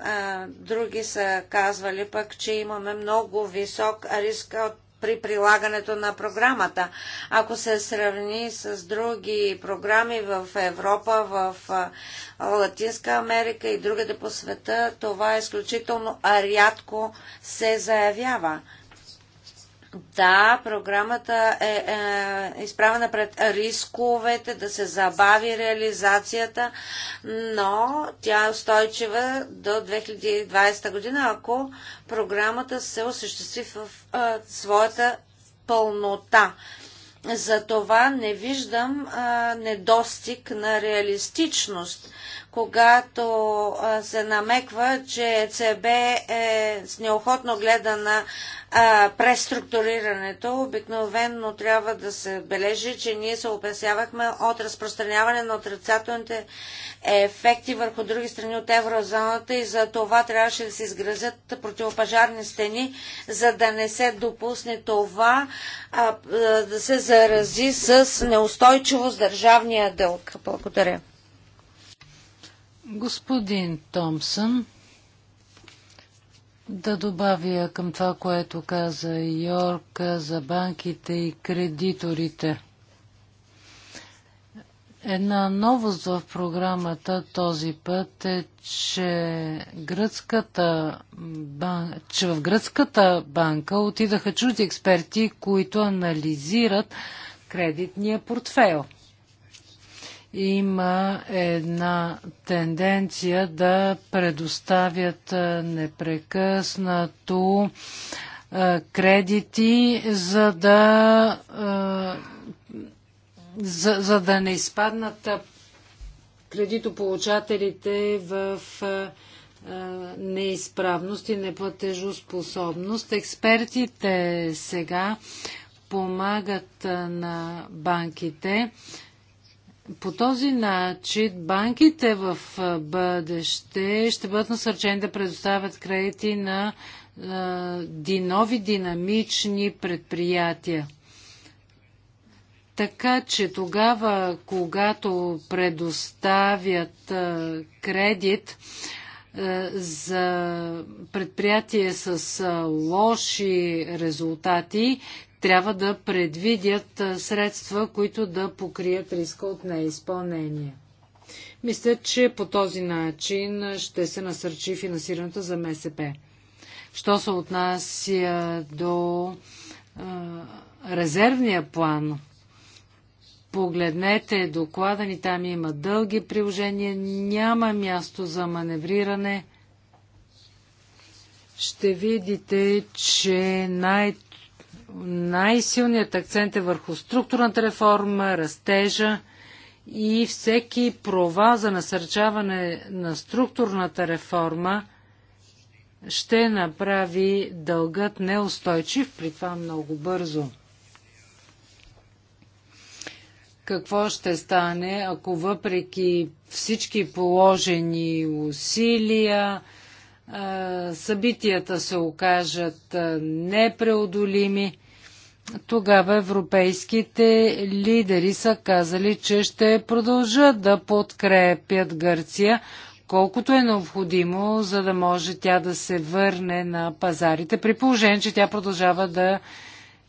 Други са казвали пък, че имаме много висок риск от при прилагането на програмата. Ако се сравни с други програми в Европа, в Латинска Америка и другаде по света, това изключително рядко се заявява. Да, програмата е, е изправена пред рисковете да се забави реализацията, но тя е устойчива до 2020 година, ако програмата се осъществи в е, своята пълнота. Затова не виждам а, е, недостиг на реалистичност, когато а, е, се намеква, че е ЦБ е, с неохотно гледа на а, преструктурирането, обикновенно трябва да се бележи, че ние се опасявахме от разпространяване на отрицателните ефекти върху други страни от еврозоната и за това трябваше да се изгразят противопажарни стени, за да не се допусне това а, да се зарази с неустойчивост държавния дълг. Благодаря. Господин Томсън, да добавя към това, което каза Йорк за банките и кредиторите. Една новост в програмата този път е, че, гръцката бан... че в гръцката банка отидаха чужди експерти, които анализират кредитния портфейл има една тенденция да предоставят непрекъснато кредити, за да, за, за да не изпаднат кредитополучателите в неизправност и неплатежоспособност. Експертите сега помагат на банките по този начин банките в бъдеще ще бъдат насърчени да предоставят кредити на нови динамични предприятия. Така че тогава, когато предоставят кредит за предприятие с лоши резултати, трябва да предвидят средства, които да покрият риска от неизпълнение. Мисля, че по този начин ще се насърчи финансирането за МСП. Що се отнася до а, резервния план, погледнете доклада ни, там има дълги приложения, няма място за маневриране. Ще видите, че най- най-силният акцент е върху структурната реформа, растежа и всеки провал за насърчаване на структурната реформа ще направи дългът неустойчив, при това много бързо. Какво ще стане, ако въпреки всички положени усилия, събитията се окажат непреодолими, тогава европейските лидери са казали, че ще продължат да подкрепят Гърция, колкото е необходимо, за да може тя да се върне на пазарите, при положение, че тя продължава да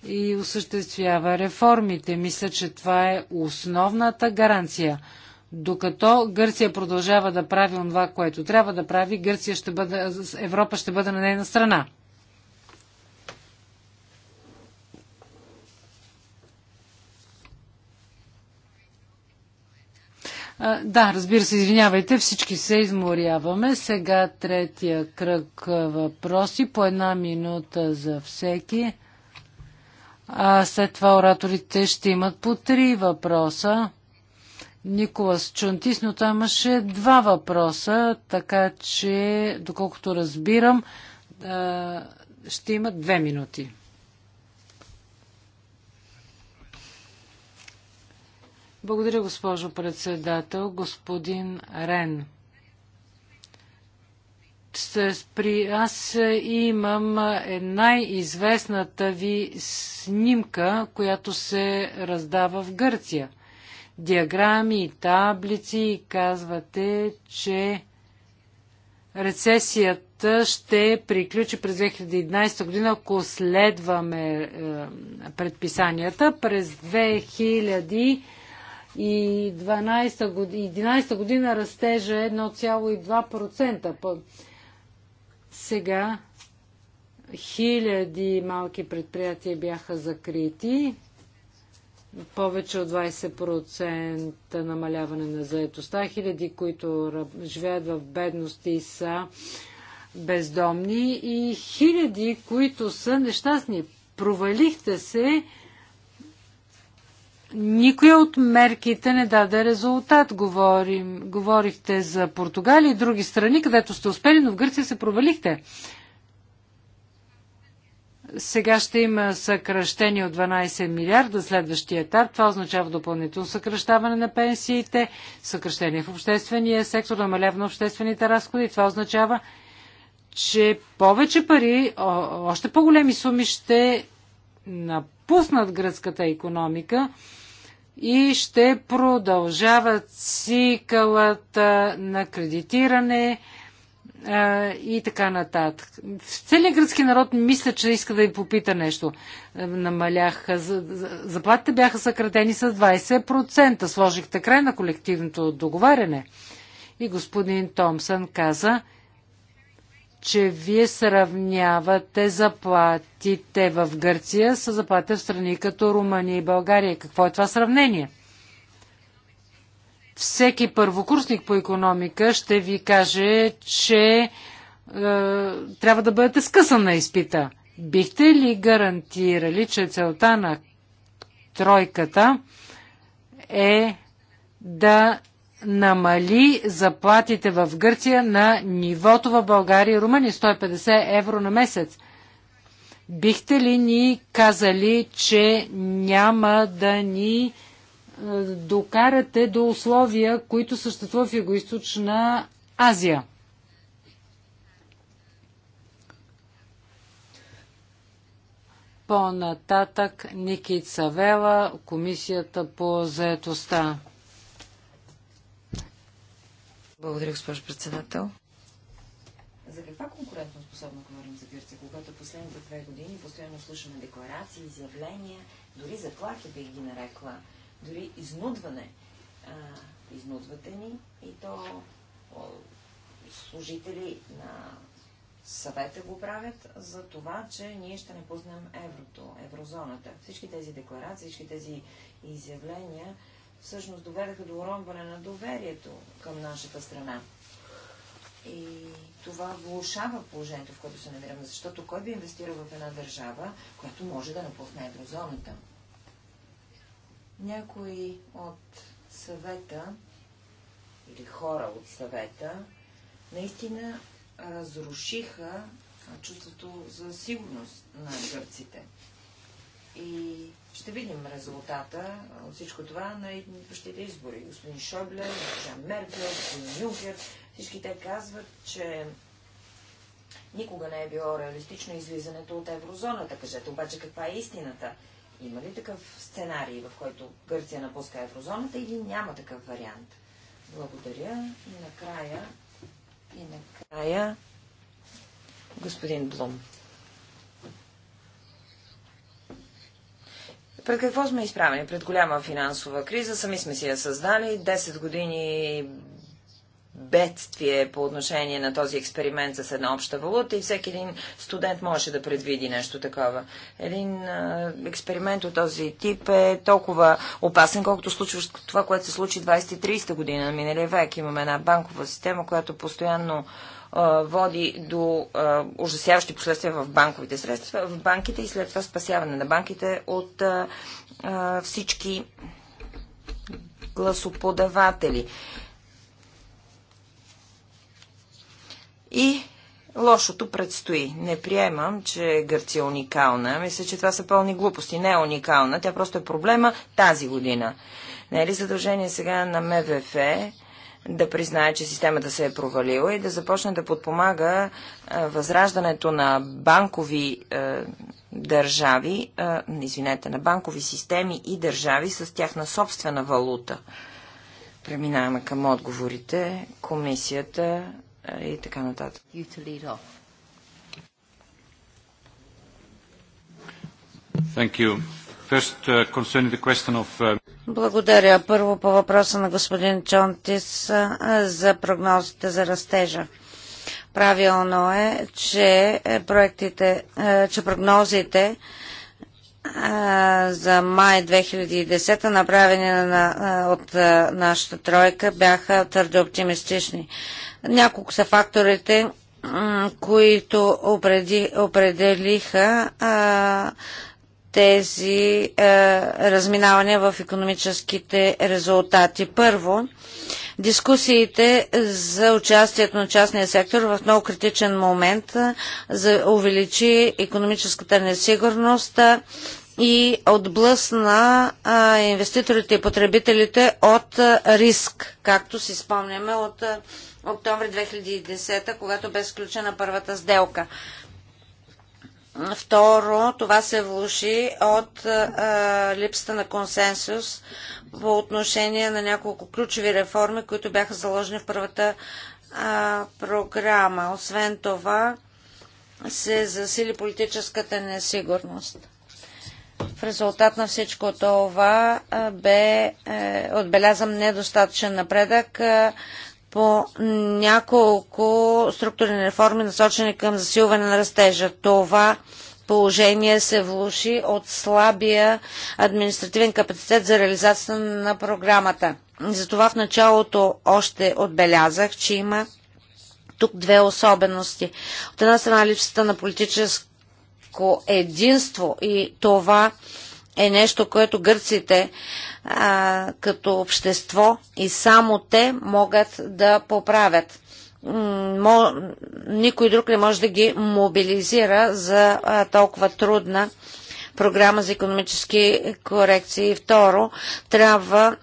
и осъществява реформите. Мисля, че това е основната гаранция. Докато Гърция продължава да прави това, което трябва да прави, Гърция ще бъде, Европа ще бъде на нейна страна. Да, разбира се, извинявайте, всички се изморяваме. Сега третия кръг въпроси, по една минута за всеки. А след това ораторите ще имат по три въпроса. Николас Чунтис, но той имаше два въпроса, така че, доколкото разбирам, ще има две минути. Благодаря, госпожо председател. Господин Рен. При аз имам най-известната ви снимка, която се раздава в Гърция диаграми и таблици и казвате, че рецесията ще приключи през 2011 година, ако следваме е, предписанията. През 2011 и 12 година, 11 година растежа 1,2%. Е сега хиляди малки предприятия бяха закрити повече от 20% намаляване на заетостта, хиляди, които живеят в бедности и са бездомни и хиляди, които са нещастни. Провалихте се. Никоя от мерките не даде резултат. Говорим, говорихте за Португалия и други страни, където сте успели, но в Гърция се провалихте. Сега ще има съкръщение от 12 милиарда следващия етап. Това означава допълнително съкръщаване на пенсиите, съкръщение в обществения сектор, намаляване на обществените разходи. Това означава, че повече пари, още по-големи суми ще напуснат гръцката економика и ще продължават цикълата на кредитиране, и така нататък. Целият гръцки народ мисля, че иска да ви попита нещо. Е, намаляха, заплатите бяха съкратени с 20%. Сложихте край на колективното договаряне. И господин Томсън каза, че вие сравнявате заплатите в Гърция с заплатите в страни като Румъния и България. Какво е това сравнение? всеки първокурсник по економика ще ви каже, че е, трябва да бъдете скъсан на изпита. Бихте ли гарантирали, че целта на тройката е да намали заплатите в Гърция на нивото в България и Румъния 150 евро на месец? Бихте ли ни казали, че няма да ни докарате до условия, които съществуват в Юго-Источна Азия. По-нататък Никит Савела, Комисията по заедостта. Благодаря, госпожо председател. За каква конкурентно способно говорим за Гърция, когато последните две години постоянно слушаме декларации, изявления, дори заплахи бих ги нарекла, дори изнудване. А, изнудвате ни и то о, служители на съвета го правят за това, че ние ще не пуснем еврото, еврозоната. Всички тези декларации, всички тези изявления всъщност доведаха до уронване на доверието към нашата страна. И това влушава положението, в което се намираме, защото кой би инвестирал в една държава, която може да напусне еврозоната? Някои от съвета или хора от съвета наистина разрушиха чувството за сигурност на гърците. И ще видим резултата от всичко това на идващите избори. Господин Шойбле, госпожа Меркел, господин Юнкер, всички те казват, че никога не е било реалистично излизането от еврозоната. Кажете обаче каква е истината. Има ли такъв сценарий, в който Гърция напуска еврозоната или няма такъв вариант? Благодаря. И накрая, и накрая, господин Блум. Пред какво сме изправени? Пред голяма финансова криза. Сами сме си я създали. 10 години бедствие по отношение на този експеримент с една обща валута и всеки един студент можеше да предвиди нещо такова. Един а, експеримент от този тип е толкова опасен, колкото случва това, което се случи 20-30 година на миналия век. Имаме една банкова система, която постоянно води до а, ужасяващи последствия в банковите средства, в банките и след това спасяване на банките от а, а, всички гласоподаватели. И лошото предстои. Не приемам, че Гърция е уникална. Мисля, че това са пълни глупости. Не е уникална. Тя просто е проблема тази година. Не е ли задължение сега на МВФ да признае, че системата се е провалила и да започне да подпомага а, възраждането на банкови а, държави, а, извинете, на банкови системи и държави с тяхна собствена валута? Преминаваме към отговорите. Комисията и така нататък. First, uh, of... Uh, Благодаря. Първо по въпроса на господин Чонтис за прогнозите за растежа. Правилно е, че, проектите, че прогнозите за май 2010 направени на, от нашата тройка бяха твърде оптимистични. Няколко са факторите, които определиха тези разминавания в економическите резултати. Първо, дискусиите за участието на частния сектор в много критичен момент за увеличи економическата несигурност и отблъсна инвеститорите и потребителите от риск, както си спомняме от а, октомври 2010, когато бе сключена първата сделка. Второ, това се влуши от а, липсата на консенсус по отношение на няколко ключови реформи, които бяха заложени в първата а, програма. Освен това, се засили политическата несигурност. В резултат на всичко това бе е, отбелязан недостатъчен напредък по няколко структурни реформи, насочени към засилване на растежа. Това положение се влуши от слабия административен капацитет за реализацията на програмата. Затова в началото още отбелязах, че има тук две особености. От една страна липсата на политическо единство и това е нещо, което гърците а, като общество и само те могат да поправят. Мо, никой друг не може да ги мобилизира за а, толкова трудна програма за економически корекции. И Второ, трябва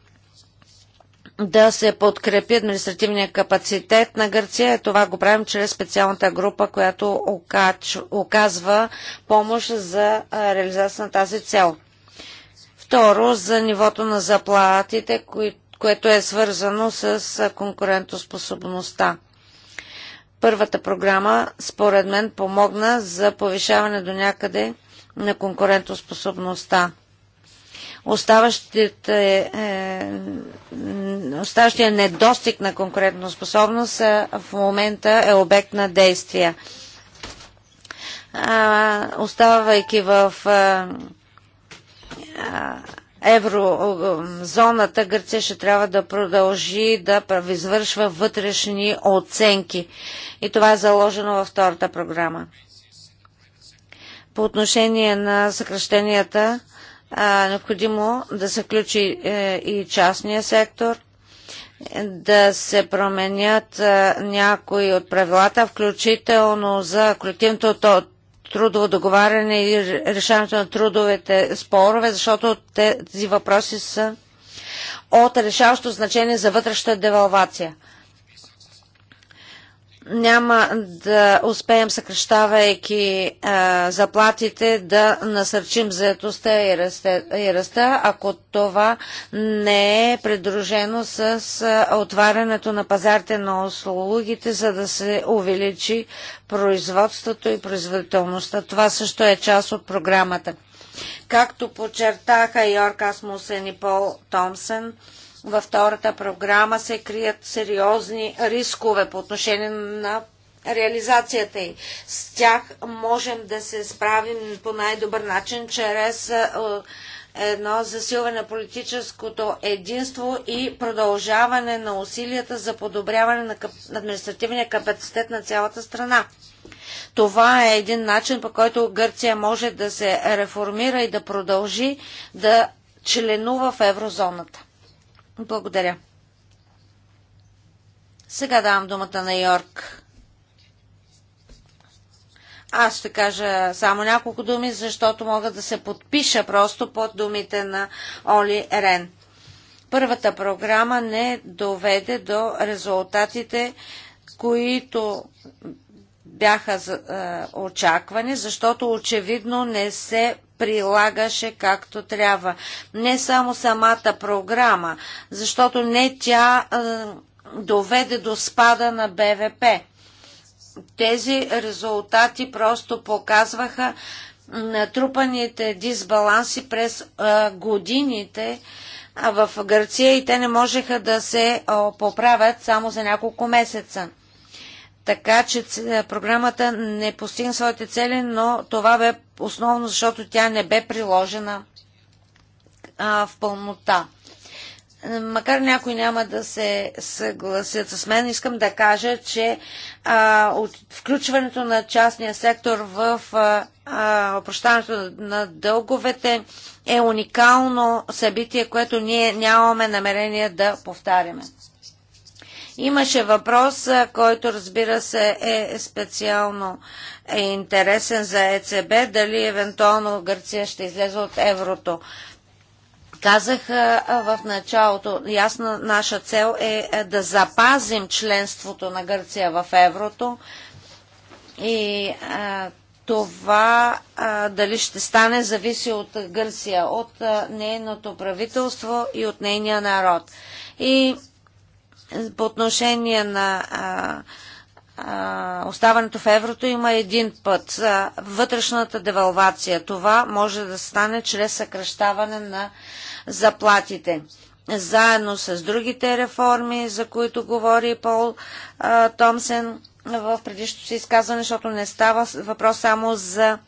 да се подкрепи административния капацитет на Гърция. Това го правим чрез специалната група, която оказва помощ за реализация на тази цел. Второ, за нивото на заплатите, което е свързано с конкурентоспособността. Първата програма, според мен, помогна за повишаване до някъде на конкурентоспособността. Е, е, оставащия недостиг на конкурентоспособност е, в момента е обект на действия. оставайки в еврозоната Гърция ще трябва да продължи да извършва вътрешни оценки. И това е заложено във втората програма. По отношение на съкръщенията, необходимо да се включи е, и частния сектор, да се променят някои от правилата, включително за колективното трудово договаряне и решаването на трудовете спорове, защото тези въпроси са от решаващо значение за вътрешната девалвация няма да успеем, съкръщавайки а, заплатите, да насърчим заетостта и, и ръста, ако това не е придружено с а, отварянето на пазарите на услугите, за да се увеличи производството и производителността. Това също е част от програмата. Както подчертаха Йорк Асмусен и Пол Томсен, във втората програма се крият сериозни рискове по отношение на реализацията й. С тях можем да се справим по най-добър начин чрез е, едно засилване на политическото единство и продължаване на усилията за подобряване на административния капацитет на цялата страна. Това е един начин, по който Гърция може да се реформира и да продължи да членува в еврозоната. Благодаря. Сега давам думата на Йорк. Аз ще кажа само няколко думи, защото мога да се подпиша просто под думите на Оли Рен. Първата програма не доведе до резултатите, които бяха е, очаквани, защото очевидно не се прилагаше както трябва. Не само самата програма, защото не тя доведе до спада на БВП. Тези резултати просто показваха натрупаните дисбаланси през годините в Гърция и те не можеха да се поправят само за няколко месеца. Така че е, програмата не постигна своите цели, но това бе основно, защото тя не бе приложена а, в пълнота. Е, макар някой няма да се съгласят с мен, искам да кажа, че а, от включването на частния сектор в опрощаването на дълговете е уникално събитие, което ние нямаме намерение да повтаряме. Имаше въпрос, който разбира се е специално е интересен за ЕЦБ, дали евентуално Гърция ще излезе от еврото. Казах в началото, ясна наша цел е, е да запазим членството на Гърция в еврото и това дали ще стане зависи от Гърция, от нейното правителство и от нейния народ. И по отношение на оставането в еврото има един път. вътрешната девалвация. Това може да стане чрез съкръщаване на заплатите. Заедно с другите реформи, за които говори Пол Томсен в предишното си изказване, защото не става въпрос само за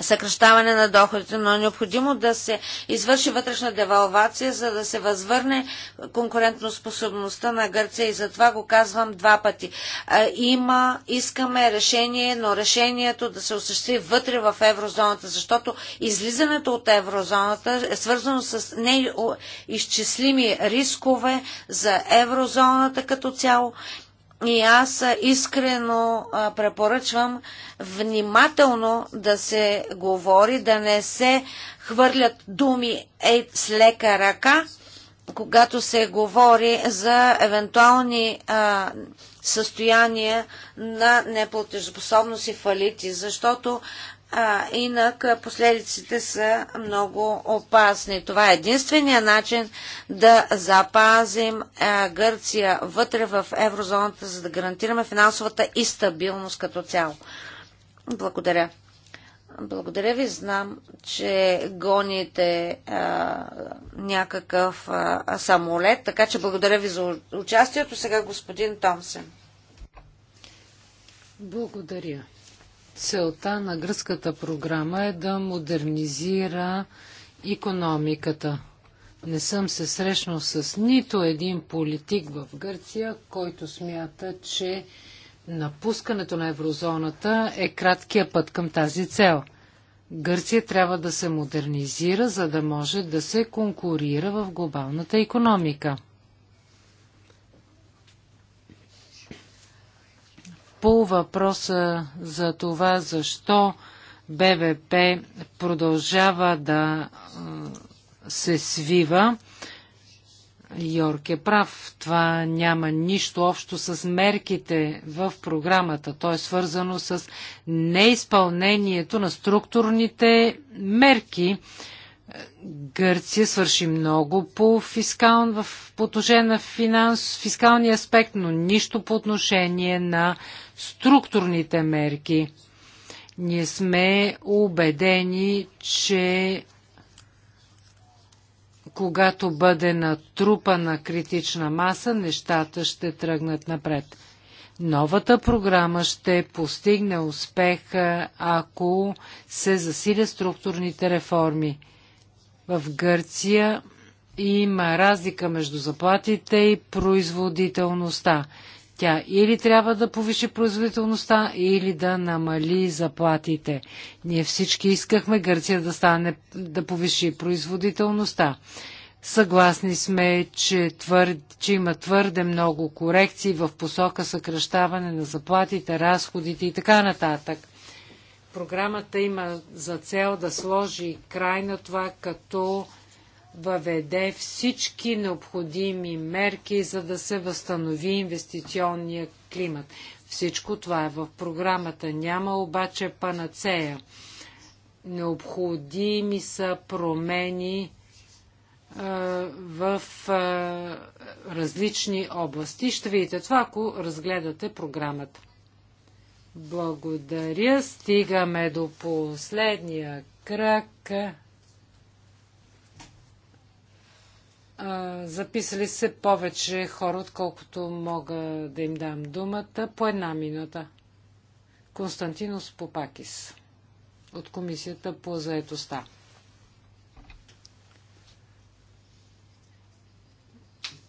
съкръщаване на доходите, но е необходимо да се извърши вътрешна девалвация, за да се възвърне конкурентоспособността на Гърция и затова го казвам два пъти. Има, искаме решение, но решението да се осъществи вътре в еврозоната, защото излизането от еврозоната е свързано с неизчислими рискове за еврозоната като цяло и аз искрено препоръчвам внимателно да се говори, да не се хвърлят думи е, с лека ръка, когато се говори за евентуални състояния на неплатежоспособност и фалити, защото а, инак последиците са много опасни. Това е единствения начин да запазим а, Гърция вътре в еврозоната, за да гарантираме финансовата и стабилност като цяло. Благодаря. Благодаря ви. Знам, че гоните а, някакъв а, самолет, така че благодаря ви за участието. Сега господин Томсен. Благодаря. Целта на гръцката програма е да модернизира економиката. Не съм се срещнал с нито един политик в Гърция, който смята, че напускането на еврозоната е краткия път към тази цел. Гърция трябва да се модернизира, за да може да се конкурира в глобалната економика. по въпроса за това защо БВП продължава да се свива, Йорк е прав. Това няма нищо общо с мерките в програмата. То е свързано с неизпълнението на структурните мерки. Гърция свърши много по, фискал, в, по отношение на финанс, фискалния аспект, но нищо по отношение на структурните мерки. Ние сме убедени, че когато бъде натрупана критична маса, нещата ще тръгнат напред. Новата програма ще постигне успех, ако се засиля структурните реформи. В Гърция има разлика между заплатите и производителността. Тя или трябва да повиши производителността, или да намали заплатите. Ние всички искахме Гърция да, стане, да повиши производителността. Съгласни сме, че, твърд, че има твърде много корекции в посока съкръщаване на заплатите, разходите и така нататък. Програмата има за цел да сложи край на това, като въведе всички необходими мерки, за да се възстанови инвестиционния климат. Всичко това е в програмата. Няма обаче панацея. Необходими са промени в различни области. Ще видите това, ако разгледате програмата. Благодаря. Стигаме до последния кръг. записали се повече хора, отколкото мога да им дам думата. По една минута. Константинос Попакис от Комисията по заедостта.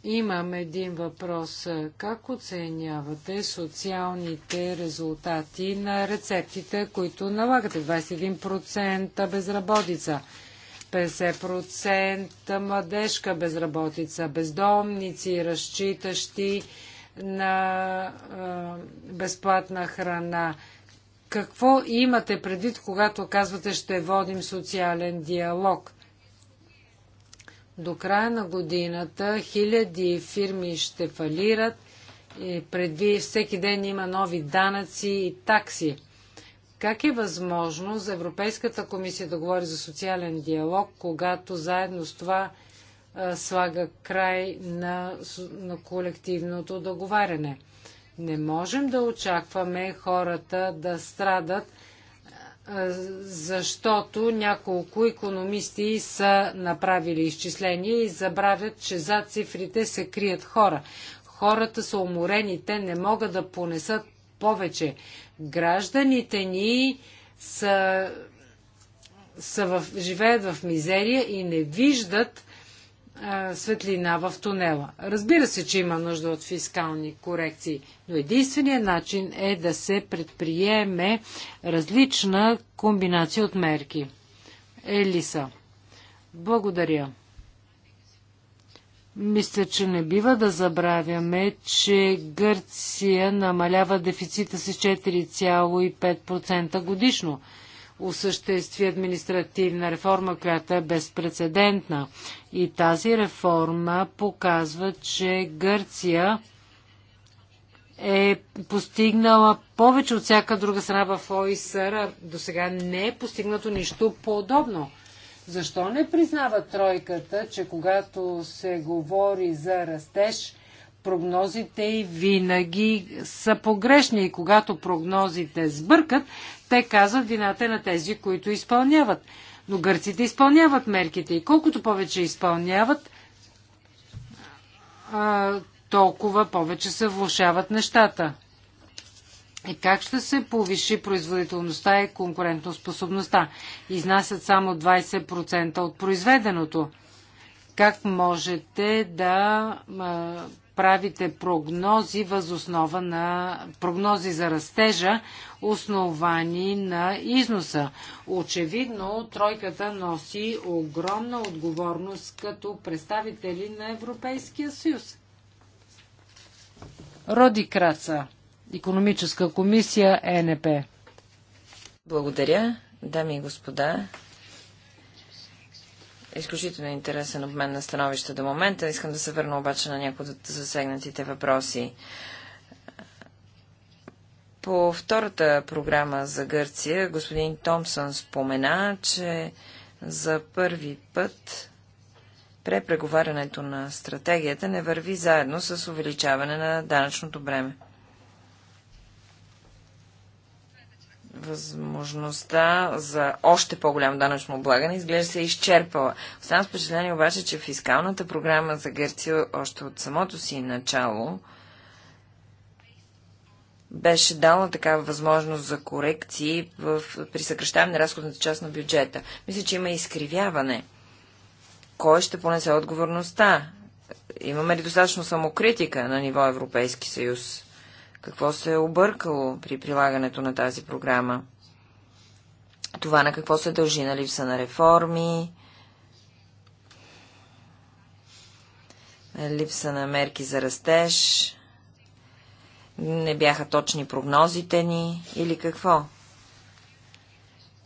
Имам един въпрос. Как оценявате социалните резултати на рецептите, които налагате? 21% безработица. 50% младежка безработица, бездомници, разчитащи на а, безплатна храна. Какво имате предвид, когато казвате ще водим социален диалог? До края на годината хиляди фирми ще фалират. И преди всеки ден има нови данъци и такси. Как е възможно за Европейската комисия да говори за социален диалог, когато заедно с това а, слага край на, на колективното договаряне? Не можем да очакваме хората да страдат, а, защото няколко економисти са направили изчисления и забравят, че зад цифрите се крият хора. Хората са уморени, те не могат да понесат повече. Гражданите ни са, са в, живеят в мизерия и не виждат а, светлина в тунела. Разбира се, че има нужда от фискални корекции, но единственият начин е да се предприеме различна комбинация от мерки. Елиса. Благодаря. Мисля, че не бива да забравяме, че Гърция намалява дефицита си 4,5% годишно. Осъществи административна реформа, която е безпредседентна. И тази реформа показва, че Гърция е постигнала повече от всяка друга страна в ОИСР. До сега не е постигнато нищо подобно. Защо не признава тройката, че когато се говори за растеж, прогнозите и винаги са погрешни и когато прогнозите сбъркат, те казват вината е на тези, които изпълняват. Но гърците изпълняват мерките и колкото повече изпълняват, толкова повече се влушават нещата. Е, как ще се повиши производителността и конкурентоспособността? Изнасят само 20% от произведеното. Как можете да правите прогнози възоснова на прогнози за растежа, основани на износа. Очевидно, тройката носи огромна отговорност като представители на Европейския съюз. Роди Краца економическа комисия ЕНП. Благодаря, дами и господа. Изключително интересен обмен на становища до момента. Искам да се върна обаче на някои от засегнатите въпроси. По втората програма за Гърция, господин Томсън спомена, че за първи път препреговарянето на стратегията не върви заедно с увеличаване на данъчното бреме. възможността за още по-голямо данъчно облагане изглежда се е изчерпала. Оставам впечатление обаче, че фискалната програма за Гърция още от самото си начало беше дала такава възможност за корекции в, при съкръщаване на разходната част на бюджета. Мисля, че има изкривяване. Кой ще понесе отговорността? Имаме ли достатъчно самокритика на ниво Европейски съюз? Какво се е объркало при прилагането на тази програма? Това на какво се дължи на липса на реформи, на нали липса на мерки за растеж, не бяха точни прогнозите ни или какво?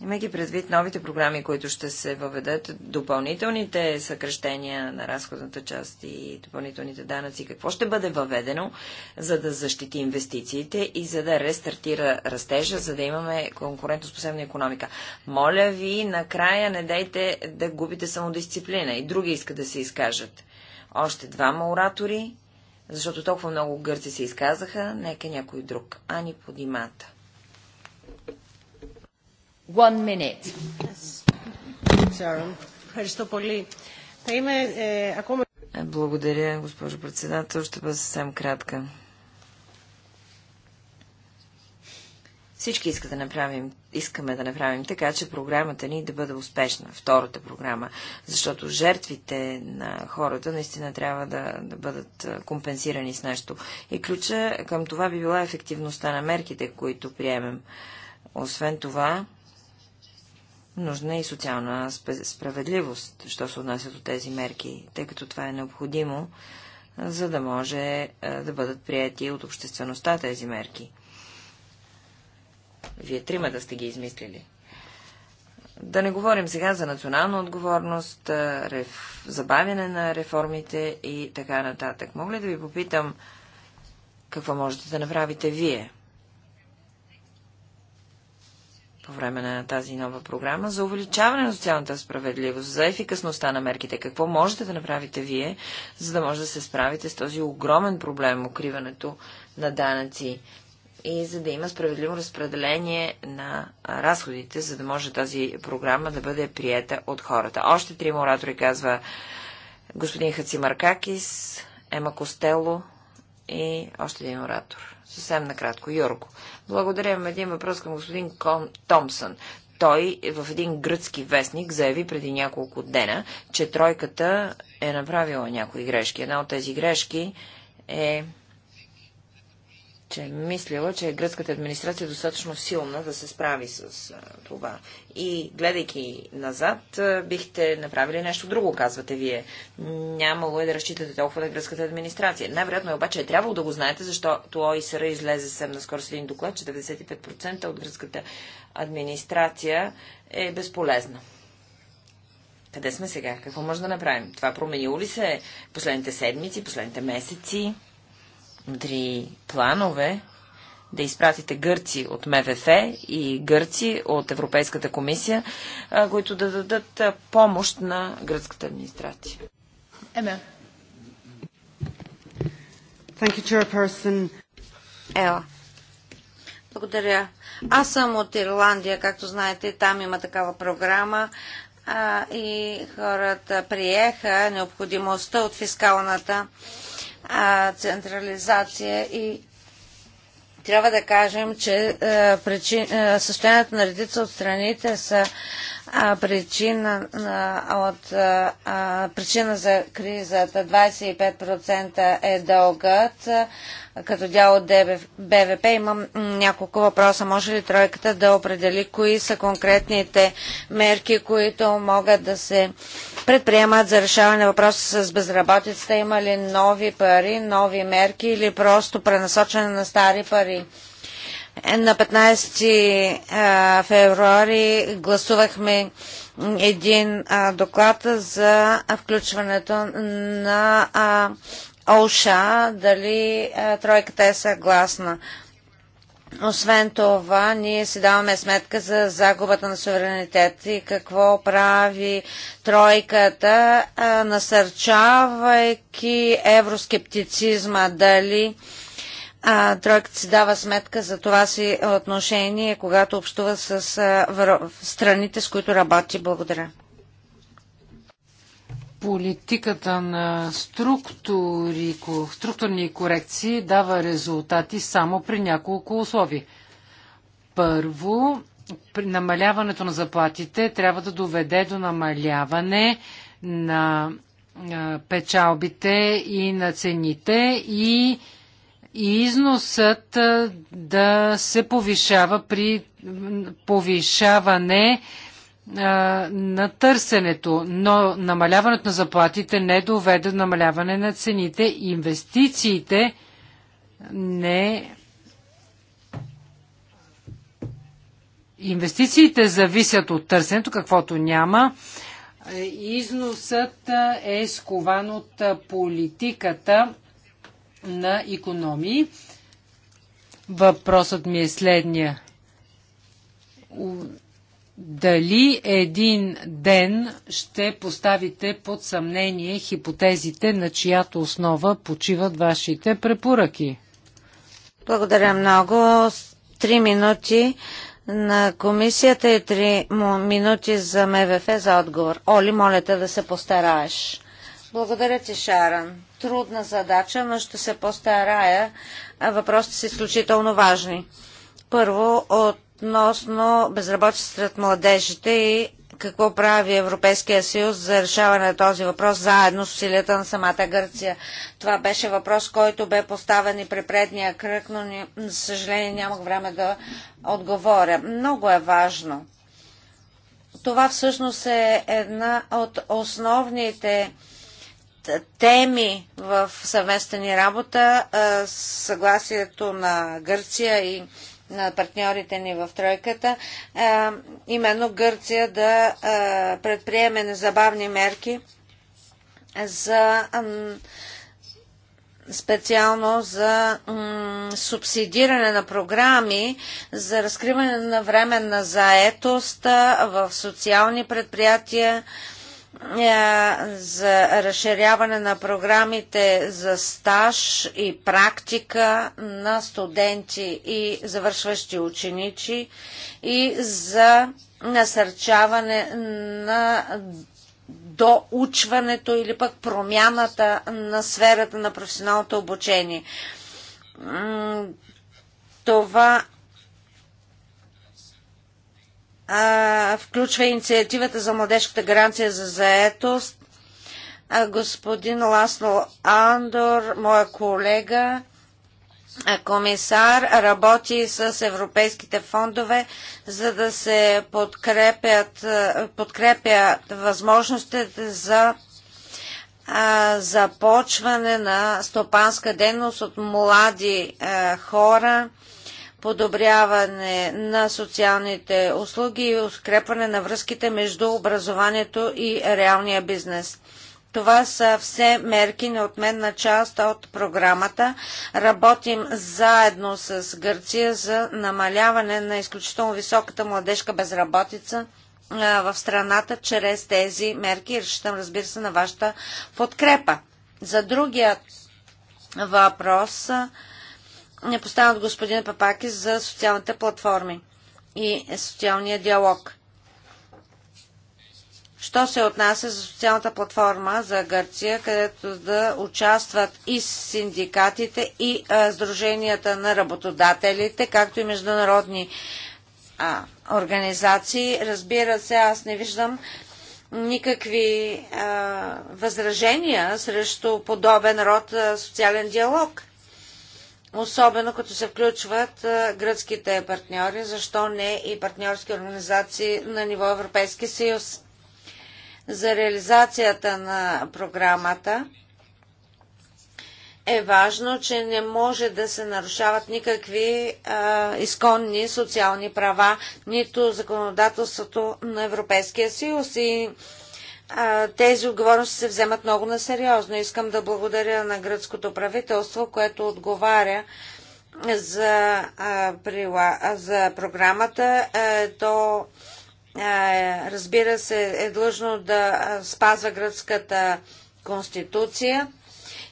Имайки предвид новите програми, които ще се въведат, допълнителните съкрещения на разходната част и допълнителните данъци, какво ще бъде въведено, за да защити инвестициите и за да рестартира растежа, за да имаме конкурентоспособна економика. Моля ви, накрая не дайте да губите самодисциплина. И други искат да се изкажат. Още двама оратори, защото толкова много гърци се изказаха, нека някой друг. Ани Подимата. One minute. Ευχαριστώ πολύ. Θα είμαι ακόμα... Благодаря, госпожо председател. Ще бъда съвсем кратка. Всички искат да направим, искаме да направим така, че програмата ни да бъде успешна, втората програма, защото жертвите на хората наистина трябва да, да бъдат е, компенсирани с нещо. И ключа към това би била ефективността на мерките, които приемем. Освен това, Нужна е и социална справедливост, що се отнася до тези мерки, тъй като това е необходимо, за да може е, да бъдат прияти от обществеността тези мерки. Вие трима да сте ги измислили. Да не говорим сега за национална отговорност, е, реф... забавяне на реформите и така нататък. Мога ли да ви попитам какво можете да направите вие? по време на тази нова програма за увеличаване на социалната справедливост, за ефикасността на мерките. Какво можете да направите вие, за да може да се справите с този огромен проблем, укриването на данъци и за да има справедливо разпределение на разходите, за да може тази програма да бъде приета от хората. Още три оратори казва господин Хацимаркакис, Ема Костело и още един оратор. Съвсем накратко. Йорко. Благодаря. Имам един въпрос към господин Ком... Томсън. Той в един гръцки вестник заяви преди няколко дена, че тройката е направила някои грешки. Една от тези грешки е че е мислила, че гръцката администрация е достатъчно силна да се справи с а, това. И гледайки назад, а, бихте направили нещо друго, казвате вие. Нямало е да разчитате толкова на гръцката администрация. Най-вероятно е обаче е трябвало да го знаете, защото ОИСР излезе съм наскоро с един доклад, че 95% от гръцката администрация е безполезна. Къде сме сега? Какво може да направим? Това променило ли се е? последните седмици, последните месеци? мъдри планове да изпратите гърци от МВФ и гърци от Европейската комисия, които да дадат помощ на гръцката администрация. Thank You, Ела. Благодаря. Аз съм от Ирландия, както знаете, там има такава програма а, и хората приеха необходимостта от фискалната а, а, централизация и трябва да кажем, че а, е, причин, а, е, състоянието на редица от страните са а, причина, а, от, а, причина за кризата 25% е дългът като дял от БВП. Имам няколко въпроса. Може ли тройката да определи кои са конкретните мерки, които могат да се предприемат за решаване на въпроса с безработицата? Има ли нови пари, нови мерки или просто пренасочване на стари пари? На 15 февруари гласувахме един доклад за включването на ОША, дали тройката е съгласна. Освен това, ние си даваме сметка за загубата на суверенитет и какво прави тройката, насърчавайки евроскептицизма, дали а, тройката си дава сметка за това си отношение, когато общува с а, вър... страните, с които работи. Благодаря. Политиката на структури, структурни корекции дава резултати само при няколко условия. Първо, при намаляването на заплатите трябва да доведе до намаляване на печалбите и на цените и и износът да се повишава при повишаване на търсенето, но намаляването на заплатите не доведе до намаляване на цените. Инвестициите не. Инвестициите зависят от търсенето, каквото няма. Износът е скован от политиката на економии. Въпросът ми е следния. Дали един ден ще поставите под съмнение хипотезите, на чиято основа почиват вашите препоръки? Благодаря много. Три минути на комисията и три минути за МВФ за отговор. Оли, моля те да се постараеш. Благодаря ти, Шаран трудна задача, но ще се постарая. Въпросите са изключително важни. Първо, относно безработица сред младежите и какво прави Европейския съюз за решаване на този въпрос заедно с усилията на самата Гърция. Това беше въпрос, който бе поставен и при предния кръг, но за съжаление нямах време да отговоря. Много е важно. Това всъщност е една от основните теми в съвместна ни работа. Съгласието на Гърция и на партньорите ни в тройката, именно Гърция да предприеме незабавни мерки за специално за субсидиране на програми за разкриване на временна заетост в социални предприятия, е, за разширяване на програмите за стаж и практика на студенти и завършващи ученици и за насърчаване на доучването или пък промяната на сферата на професионалното обучение. Това а, включва инициативата за младежката гаранция за заетост. А, господин Ласно Андор, моя колега, комисар, работи с европейските фондове, за да се подкрепят, подкрепят възможностите за започване на стопанска дейност от млади хора, подобряване на социалните услуги и укрепване на връзките между образованието и реалния бизнес. Това са все мерки неотменна част от програмата. Работим заедно с Гърция за намаляване на изключително високата младежка безработица в страната чрез тези мерки и разчитам, разбира се, на вашата подкрепа. За другия въпрос не поставен от господин Папаки за социалните платформи и социалния диалог. Що се отнася за социалната платформа за Гърция, където да участват и синдикатите, и а, сдруженията на работодателите, както и международни а, организации. Разбира се, аз не виждам никакви а, възражения срещу подобен род а, социален диалог особено като се включват гръцките партньори, защо не и партньорски организации на ниво Европейски съюз. За реализацията на програмата е важно, че не може да се нарушават никакви а, изконни социални права, нито законодателството на Европейския съюз и тези отговорности се вземат много на сериозно. Искам да благодаря на гръцкото правителство, което отговаря за, за програмата. Е, то, е, разбира се, е длъжно да спазва гръцката конституция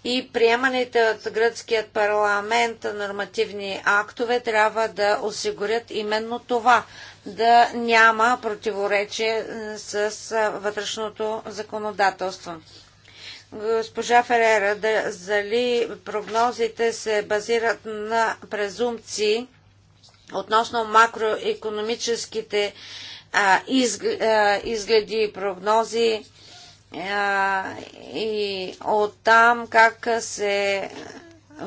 и приеманите от гръцкият парламент нормативни актове трябва да осигурят именно това да няма противоречие е, с е, вътрешното законодателство. Госпожа Ферера, дали прогнозите се базират на презумпции относно макроекономическите е, изгледи и прогнози и оттам как се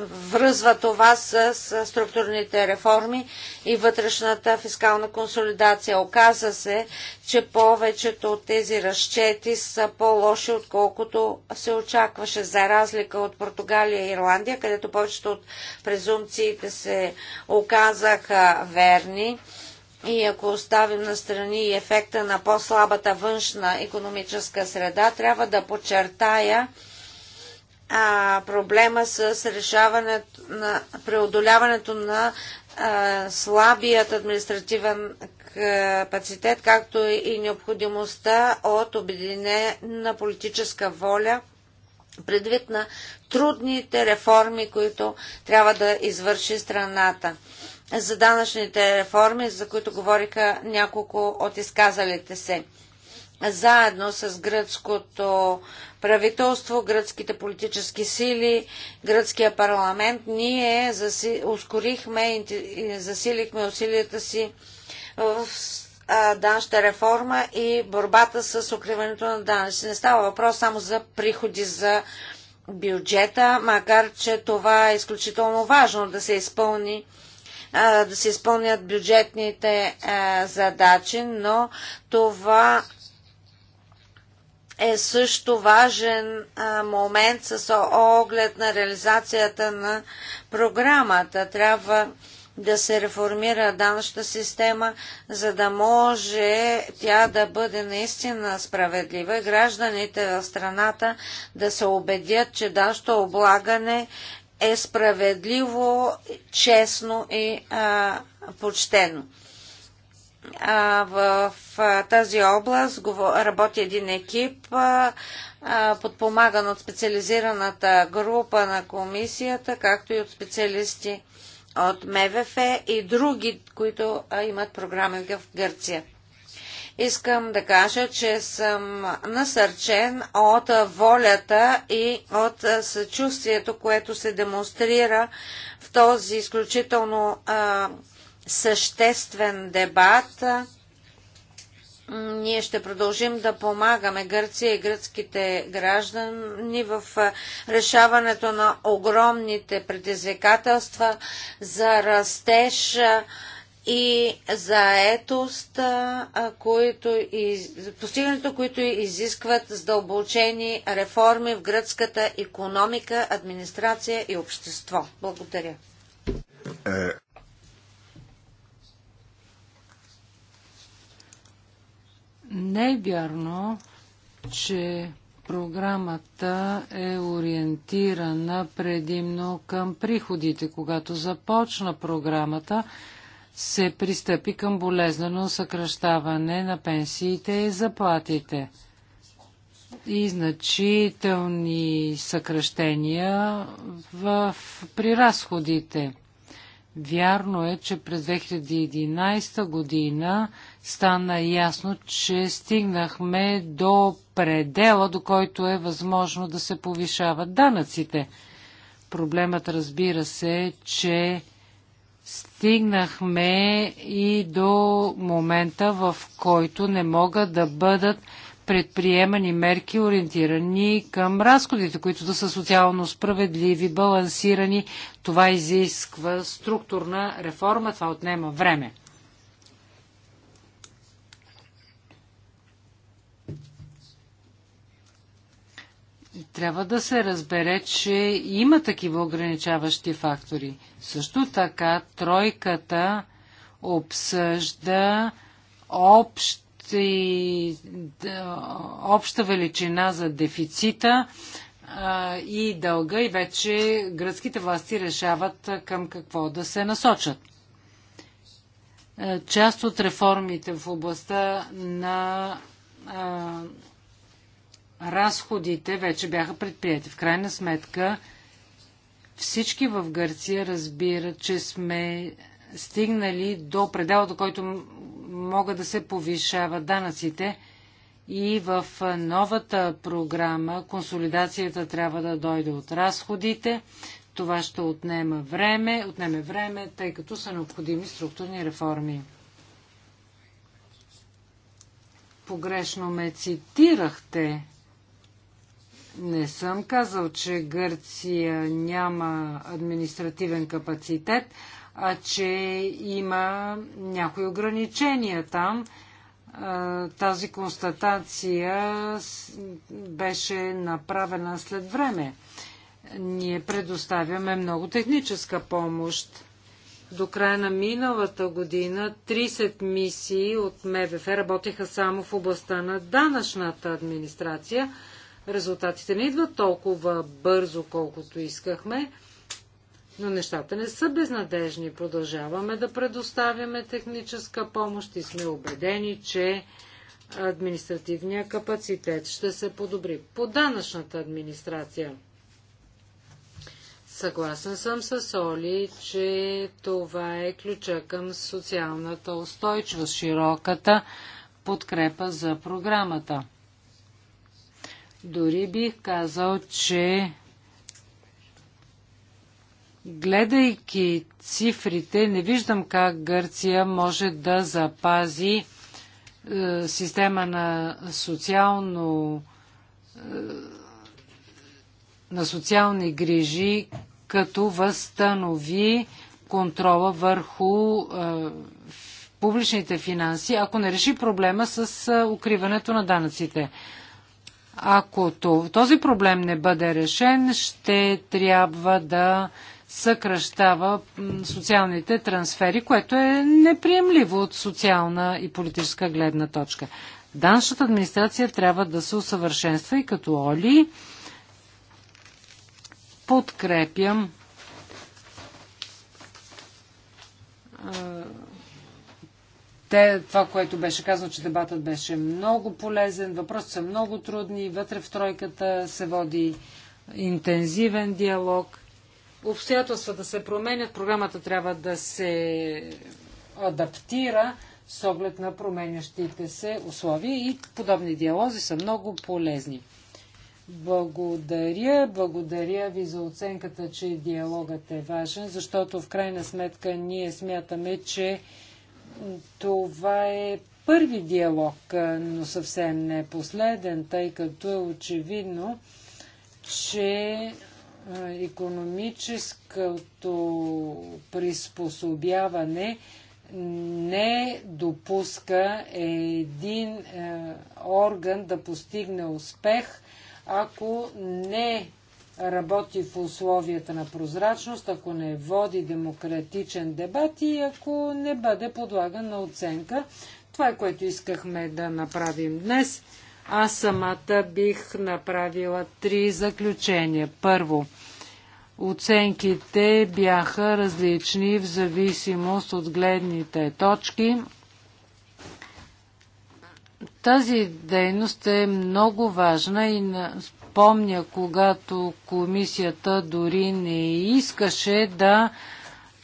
връзва това с, структурните реформи и вътрешната фискална консолидация. Оказа се, че повечето от тези разчети са по-лоши, отколкото се очакваше, за разлика от Португалия и Ирландия, където повечето от презумциите се оказаха верни. И ако оставим на страни ефекта на по-слабата външна економическа среда, трябва да подчертая, а, проблема с решаването на преодоляването на а, слабият административен капацитет, както и необходимостта от обединена политическа воля предвид на трудните реформи, които трябва да извърши страната. За данъчните реформи, за които говориха няколко от изказалите се. Заедно с гръцкото правителство, гръцките политически сили, гръцкия парламент, ние заси, ускорихме и засилихме усилията си в данъчната реформа и борбата с укриването на данъци. Не става въпрос само за приходи за бюджета, макар че това е изключително важно да се изпълни да се изпълнят бюджетните задачи, но това е също важен момент с оглед на реализацията на програмата. Трябва да се реформира данъчната система, за да може тя да бъде наистина справедлива и гражданите в страната да се убедят, че данъчното облагане е справедливо, честно и а, почтено. В тази област работи един екип, подпомаган от специализираната група на комисията, както и от специалисти от МВФ и други, които имат програми в Гърция. Искам да кажа, че съм насърчен от волята и от съчувствието, което се демонстрира в този изключително а, съществен дебат. Ние ще продължим да помагаме Гърция и гръцките граждани в решаването на огромните предизвикателства за растеж и етост, които постигането, които изискват задълбочени реформи в гръцката економика, администрация и общество. Благодаря. Е, Не е вярно, че програмата е ориентирана предимно към приходите. Когато започна програмата, се пристъпи към болезнено съкръщаване на пенсиите и заплатите. И значителни съкръщения в, при разходите – Вярно е, че през 2011 година стана ясно, че стигнахме до предела, до който е възможно да се повишават данъците. Проблемът разбира се, е, че стигнахме и до момента, в който не могат да бъдат предприемани мерки, ориентирани към разходите, които да са социално справедливи, балансирани. Това изисква структурна реформа, това отнема време. трябва да се разбере, че има такива ограничаващи фактори. Също така тройката обсъжда общ и обща величина за дефицита и дълга и вече гръцките власти решават към какво да се насочат. Част от реформите в областта на разходите вече бяха предприяти. В крайна сметка всички в Гърция разбират, че сме стигнали до предела, до който могат да се повишават данъците. И в новата програма консолидацията трябва да дойде от разходите. Това ще отнема време, отнеме време, тъй като са необходими структурни реформи. Погрешно ме цитирахте. Не съм казал, че Гърция няма административен капацитет а че има някои ограничения там. Тази констатация беше направена след време. Ние предоставяме много техническа помощ. До края на миналата година 30 мисии от МВФ работеха само в областта на данъчната администрация. Резултатите не идват толкова бързо, колкото искахме но нещата не са безнадежни. Продължаваме да предоставяме техническа помощ и сме убедени, че административния капацитет ще се подобри. По данъчната администрация. Съгласен съм с Оли, че това е ключа към социалната устойчивост, широката подкрепа за програмата. Дори бих казал, че гледайки цифрите, не виждам как Гърция може да запази е, система на социално е, на социални грижи, като възстанови контрола върху е, публичните финанси, ако не реши проблема с е, укриването на данъците. Ако този проблем не бъде решен, ще трябва да съкръщава социалните трансфери, което е неприемливо от социална и политическа гледна точка. Даншата администрация трябва да се усъвършенства и като Оли подкрепям те, това, което беше казано, че дебатът беше много полезен, въпросите са много трудни, вътре в тройката се води интензивен диалог – обстоятелствата да се променят, програмата трябва да се адаптира с оглед на променящите се условия и подобни диалози са много полезни. Благодаря, благодаря ви за оценката, че диалогът е важен, защото в крайна сметка ние смятаме, че това е първи диалог, но съвсем не последен, тъй като е очевидно, че економическото приспособяване не допуска един е, орган да постигне успех, ако не работи в условията на прозрачност, ако не води демократичен дебат и ако не бъде подлаган на оценка. Това е което искахме да направим днес. Аз самата бих направила три заключения. Първо, оценките бяха различни в зависимост от гледните точки. Тази дейност е много важна и спомня, когато комисията дори не искаше да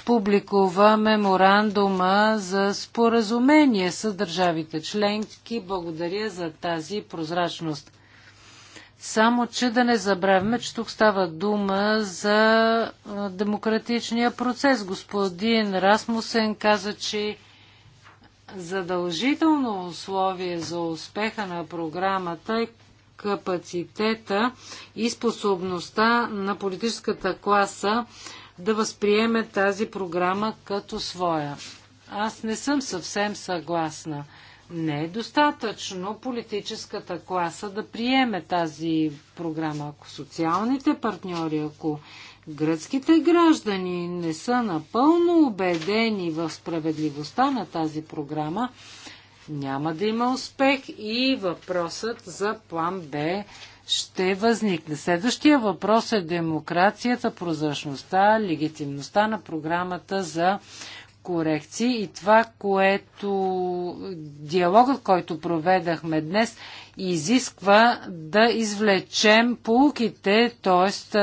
публикува меморандума за споразумение с държавите членки. Благодаря за тази прозрачност. Само, че да не забравяме, че тук става дума за демократичния процес. Господин Расмусен каза, че задължително условие за успеха на програмата е капацитета и способността на политическата класа да възприеме тази програма като своя. Аз не съм съвсем съгласна. Не е достатъчно политическата класа да приеме тази програма. Ако социалните партньори, ако гръцките граждани не са напълно убедени в справедливостта на тази програма, няма да има успех и въпросът за план Б ще възникне. Следващия въпрос е демокрацията, прозрачността, легитимността на програмата за корекции и това, което диалогът, който проведахме днес, изисква да извлечем полуките, т.е.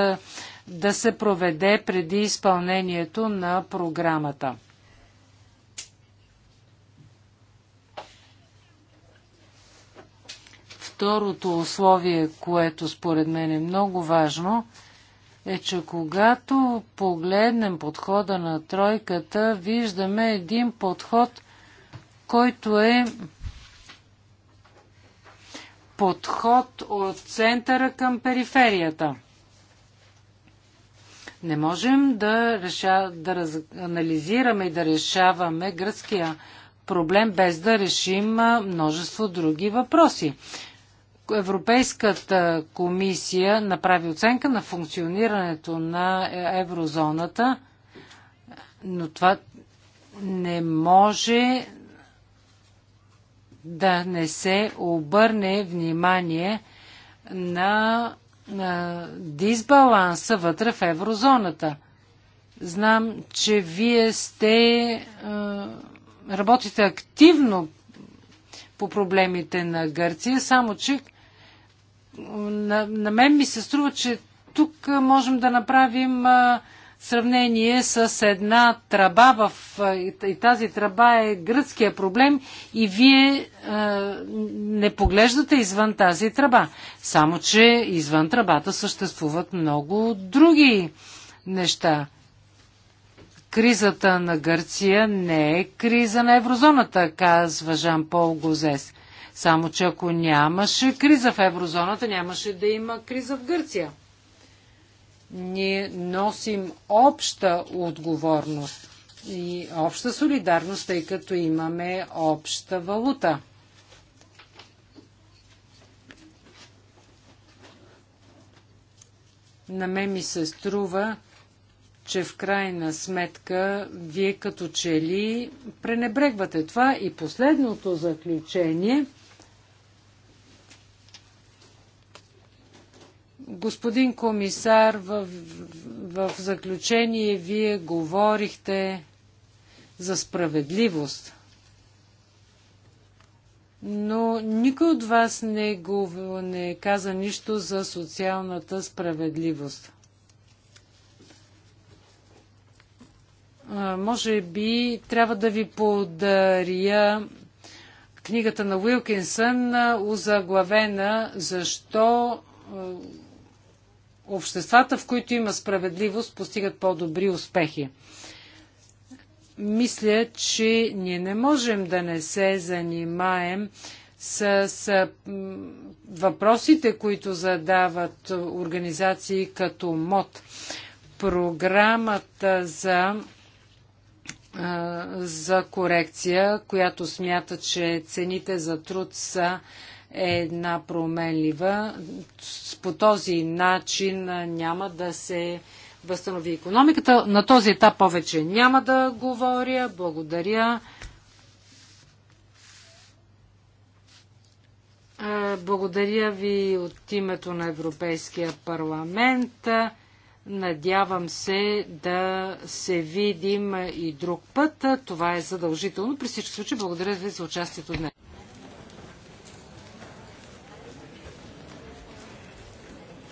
да се проведе преди изпълнението на програмата. Второто условие, което според мен е много важно, е, че когато погледнем подхода на тройката, виждаме един подход, който е подход от центъра към периферията. Не можем да, реша, да раз, анализираме и да решаваме гръцкия проблем без да решим множество други въпроси. Европейската комисия направи оценка на функционирането на еврозоната, но това не може да не се обърне внимание на, на дисбаланса вътре в еврозоната. Знам, че вие сте работите активно по проблемите на Гърция, само че на, на мен ми се струва, че тук можем да направим сравнение с една траба в, и тази траба е гръцкия проблем и вие а, не поглеждате извън тази траба. Само, че извън трабата съществуват много други неща. Кризата на Гърция не е криза на еврозоната, казва Жан-Пол Гозес. Само, че ако нямаше криза в еврозоната, нямаше да има криза в Гърция. Ние носим обща отговорност и обща солидарност, тъй като имаме обща валута. На мен ми се струва, че в крайна сметка вие като че ли пренебрегвате това. И последното заключение – Господин комисар, в, в, в заключение вие говорихте за справедливост. Но никой от вас не, го, не каза нищо за социалната справедливост. може би трябва да ви подаря книгата на Уилкинсън, озаглавена Защо Обществата, в които има справедливост, постигат по-добри успехи. Мисля, че ние не можем да не се занимаем с, с въпросите, които задават организации като МОД. Програмата за за корекция, която смята, че цените за труд са една променлива. По този начин няма да се възстанови економиката. На този етап повече няма да говоря. Благодаря. Благодаря ви от името на Европейския парламент. Надявам се да се видим и друг път. Това е задължително. При всички случаи, благодаря ви за участието днес.